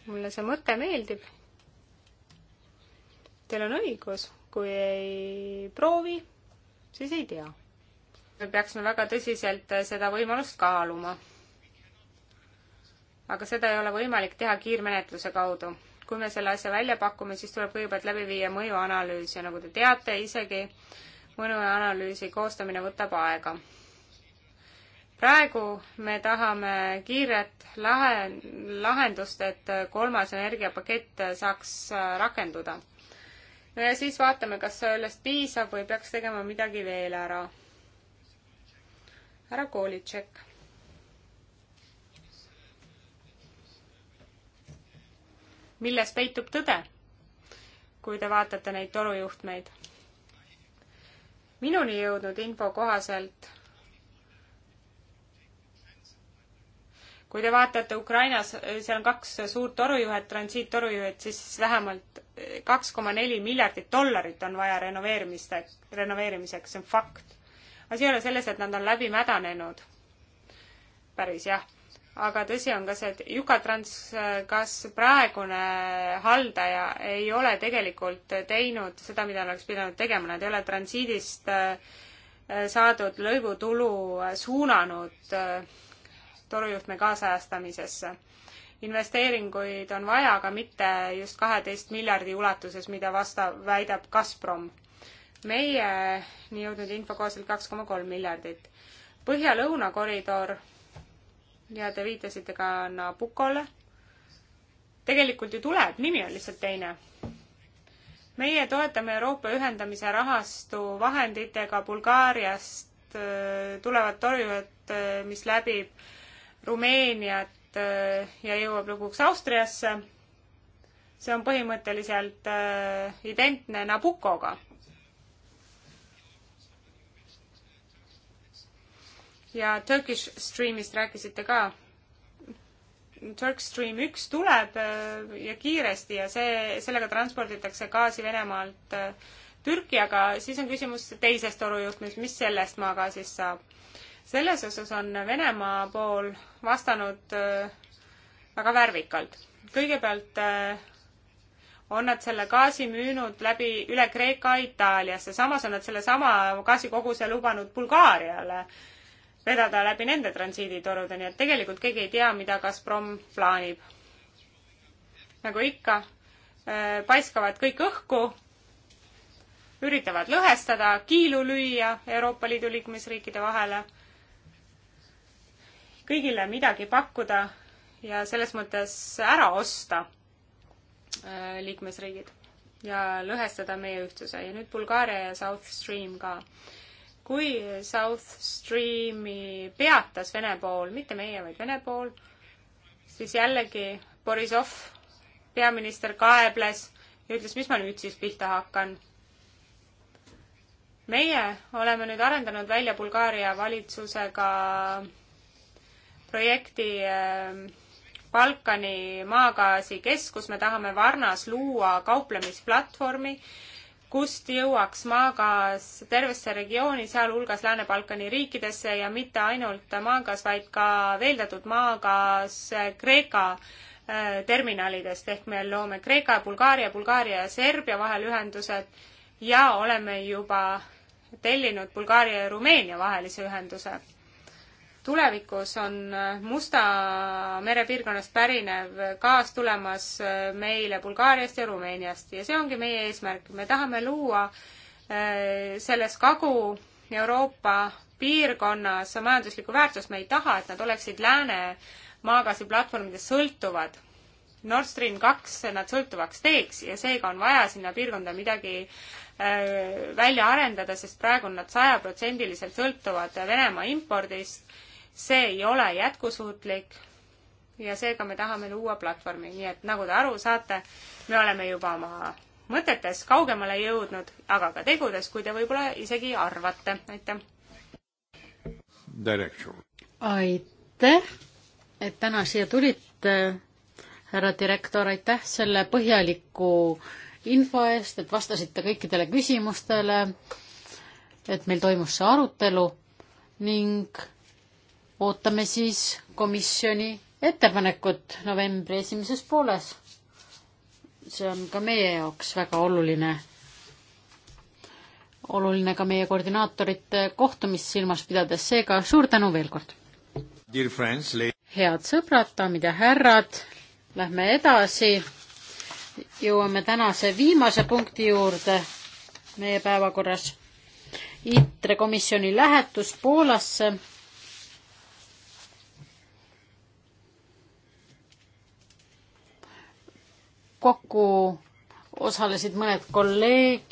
mulle see mõte meeldib. Teil on õigus, kui ei proovi, siis ei tea. me peaksime väga tõsiselt seda võimalust kaaluma. aga seda ei ole võimalik teha kiirmenetluse kaudu. kui me selle asja välja pakume, siis tuleb kõigepealt läbi viia mõjuanalüüs ja nagu te teate isegi, mõjuanalüüsi koostamine võtab aega praegu me tahame kiiret lahe, lahendust, et kolmas energiapakett saaks äh, rakenduda. no ja siis vaatame, kas sellest piisab või peaks tegema midagi veel ära. härra Koolitšek. milles peitub tõde, kui te vaatate neid torujuhtmeid? minuni jõudnud info kohaselt kui te vaatate Ukrainas, seal on kaks suurt torujuhet, transiittorujuhet, siis vähemalt kaks koma neli miljardit dollarit on vaja renoveerimiste, renoveerimiseks, see on fakt. asi ei ole selles, et nad on läbi mädanenud. päris jah. aga tõsi on ka see, et Jukatrans, kas praegune haldaja ei ole tegelikult teinud seda, mida oleks pidanud tegema, nad ei ole transiidist äh, saadud lõivutulu suunanud äh, torujuhtme kaasajastamisesse. investeeringuid on vaja, aga mitte just kaheteist miljardi ulatuses, mida vasta-, väidab Gazprom. meieni jõudnud info kohaselt kaks koma kolm miljardit. Põhja-Lõuna koridor ja te viitasite ka Nabucole. tegelikult ju tuleb, nimi on lihtsalt teine meie toetame Euroopa ühendamise rahastu vahenditega Bulgaariast äh, tulevat torjujat, äh, mis läbib Rumeeniat äh, ja jõuab lõpuks Austriasse. see on põhimõtteliselt äh, identne Nabukoga. ja Turkish Streamist rääkisite ka. Turk Stream üks tuleb äh, ja kiiresti ja see, sellega transporditakse gaasi Venemaalt Türki, aga siis on küsimus teisest torujuhtmest, mis sellest maagaasist saab selles osas on Venemaa pool vastanud äh, väga värvikalt. kõigepealt äh, on nad selle gaasi müünud läbi, üle Kreeka Itaaliasse, samas on nad sellesama gaasikoguse lubanud Bulgaariale vedada läbi nende transiiditorude, nii et tegelikult keegi ei tea, mida Gazprom plaanib. nagu ikka, äh, paiskavad kõik õhku, üritavad lõhestada, kiilu lüüa Euroopa Liidu liikmesriikide vahele kõigile midagi pakkuda ja selles mõttes ära osta äh, liikmesriigid ja lõhestada meie ühtsuse ja nüüd Bulgaaria ja South Stream ka. kui South Streami peatas Vene pool, mitte meie, vaid Vene pool, siis jällegi Borisov, peaminister, kaebles ja ütles, mis ma nüüd siis pihta hakkan meie oleme nüüd arendanud välja Bulgaaria valitsusega projekti ähm, Balkani maagaasikeskus, me tahame Varnas luua kauplemisplatvormi, kust jõuaks maagaas tervesse regiooni, sealhulgas Lääne-Balkani riikidesse ja mitte ainult maagaas, vaid ka veeldatud maagaas Kreeka äh, terminalidest ehk me loome Kreeka ja Bulgaaria, Bulgaaria ja Serbia vahel ühendused ja oleme juba tellinud Bulgaaria ja Rumeenia vahelise ühenduse tulevikus on äh, Musta mere piirkonnast pärinev gaas tulemas äh, meile Bulgaariast ja Rumeeniast ja see ongi meie eesmärk. me tahame luua äh, selles Kagu-Euroopa piirkonnas majanduslikku väärtust, me ei taha, et nad oleksid lääne maagaasiplatvormidest sõltuvad. Nord Stream kaks nad sõltuvaks teeks ja seega on vaja sinna piirkonda midagi välja arendada, sest praegu nad sajaprotsendiliselt sõltuvad Venemaa impordist see ei ole jätkusuutlik ja seega me tahame luua platvormi, nii et nagu te aru saate, me oleme juba oma mõtetes kaugemale jõudnud, aga ka tegudes, kui te võib-olla isegi arvate, aitäh. aitäh, et täna siia tulite, härra direktor, aitäh selle põhjaliku info eest, et vastasite kõikidele küsimustele, et meil toimus see arutelu ning ootame siis komisjoni ettepanekut novembri esimeses pooles. see on ka meie jaoks väga oluline. oluline ka meie koordinaatorite kohtumist silmas pidades, seega suur tänu veel kord. head sõbrad, daamid ja härrad, lähme edasi. jõuame tänase viimase punkti juurde meie päevakorras. ITRE komisjoni lähetus Poolasse kokku osalesid mõned kolleegid,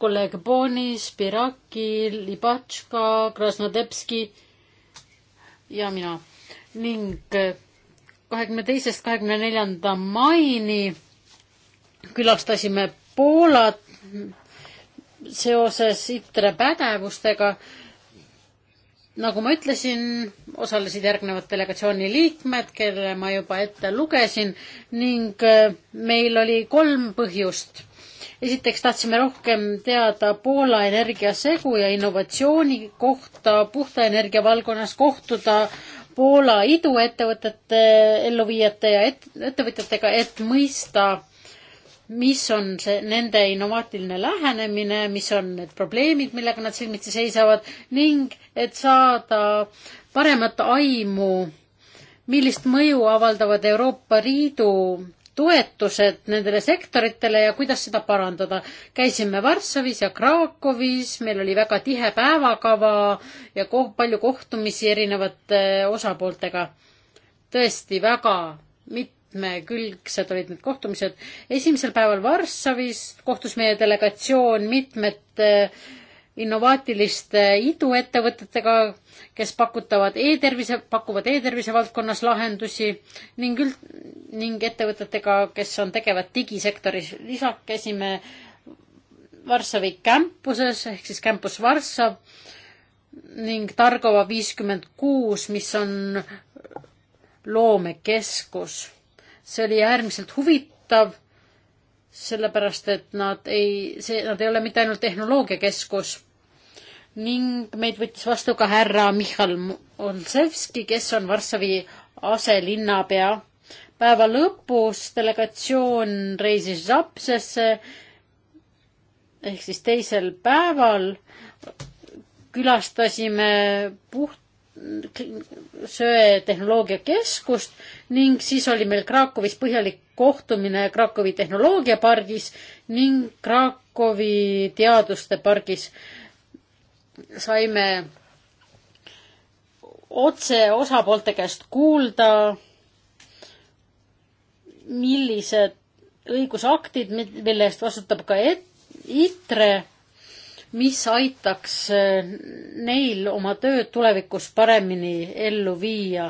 kolleeg Bonis, Spiraki, Libatška, Krasnodebski ja mina ning kahekümne teisest kahekümne neljanda maini külastasime Poolat seoses ITRE pädevustega nagu ma ütlesin, osalesid järgnevad delegatsiooni liikmed, kelle ma juba ette lugesin ning äh, meil oli kolm põhjust. esiteks tahtsime rohkem teada Poola energiasegu ja innovatsiooni kohta puhta energia valdkonnas, kohtuda Poola iduettevõtete elluviijate ja et, ettevõtjatega, et mõista mis on see nende innovaatiline lähenemine, mis on need probleemid, millega nad silmitsi seisavad ning et saada paremat aimu, millist mõju avaldavad Euroopa Liidu toetused nendele sektoritele ja kuidas seda parandada. käisime Varssavis ja Krakowis, meil oli väga tihe päevakava ja koh palju kohtumisi erinevate osapooltega. tõesti väga mit-, mitmekülgsed olid need kohtumised. esimesel päeval Varssavis kohtus meie delegatsioon mitmete eh, innovaatiliste iduettevõtetega, kes pakutavad e-tervise, pakuvad e-tervise valdkonnas lahendusi ning üld, ning ettevõtetega, kes on tegevad digisektoris. lisaks käisime Varssavi campuses ehk siis campus Varssav ning Targova viiskümmend kuus, mis on loomekeskus see oli äärmiselt huvitav, sellepärast et nad ei, see, nad ei ole mitte ainult tehnoloogiakeskus ning meid võttis vastu ka härra Michal Olsevski, kes on Varssavi aselinnapea. päeva lõpus delegatsioon reisis Zapsesse ehk siis teisel päeval külastasime puht söetehnoloogiakeskust ning siis oli meil Krakowis põhjalik kohtumine Krakowi tehnoloogiapargis ning Krakowi teaduste pargis. saime otse osapoolte käest kuulda, millised õigusaktid, mille eest vastutab ka et, ITRE mis aitaks äh, neil oma tööd tulevikus paremini ellu viia.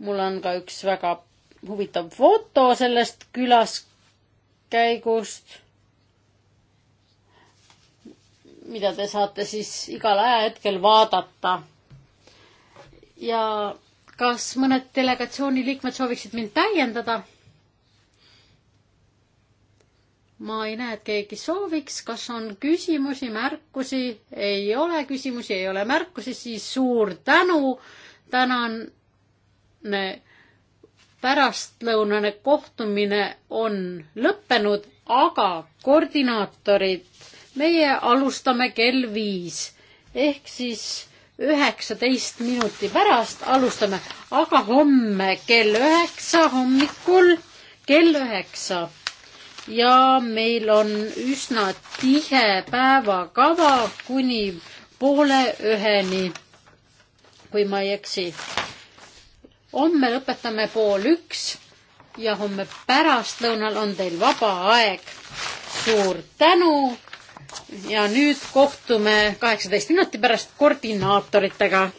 mul on ka üks väga huvitav foto sellest külaskäigust, mida te saate siis igal ajahetkel vaadata. ja kas mõned delegatsiooni liikmed sooviksid mind täiendada? ma ei näe, et keegi sooviks, kas on küsimusi, märkusi, ei ole küsimusi, ei ole märkusi, siis suur tänu. tänane pärastlõunane kohtumine on lõppenud, aga koordinaatorid, meie alustame kell viis ehk siis üheksateist minuti pärast alustame, aga homme kell üheksa hommikul kell üheksa ja meil on üsna tihe päevakava kuni poole üheni, kui ma ei eksi. homme lõpetame pool üks ja homme pärastlõunal on teil vaba aeg. suur tänu ja nüüd kohtume kaheksateist minuti pärast koordinaatoritega